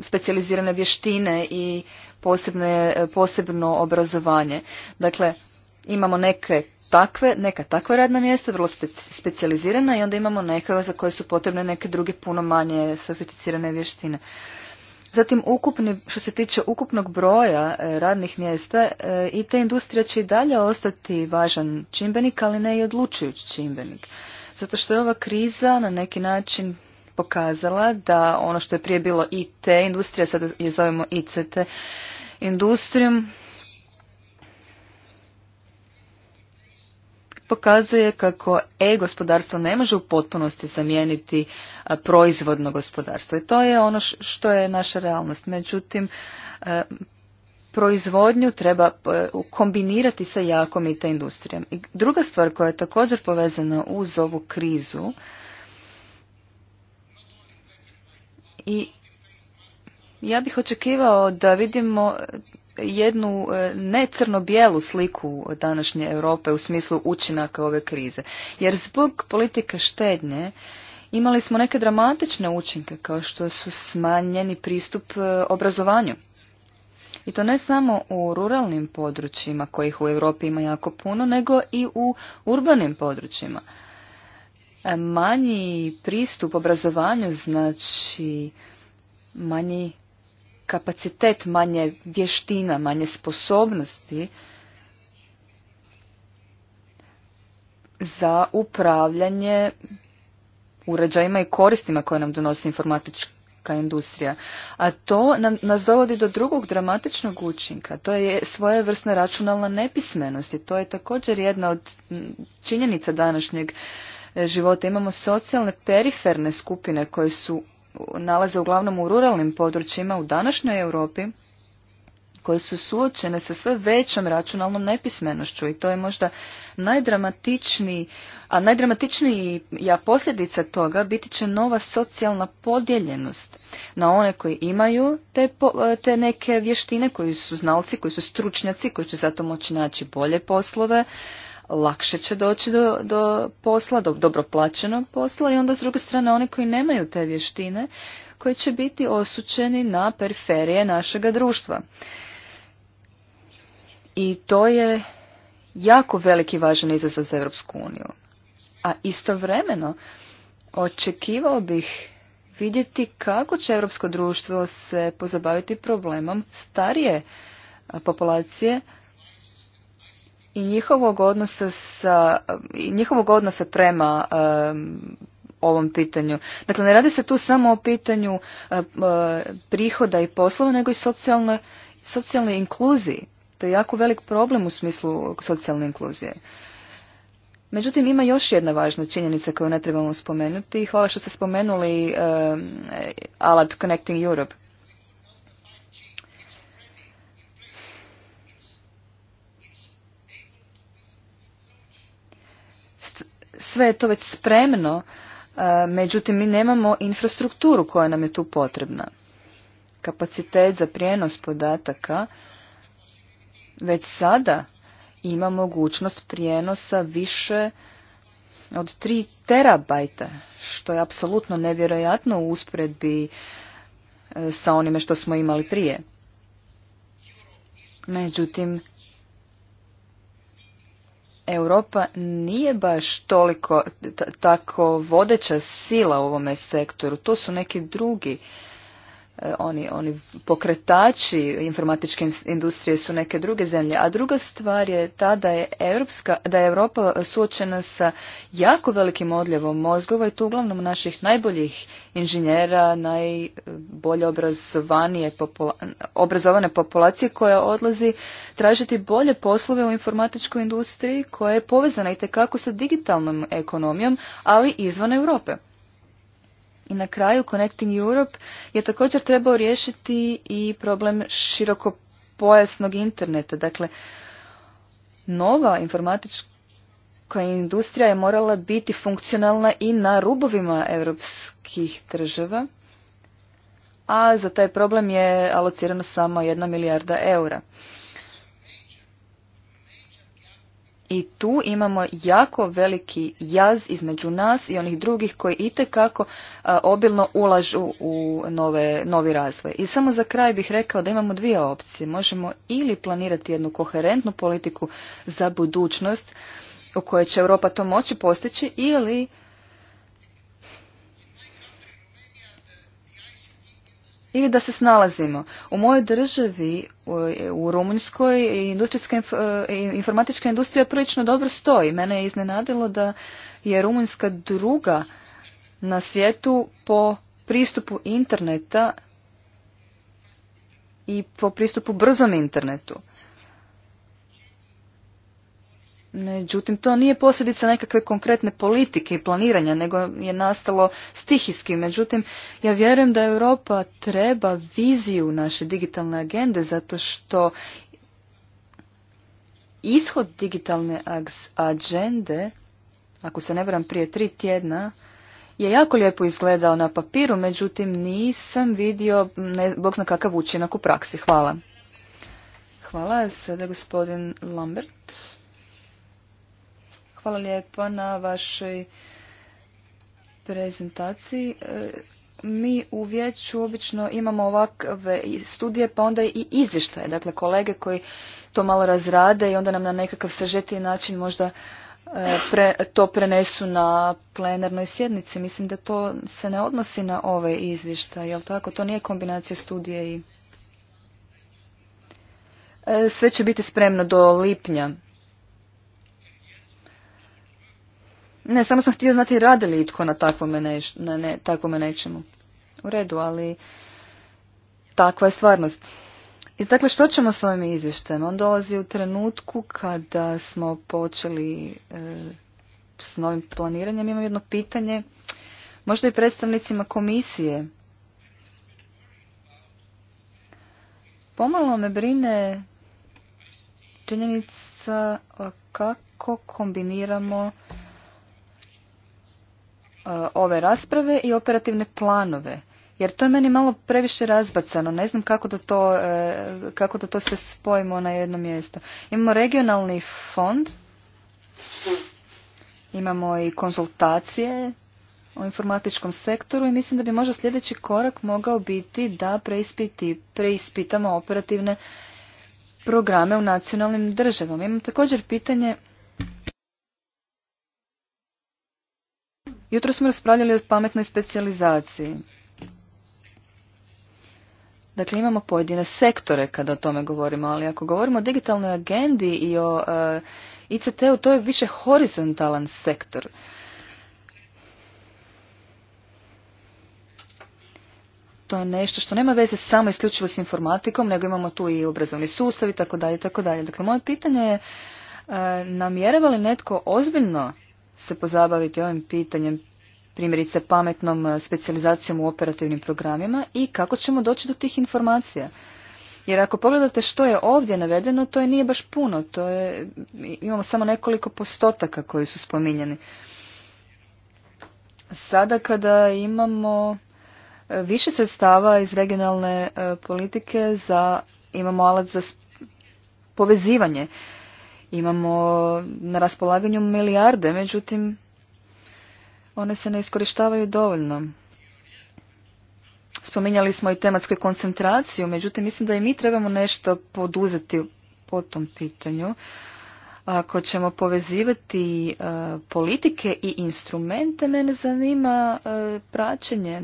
specijalizirane vještine i posebne, e, posebno obrazovanje. Dakle, imamo neke takve, neka takva radna mjesta, vrlo specijalizirana i onda imamo neka za koje su potrebne neke druge puno manje sofisticirane vještine. Zatim ukupni, što se tiče ukupnog broja e, radnih mjesta e, i ta industrija će i dalje ostati važan čimbenik, ali ne i odlučujući čimbenik. Zato što je ova kriza na neki način pokazala da ono što je prije bilo IT industrija, sada je zovemo ICT industrijom, pokazuje kako e-gospodarstvo ne može u potpunosti zamijeniti proizvodno gospodarstvo. I to je ono što je naša realnost. Međutim, proizvodnju treba e, kombinirati sa jakom i ta industrijom. I druga stvar koja je također povezana uz ovu krizu i ja bih očekivao da vidimo jednu e, ne crno-bijelu sliku današnje Europe u smislu učinaka ove krize. Jer zbog politike štednje imali smo neke dramatične učinke kao što su smanjeni pristup e, obrazovanju. I to ne samo u ruralnim područjima kojih u Europi ima jako puno, nego i u urbanim područjima. E, manji pristup obrazovanju znači manji kapacitet, manje vještina, manje sposobnosti za upravljanje uređajima i koristima koje nam donosi informatička industrija. A to nam, nas dovodi do drugog dramatičnog učinka. To je svojevrsna računalna nepismenost i to je također jedna od činjenica današnjeg e, života. Imamo socijalne periferne skupine koje su nalaze uglavnom u ruralnim područjima u današnjoj Europi koje su suočene sa sve većom računalnom nepismenošću i to je možda najdramatičniji, a ja posljedica toga biti će nova socijalna podijeljenost na one koji imaju te, te neke vještine koji su znalci, koji su stručnjaci, koji će zato moći naći bolje poslove, lakše će doći do, do posla, do dobro plaćenog posla i onda s druge strane oni koji nemaju te vještine koji će biti osučeni na periferije našega društva. I to je jako veliki važan izazov za Europsku uniju. A istovremeno očekivao bih vidjeti kako će europsko društvo se pozabaviti problemom starije populacije i njihovog odnosa, sa, njihovog odnosa prema ovom pitanju. Dakle, ne radi se tu samo o pitanju e, prihoda i poslova, nego i socijalne, socijalne inkluziji. To je jako velik problem u smislu socijalne inkluzije. Međutim, ima još jedna važna činjenica koju ne trebamo spomenuti. Hvala što ste spomenuli alat Connecting Europe. sve je to već spremno, e, međutim mi nemamo infrastrukturu koja nam je tu potrebna. Kapacitet za prijenos podataka već sada ima mogućnost prijenosa više od 3 terabajta, što je apsolutno nevjerojatno u usporedbi e, sa onime što smo imali prije. Međutim, Europa nije baš toliko tako vodeća sila u ovome sektoru. To su neki drugi E, oni, oni pokretači informatičke industrije su neke druge zemlje. A druga stvar je ta da je, Europska, da je Europa suočena sa jako velikim odljevom mozgova i to uglavnom naših najboljih inženjera, najbolje obrazovanije obrazovane populacije koja odlazi tražiti bolje poslove u informatičkoj industriji koja je povezana i tekako sa digitalnom ekonomijom, ali izvan Europe. I na kraju Connecting Europe je također trebao riješiti i problem širokopojasnog interneta. Dakle, nova informatička industrija je morala biti funkcionalna i na rubovima europskih država, a za taj problem je alocirano samo jedna milijarda eura. i tu imamo jako veliki jaz između nas i onih drugih koji itekako obilno ulažu u nove, novi razvoj. I samo za kraj bih rekao da imamo dvije opcije. Možemo ili planirati jednu koherentnu politiku za budućnost u kojoj će Europa to moći postići ili ili da se snalazimo. U mojoj državi, u Rumunjskoj, e, informatička industrija prilično dobro stoji. Mene je iznenadilo da je Rumunjska druga na svijetu po pristupu interneta i po pristupu brzom internetu. Međutim, to nije posljedica nekakve konkretne politike i planiranja, nego je nastalo stihijski. Međutim, ja vjerujem da Europa treba viziju naše digitalne agende, zato što ishod digitalne agende, ako se ne varam prije tri tjedna, je jako lijepo izgledao na papiru, međutim nisam vidio, ne, bog zna kakav učinak u praksi. Hvala. Hvala, sada gospodin Lambert. Hvala lijepa na vašoj prezentaciji. E, mi u vijeću obično imamo ovakve studije pa onda i izvještaje. Dakle, kolege koji to malo razrade i onda nam na nekakav sažetiji način možda e, to prenesu na plenarnoj sjednici. Mislim da to se ne odnosi na ove ovaj izvještaj, jel tako? To nije kombinacija studije i... E, sve će biti spremno do lipnja. Ne, samo sam htio znati radi li itko na takvome, ne, nečemu. U redu, ali takva je stvarnost. I dakle, što ćemo s ovim izvještajem? On dolazi u trenutku kada smo počeli e, s novim planiranjem. Imam jedno pitanje, možda i predstavnicima komisije. Pomalo me brine činjenica kako kombiniramo E, ove rasprave i operativne planove. Jer to je meni malo previše razbacano. Ne znam kako da to, e, kako da to sve spojimo na jedno mjesto. Imamo regionalni fond. Imamo i konzultacije o informatičkom sektoru i mislim da bi možda sljedeći korak mogao biti da preispiti, preispitamo operativne programe u nacionalnim državama. Imam također pitanje Jutro smo raspravljali o pametnoj specijalizaciji. Dakle, imamo pojedine sektore kada o tome govorimo, ali ako govorimo o digitalnoj agendi i o eh, ICT-u, to je više horizontalan sektor. To je nešto što nema veze samo isključivo s informatikom, nego imamo tu i obrazovni sustav i tako dalje, tako dalje. Dakle, moje pitanje je, eh, namjerava li netko ozbiljno se pozabaviti ovim pitanjem, primjerice pametnom e, specijalizacijom u operativnim programima i kako ćemo doći do tih informacija. Jer ako pogledate što je ovdje navedeno, to je nije baš puno, to je, imamo samo nekoliko postotaka koji su spominjeni. Sada kada imamo e, više sredstava iz regionalne e, politike za, imamo alat za povezivanje. Imamo na raspolaganju milijarde, međutim, one se ne iskorištavaju dovoljno. Spominjali smo i tematsku koncentraciju, međutim, mislim da i mi trebamo nešto poduzeti po tom pitanju. Ako ćemo povezivati e, politike i instrumente, mene zanima e, praćenje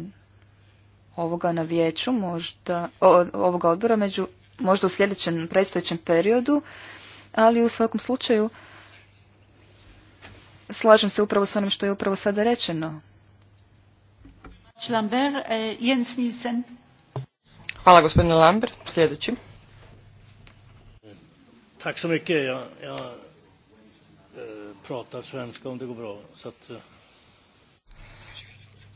ovoga na vijeću, možda, ovoga odbora među, možda u sljedećem predstojećem periodu ali u svakom slučaju slažem se upravo s onim što je upravo sada rečeno. Eh, Hvala gospodine Lambert. Sljedeći. Tack så mycket. Jag, jag eh, pratar svenska om det går bra. Så eh.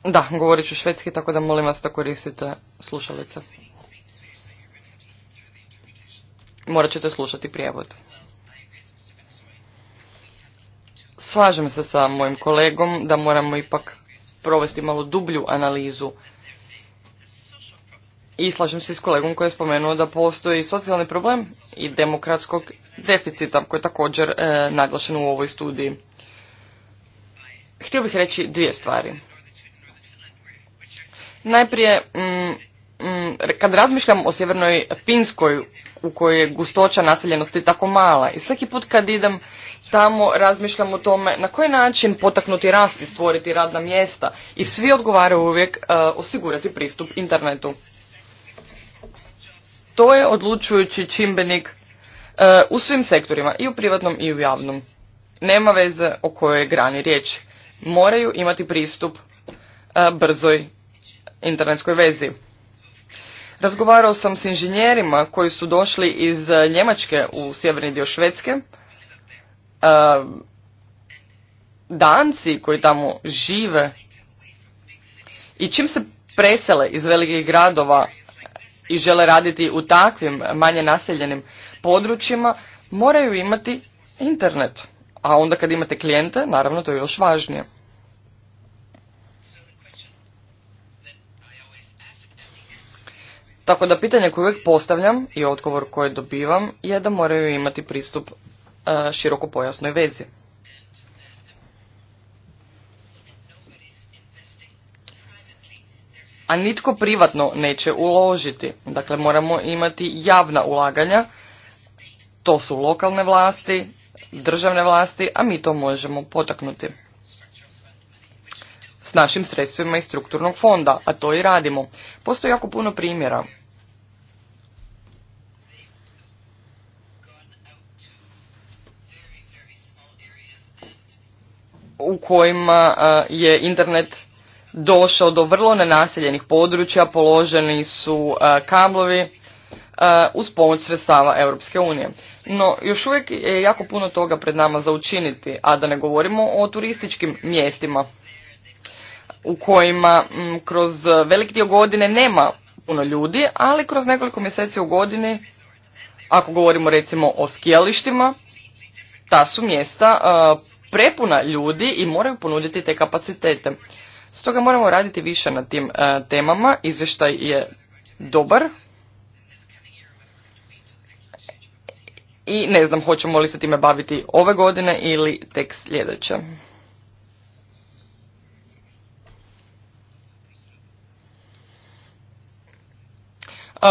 Da, govorit ću švedski, tako da molim vas da koristite slušalice. Morat ćete slušati prijevod. Slažem se sa mojim kolegom da moramo ipak provesti malo dublju analizu. I slažem se s kolegom koji je spomenuo da postoji socijalni problem i demokratskog deficita koji je također e, naglašen u ovoj studiji. Htio bih reći dvije stvari. Najprije, mm, mm, kad razmišljam o sjevernoj Finskoj u kojoj je gustoća naseljenosti tako mala i svaki put kad idem Tamo razmišljam o tome na koji način potaknuti rast i stvoriti radna mjesta i svi odgovaraju uvijek e, osigurati pristup internetu. To je odlučujući čimbenik e, u svim sektorima, i u privatnom i u javnom. Nema veze o kojoj je grani riječ. Moraju imati pristup e, brzoj internetskoj vezi. Razgovarao sam s inženjerima koji su došli iz Njemačke u sjeverni dio Švedske, danci koji tamo žive i čim se presele iz velikih gradova i žele raditi u takvim manje naseljenim područjima, moraju imati internet. A onda kad imate klijente, naravno to je još važnije. Tako da pitanje koje uvijek postavljam i odgovor koje dobivam je da moraju imati pristup E, širokopojasnoj vezi. A nitko privatno neće uložiti. Dakle, moramo imati javna ulaganja. To su lokalne vlasti, državne vlasti, a mi to možemo potaknuti s našim sredstvima iz strukturnog fonda, a to i radimo. Postoji jako puno primjera u kojima je internet došao do vrlo nenaseljenih područja, položeni su kablovi uz pomoć sredstava Europske unije. No, još uvijek je jako puno toga pred nama za učiniti, a da ne govorimo o turističkim mjestima u kojima kroz veliki dio godine nema puno ljudi, ali kroz nekoliko mjeseci u godini, ako govorimo recimo o skijalištima, ta su mjesta prepuna ljudi i moraju ponuditi te kapacitete. Stoga moramo raditi više na tim e, temama. Izvještaj je dobar. I ne znam hoćemo li se time baviti ove godine ili tek sljedeće. E,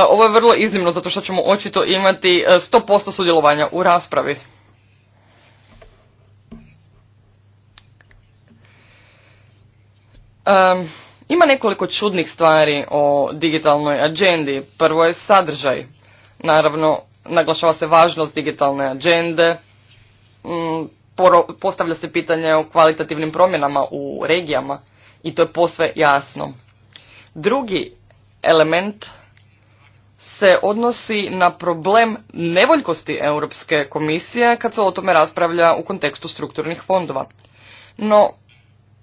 ovo je vrlo iznimno zato što ćemo očito imati 100% e, sudjelovanja u raspravi. ima nekoliko čudnih stvari o digitalnoj agendi. Prvo je sadržaj. Naravno, naglašava se važnost digitalne agende. Mm, postavlja se pitanje o kvalitativnim promjenama u regijama i to je posve jasno. Drugi element se odnosi na problem nevoljkosti Europske komisije kad se o tome raspravlja u kontekstu strukturnih fondova. No,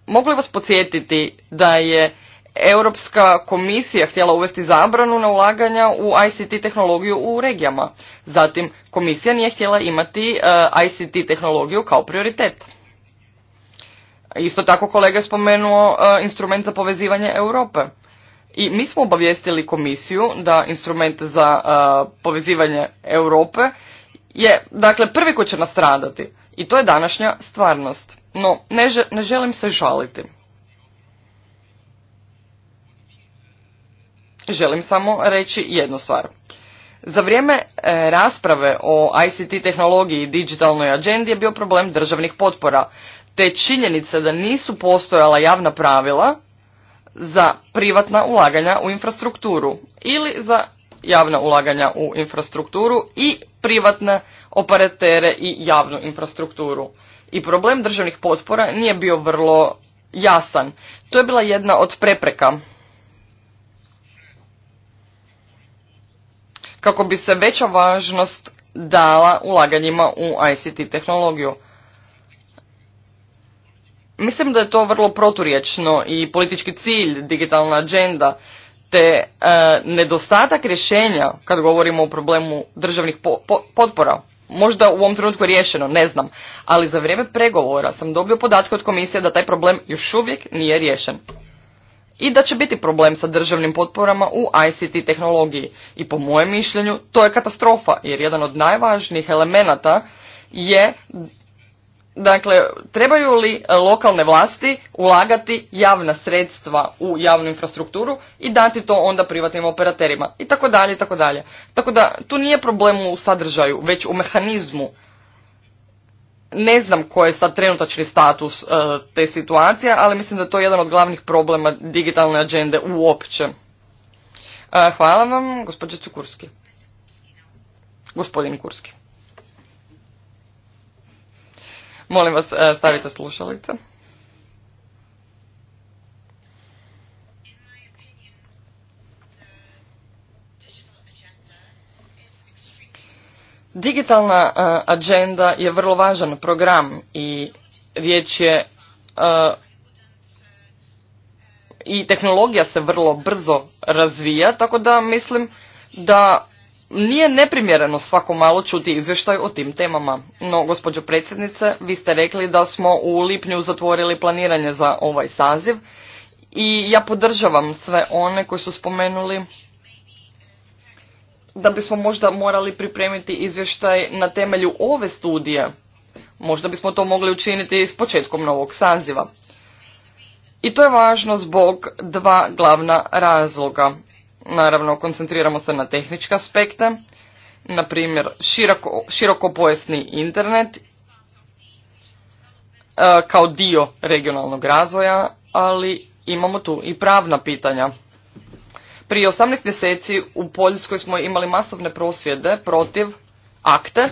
Mogu vas podsjetiti da je Europska komisija htjela uvesti zabranu na ulaganja u ICT tehnologiju u regijama. Zatim, komisija nije htjela imati eh, ICT tehnologiju kao prioritet. Isto tako kolega je spomenuo eh, instrument za povezivanje Europe. I mi smo obavijestili komisiju da instrument za eh, povezivanje Europe je, dakle, prvi koji će nastradati. I to je današnja stvarnost. No, ne, želim se žaliti. Želim samo reći jednu stvar. Za vrijeme e, rasprave o ICT tehnologiji i digitalnoj agendi je bio problem državnih potpora, te činjenica da nisu postojala javna pravila za privatna ulaganja u infrastrukturu ili za javna ulaganja u infrastrukturu i privatne operatere i javnu infrastrukturu i problem državnih potpora nije bio vrlo jasan. To je bila jedna od prepreka. Kako bi se veća važnost dala ulaganjima u ICT tehnologiju. Mislim da je to vrlo proturječno i politički cilj, digitalna agenda, te e, nedostatak rješenja kad govorimo o problemu državnih potpora možda u ovom trenutku riješeno, ne znam. Ali za vrijeme pregovora sam dobio podatke od komisije da taj problem još uvijek nije riješen. I da će biti problem sa državnim potporama u ICT tehnologiji. I po mojem mišljenju to je katastrofa jer jedan od najvažnijih elemenata je Dakle, trebaju li e, lokalne vlasti ulagati javna sredstva u javnu infrastrukturu i dati to onda privatnim operaterima i tako dalje i tako dalje. Tako da tu nije problem u sadržaju, već u mehanizmu. Ne znam koji je sad trenutačni status e, te situacije, ali mislim da je to jedan od glavnih problema digitalne agende uopće. E, hvala vam, gospođe Cukurski. Gospodin Kurski. Molim vas, e, stavite slušalice. Digitalna e, agenda je vrlo važan program i riječ je e, i tehnologija se vrlo brzo razvija, tako da mislim da nije neprimjereno svako malo čuti izvještaj o tim temama. No, gospođo predsjednice, vi ste rekli da smo u lipnju zatvorili planiranje za ovaj saziv i ja podržavam sve one koji su spomenuli da bismo možda morali pripremiti izvještaj na temelju ove studije. Možda bismo to mogli učiniti s početkom novog saziva. I to je važno zbog dva glavna razloga. Naravno, koncentriramo se na tehničke aspekte, na primjer široko, širokopojasni internet e, kao dio regionalnog razvoja, ali imamo tu i pravna pitanja. Prije 18 mjeseci u Poljskoj smo imali masovne prosvjede protiv akte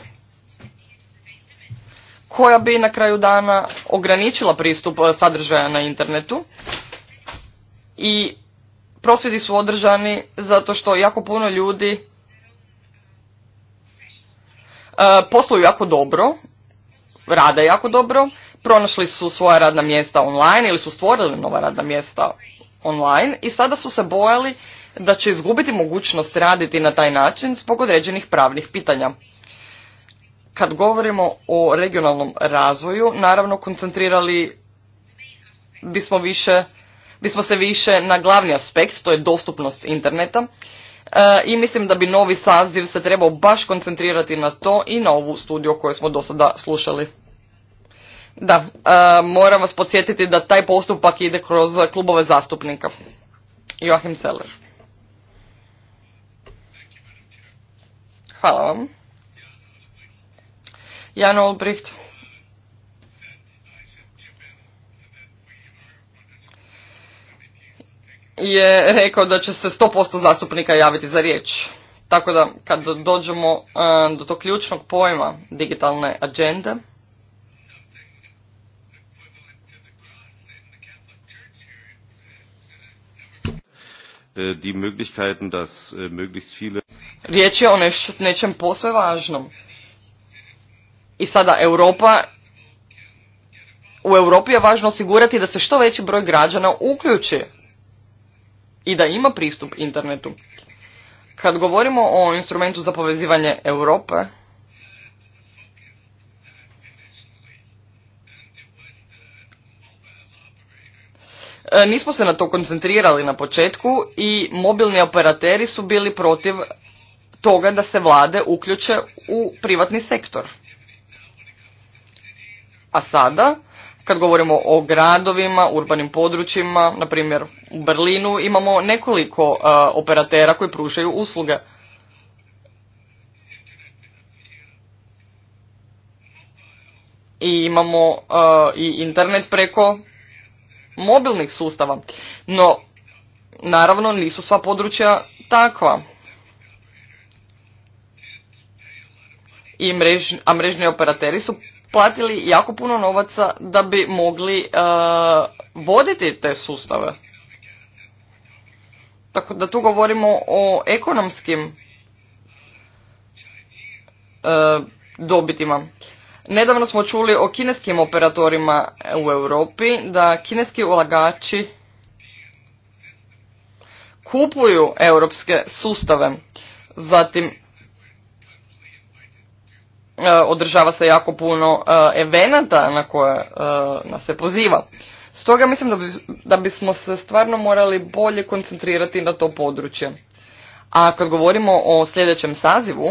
koja bi na kraju dana ograničila pristup e, sadržaja na internetu i prosvjedi su održani zato što jako puno ljudi e, posluju jako dobro, rade jako dobro, pronašli su svoja radna mjesta online ili su stvorili nova radna mjesta online i sada su se bojali da će izgubiti mogućnost raditi na taj način zbog određenih pravnih pitanja. Kad govorimo o regionalnom razvoju, naravno koncentrirali bismo više bismo se više na glavni aspekt, to je dostupnost interneta, e, i mislim da bi novi saziv se trebao baš koncentrirati na to i na ovu studiju koju smo do sada slušali. Da, e, moram vas podsjetiti da taj postupak ide kroz klubove zastupnika. Joachim Seller. Hvala vam. Jan Olbricht. je rekao da će se 100% zastupnika javiti za riječ. Tako da kad dođemo e, do tog ključnog pojma digitalne agende, e, e, Riječ je o nečem posve važnom. I sada Europa u Europi je važno osigurati da se što veći broj građana uključi i da ima pristup internetu. Kad govorimo o instrumentu za povezivanje Europe, e, nismo se na to koncentrirali na početku i mobilni operateri su bili protiv toga da se vlade uključe u privatni sektor. A sada kad govorimo o gradovima, urbanim područjima, na primjer u Berlinu imamo nekoliko uh, operatera koji pružaju usluge. I imamo uh, i internet preko mobilnih sustava. No, naravno nisu sva područja takva. I a mrežni operateri su platili jako puno novaca da bi mogli e, voditi te sustave. Tako da tu govorimo o ekonomskim uh, dobitima. Nedavno smo čuli o kineskim operatorima u Europi da kineski ulagači kupuju europske sustave. Zatim E, održava se jako puno e, evenata na koje e, nas se poziva. Stoga mislim da, da bismo se stvarno morali bolje koncentrirati na to područje. A kad govorimo o sljedećem sazivu,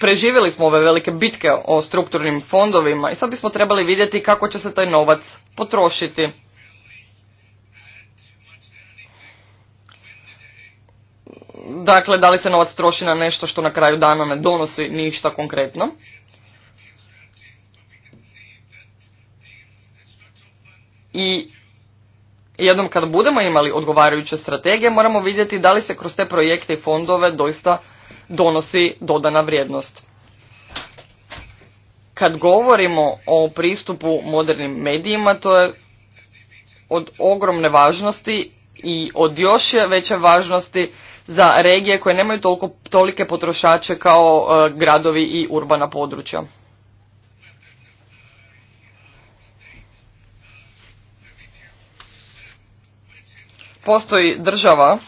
preživjeli smo ove velike bitke o strukturnim fondovima i sad bismo trebali vidjeti kako će se taj novac potrošiti. Dakle, da li se novac troši na nešto što na kraju dana ne donosi ništa konkretno. I jednom kad budemo imali odgovarajuće strategije, moramo vidjeti da li se kroz te projekte i fondove doista donosi dodana vrijednost. Kad govorimo o pristupu modernim medijima, to je od ogromne važnosti i od još veće važnosti za regije koje nemaju toliko, tolike potrošače kao e, gradovi i urbana područja. Postoji država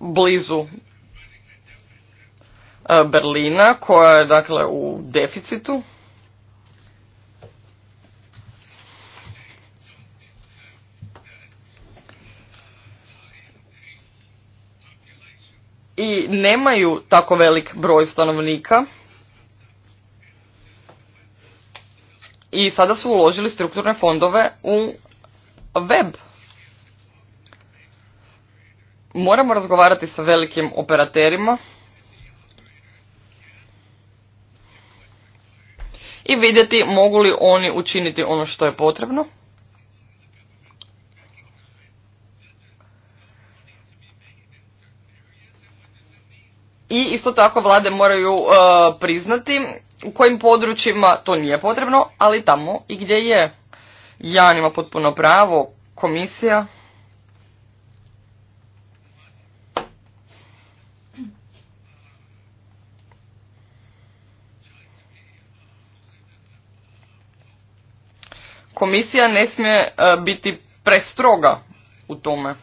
blizu e, Berlina koja je dakle u deficitu i nemaju tako velik broj stanovnika i sada su uložili strukturne fondove u web. Moramo razgovarati sa velikim operaterima i vidjeti mogu li oni učiniti ono što je potrebno. isto tako vlade moraju e, priznati u kojim područjima to nije potrebno, ali tamo i gdje je. Jan ima potpuno pravo, komisija. Komisija ne smije e, biti prestroga u tome.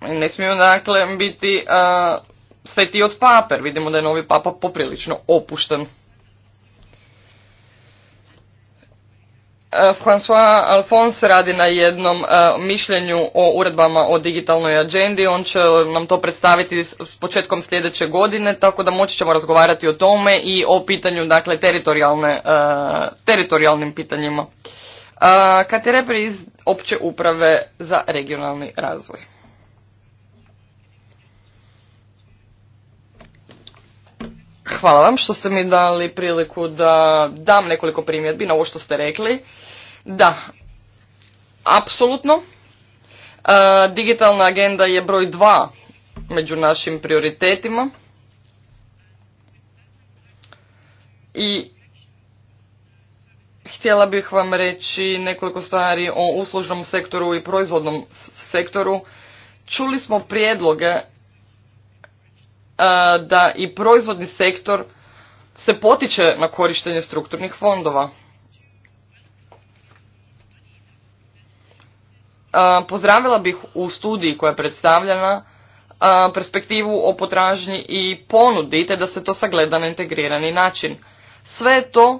Ne smiju dakle biti uh, sveti od paper, vidimo da je novi papa poprilično opušten. François Alphonse radi na jednom mišljenju o uredbama o digitalnoj agendi. On će nam to predstaviti s početkom sljedeće godine, tako da moći ćemo razgovarati o tome i o pitanju, dakle, teritorijalne, teritorijalnim pitanjima. Kad je iz opće uprave za regionalni razvoj. Hvala vam što ste mi dali priliku da dam nekoliko primjedbi na ovo što ste rekli. Da, apsolutno. E, digitalna agenda je broj dva među našim prioritetima. I htjela bih vam reći nekoliko stvari o uslužnom sektoru i proizvodnom sektoru. Čuli smo prijedloge da i proizvodni sektor se potiče na korištenje strukturnih fondova. Pozdravila bih u studiji koja je predstavljena perspektivu o potražnji i ponudi, te da se to sagleda na integrirani način. Sve je to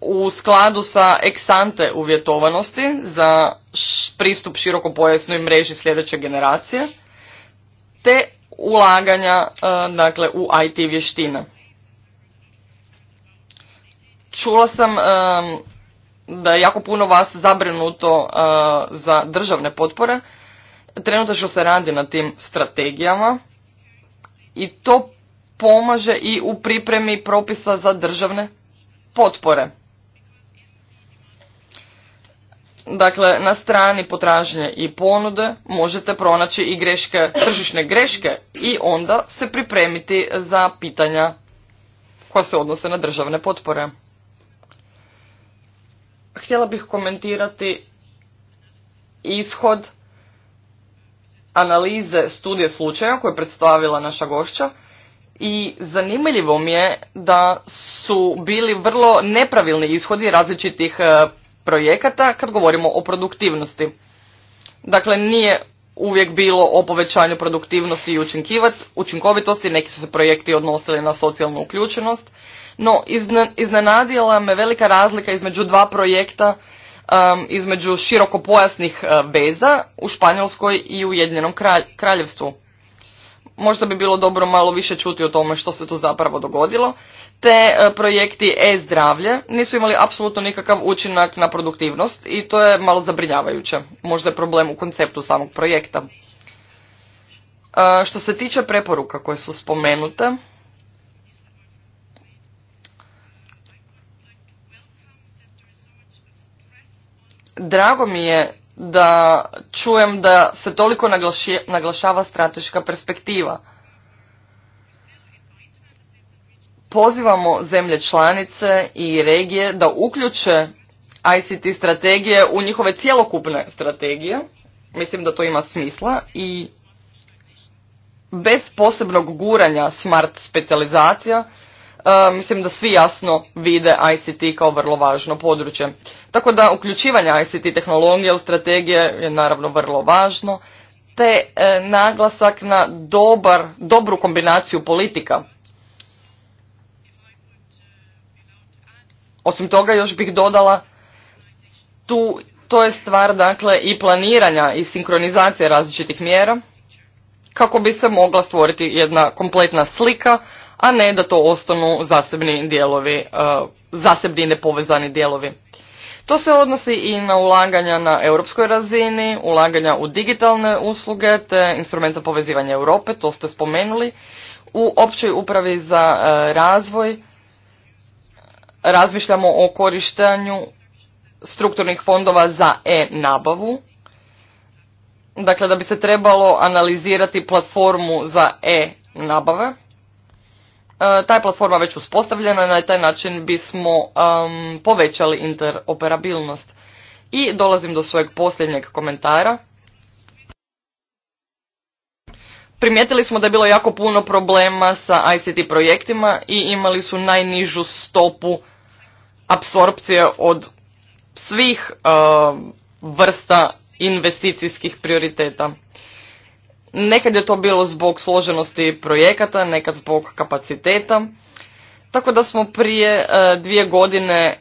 u skladu sa eksante uvjetovanosti za pristup širokopojasnoj mreži sljedeće generacije, te ulaganja e, dakle, u IT vještine. Čula sam e, da je jako puno vas zabrinuto e, za državne potpore. Trenutačno se radi na tim strategijama i to pomaže i u pripremi propisa za državne potpore. Dakle, na strani potražnje i ponude možete pronaći i greške, tržišne greške i onda se pripremiti za pitanja koja se odnose na državne potpore. Htjela bih komentirati ishod analize studije slučaja koje je predstavila naša gošća i zanimljivo mi je da su bili vrlo nepravilni ishodi različitih e, projekata kad govorimo o produktivnosti. Dakle, nije uvijek bilo o povećanju produktivnosti i učinkovitosti, neki su se projekti odnosili na socijalnu uključenost, no iznenadila me velika razlika između dva projekta, um, između širokopojasnih uh, veza u Španjolskoj i Ujedinjenom kraljevstvu. Možda bi bilo dobro malo više čuti o tome što se tu zapravo dogodilo te e, projekti e-zdravlje nisu imali apsolutno nikakav učinak na produktivnost i to je malo zabrinjavajuće. Možda je problem u konceptu samog projekta. E, što se tiče preporuka koje su spomenute, drago mi je da čujem da se toliko naglašava strateška perspektiva. pozivamo zemlje članice i regije da uključe ICT strategije u njihove cjelokupne strategije. Mislim da to ima smisla i bez posebnog guranja smart specializacija e, mislim da svi jasno vide ICT kao vrlo važno područje. Tako da uključivanje ICT tehnologije u strategije je naravno vrlo važno, te e, naglasak na dobar, dobru kombinaciju politika Osim toga još bih dodala tu, to je stvar dakle i planiranja i sinkronizacije različitih mjera kako bi se mogla stvoriti jedna kompletna slika, a ne da to ostanu zasebni dijelovi, e, zasebni nepovezani dijelovi. To se odnosi i na ulaganja na europskoj razini, ulaganja u digitalne usluge te instrumenta povezivanja Europe, to ste spomenuli, u općoj upravi za e, razvoj razmišljamo o korištenju strukturnih fondova za e-nabavu. Dakle, da bi se trebalo analizirati platformu za e-nabave. E, ta je platforma već uspostavljena, na taj način bismo um, povećali interoperabilnost. I dolazim do svojeg posljednjeg komentara. Primijetili smo da je bilo jako puno problema sa ICT projektima i imali su najnižu stopu apsorpcije od svih e, vrsta investicijskih prioriteta. Nekad je to bilo zbog složenosti projekata, nekad zbog kapaciteta. Tako da smo prije e, dvije godine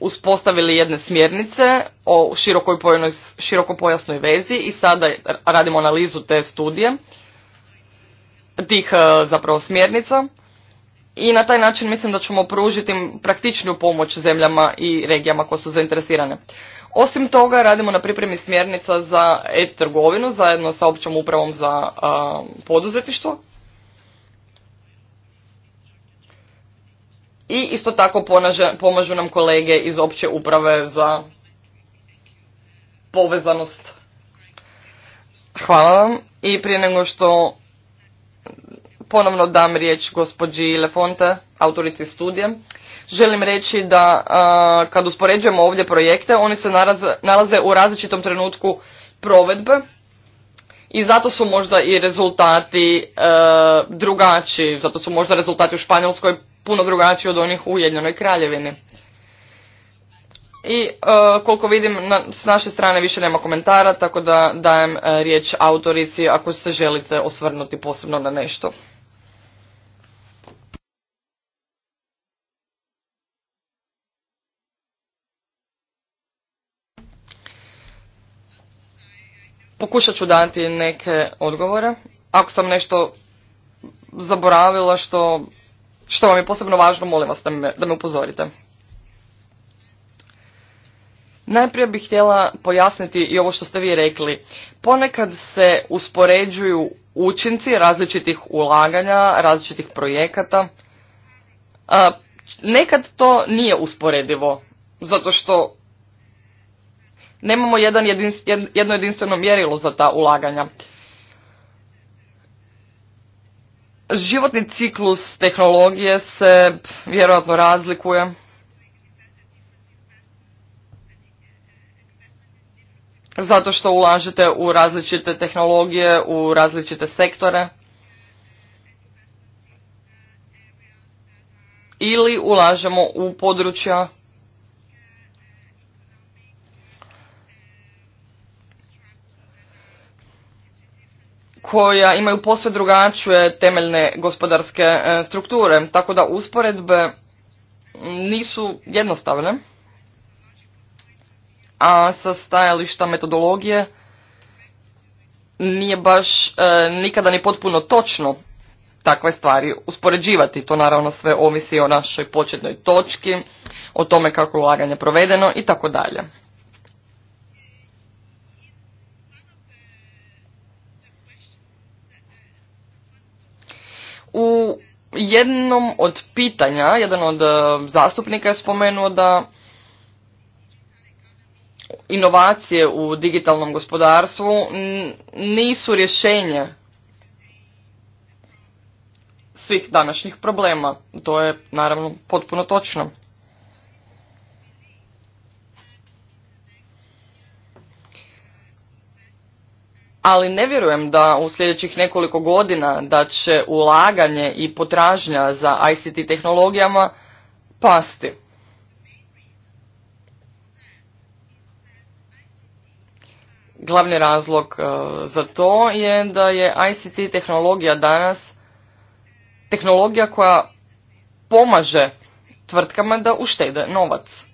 uspostavili jedne smjernice o širokopojasnoj vezi i sada radimo analizu te studije, tih e, zapravo smjernica i na taj način mislim da ćemo pružiti praktičniju pomoć zemljama i regijama koje su zainteresirane. Osim toga radimo na pripremi smjernica za e-trgovinu zajedno sa općom upravom za a, poduzetništvo. I isto tako pomažu nam kolege iz opće uprave za povezanost. Hvala vam i prije nego što ponovno dam riječ gospođi Lefonte, autorici studije. Želim reći da kad uspoređujemo ovdje projekte, oni se nalaze u različitom trenutku provedbe i zato su možda i rezultati e, drugačiji, zato su možda rezultati u Španjolskoj puno drugačiji od onih u Ujedinjenoj Kraljevini. I e, koliko vidim, na, s naše strane više nema komentara, tako da dajem e, riječ autorici ako se želite osvrnuti posebno na nešto. Pokušat ću dati neke odgovore. Ako sam nešto zaboravila što, što vam je posebno važno, molim vas da me, da me upozorite. Najprije bih htjela pojasniti i ovo što ste vi rekli. Ponekad se uspoređuju učinci različitih ulaganja, različitih projekata. Nekad to nije usporedivo, zato što Nemamo jedan jedno jedinstveno mjerilo za ta ulaganja. Životni ciklus tehnologije se vjerojatno razlikuje. Zato što ulažete u različite tehnologije, u različite sektore. Ili ulažemo u područja koja imaju posve drugačije temeljne gospodarske e, strukture, tako da usporedbe nisu jednostavne, a sa stajališta metodologije nije baš e, nikada ni potpuno točno takve stvari uspoređivati. To naravno sve ovisi o našoj početnoj točki, o tome kako je ulaganje provedeno i tako dalje. U jednom od pitanja, jedan od e, zastupnika je spomenuo da inovacije u digitalnom gospodarstvu nisu rješenje svih današnjih problema. To je naravno potpuno točno. ali ne vjerujem da u sljedećih nekoliko godina da će ulaganje i potražnja za ICT tehnologijama pasti. Glavni razlog e, za to je da je ICT tehnologija danas tehnologija koja pomaže tvrtkama da uštede novac.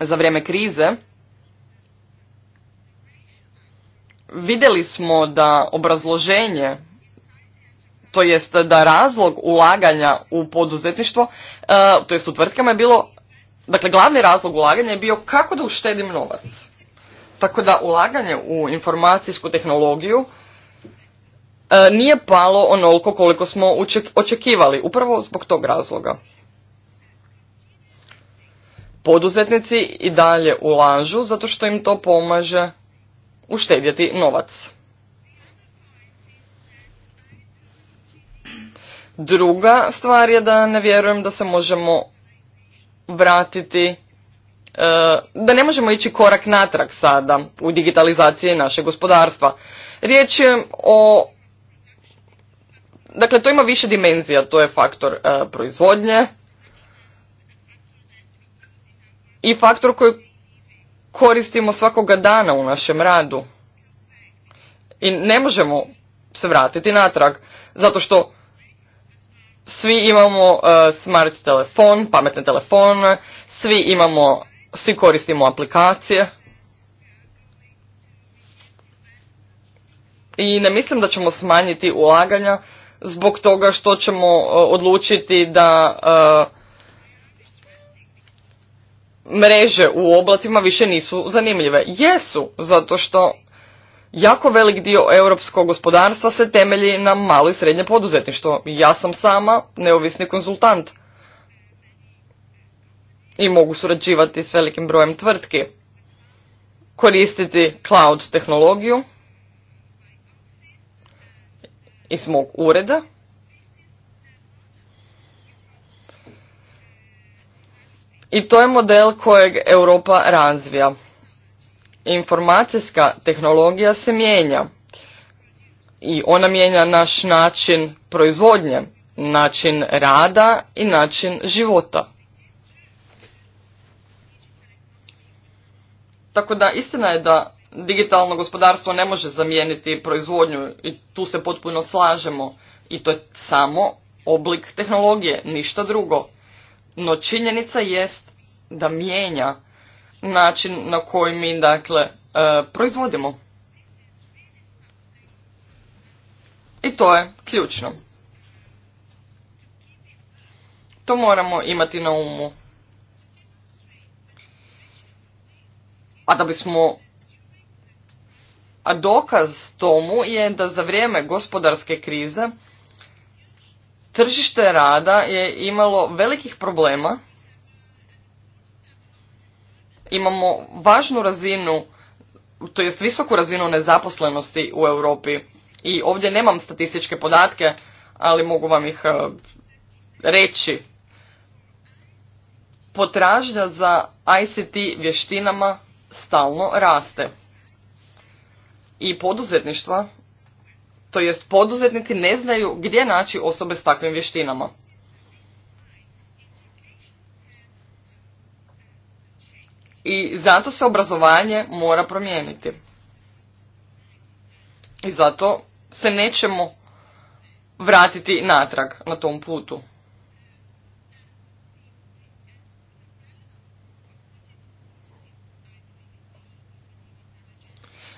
Za vrijeme krize vidjeli smo da obrazloženje to jest da razlog ulaganja u poduzetništvo, e, to jest u tvrtkama je bilo, dakle glavni razlog ulaganja je bio kako da uštedim novac. Tako da ulaganje u informacijsku tehnologiju e, nije palo onoliko koliko smo očekivali, upravo zbog tog razloga. Poduzetnici i dalje ulažu zato što im to pomaže uštedjeti novac. Druga stvar je da ne vjerujem da se možemo vratiti, e, da ne možemo ići korak natrag sada u digitalizaciji našeg gospodarstva. Riječ je o, dakle to ima više dimenzija, to je faktor e, proizvodnje i faktor koji koristimo svakoga dana u našem radu. I ne možemo se vratiti natrag, zato što svi imamo uh, smart telefon, pametne telefone, svi imamo, svi koristimo aplikacije. I ne mislim da ćemo smanjiti ulaganja zbog toga što ćemo uh, odlučiti da uh, mreže u oblatima više nisu zanimljive. Jesu, zato što jako velik dio europskog gospodarstva se temelji na malo i srednje poduzetništvo. Ja sam sama neovisni konzultant i mogu surađivati s velikim brojem tvrtki, koristiti cloud tehnologiju iz mog ureda I to je model kojeg Europa razvija. Informacijska tehnologija se mijenja i ona mijenja naš način proizvodnje, način rada i način života. Tako da istina je da digitalno gospodarstvo ne može zamijeniti proizvodnju i tu se potpuno slažemo i to je samo oblik tehnologije, ništa drugo. No činjenica jest da mijenja način na koji mi dakle e, proizvodimo. I to je ključno. To moramo imati na umu. A da bismo a dokaz tomu je da za vrijeme gospodarske krize tržište rada je imalo velikih problema. Imamo važnu razinu, to jest visoku razinu nezaposlenosti u Europi i ovdje nemam statističke podatke, ali mogu vam ih eh, reći. Potražnja za ICT vještinama stalno raste. I poduzetništva to jest poduzetnici ne znaju gdje naći osobe s takvim vještinama. I zato se obrazovanje mora promijeniti. I zato se nećemo vratiti natrag na tom putu.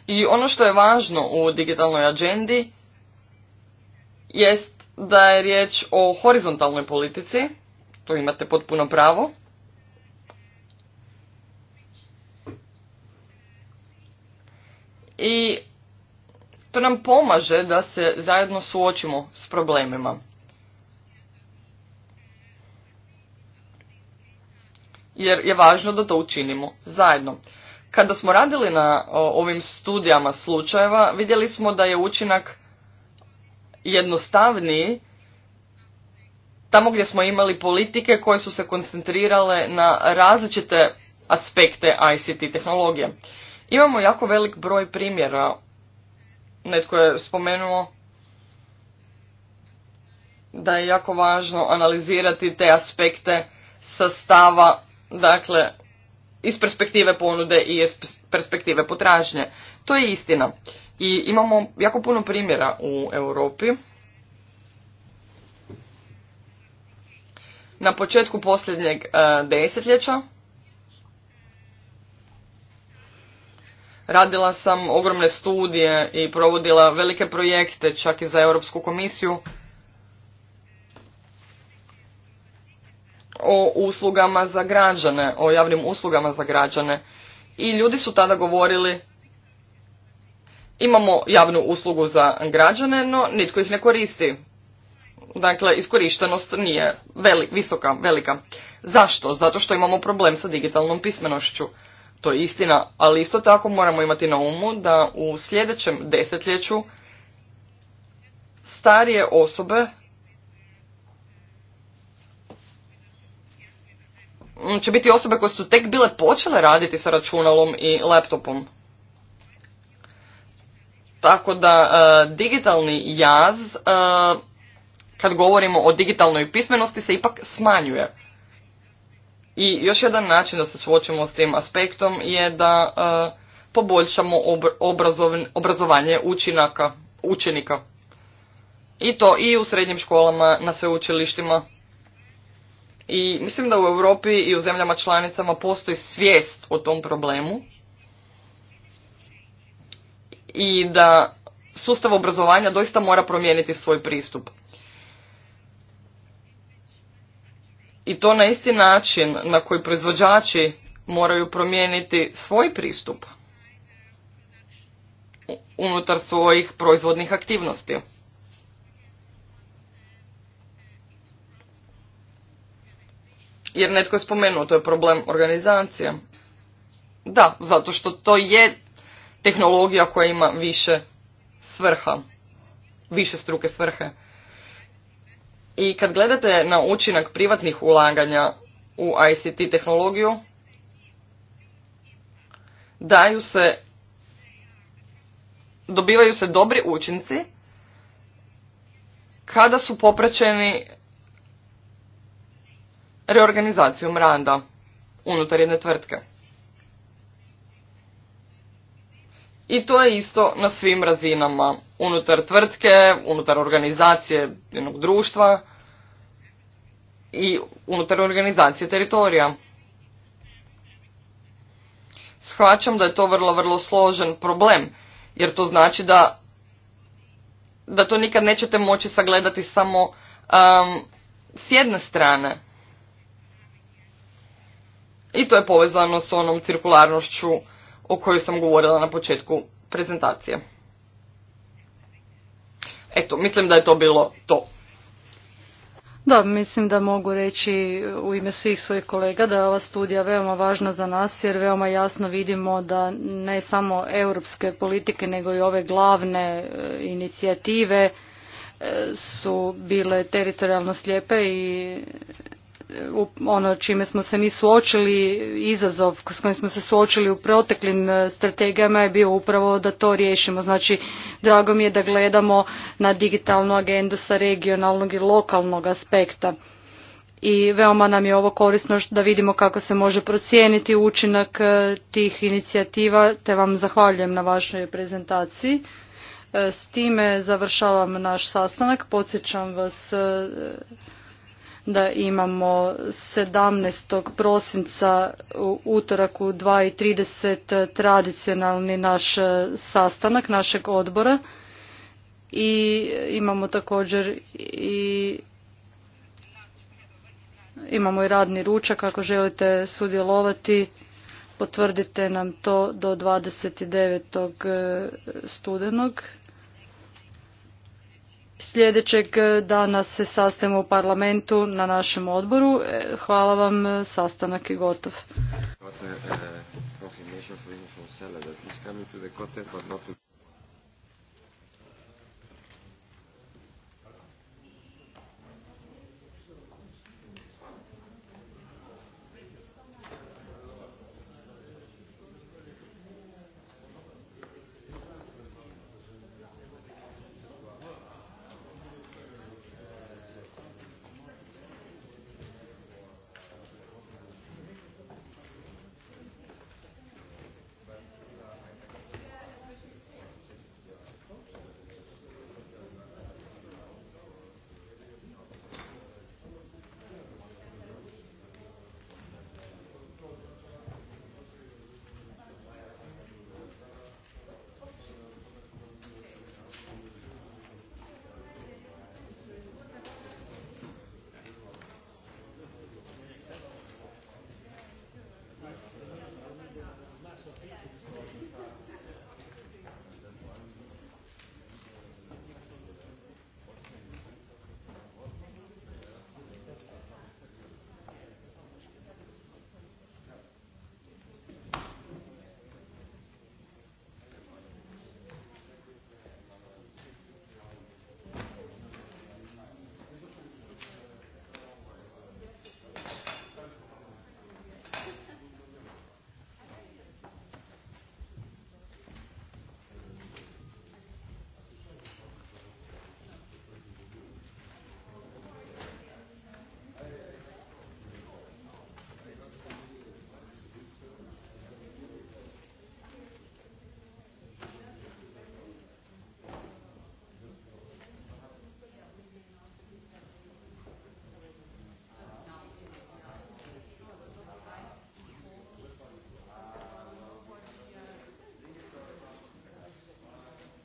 I ono što je važno u digitalnoj agendi jest da je riječ o horizontalnoj politici, to imate potpuno pravo. I to nam pomaže da se zajedno suočimo s problemima. Jer je važno da to učinimo zajedno. Kada smo radili na ovim studijama slučajeva, vidjeli smo da je učinak jednostavniji tamo gdje smo imali politike koje su se koncentrirale na različite aspekte ICT tehnologije. Imamo jako velik broj primjera. Netko je spomenuo da je jako važno analizirati te aspekte sastava, dakle, iz perspektive ponude i iz perspektive potražnje. To je istina. I imamo jako puno primjera u Europi. Na početku posljednjeg e, desetljeća radila sam ogromne studije i provodila velike projekte čak i za Europsku komisiju o uslugama za građane, o javnim uslugama za građane. I ljudi su tada govorili Imamo javnu uslugu za građane, no nitko ih ne koristi. Dakle, iskorištenost nije visoka, velika. Zašto? Zato što imamo problem sa digitalnom pismenošću. To je istina, ali isto tako moramo imati na umu da u sljedećem desetljeću starije osobe će biti osobe koje su tek bile počele raditi sa računalom i laptopom. Tako da e, digitalni jaz, e, kad govorimo o digitalnoj pismenosti, se ipak smanjuje. I još jedan način da se suočimo s tim aspektom je da e, poboljšamo obrazovanje učinaka, učenika. I to i u srednjim školama, na sveučilištima. I mislim da u Europi i u zemljama članicama postoji svijest o tom problemu i da sustav obrazovanja doista mora promijeniti svoj pristup. I to na isti način na koji proizvođači moraju promijeniti svoj pristup unutar svojih proizvodnih aktivnosti. Jer netko je spomenuo, to je problem organizacije. Da, zato što to je tehnologija koja ima više svrha, više struke svrhe. I kad gledate na učinak privatnih ulaganja u ICT tehnologiju, daju se, dobivaju se dobri učinci kada su popraćeni reorganizacijom randa unutar jedne tvrtke. I to je isto na svim razinama, unutar tvrtke, unutar organizacije jednog društva i unutar organizacije teritorija. Shvaćam da je to vrlo, vrlo složen problem, jer to znači da, da to nikad nećete moći sagledati samo um, s jedne strane. I to je povezano s onom cirkularnošću o kojoj sam govorila na početku prezentacije. Eto, mislim da je to bilo to. Da, mislim da mogu reći u ime svih svojih kolega da je ova studija veoma važna za nas jer veoma jasno vidimo da ne samo europske politike nego i ove glavne e, inicijative e, su bile teritorijalno slijepe i ono čime smo se mi suočili, izazov s kojim smo se suočili u proteklim e, strategijama je bio upravo da to riješimo. Znači, drago mi je da gledamo na digitalnu agendu sa regionalnog i lokalnog aspekta. I veoma nam je ovo korisno da vidimo kako se može procijeniti učinak e, tih inicijativa, te vam zahvaljujem na vašoj prezentaciji. E, s time završavam naš sastanak. Podsjećam vas da imamo 17. prosinca u utorak u 2.30 tradicionalni naš e, sastanak našeg odbora i imamo također i imamo i radni ručak ako želite sudjelovati potvrdite nam to do 29. E, studenog Sljedećeg e, dana se sastajemo u parlamentu na našem odboru. E, hvala vam, e, sastanak je gotov.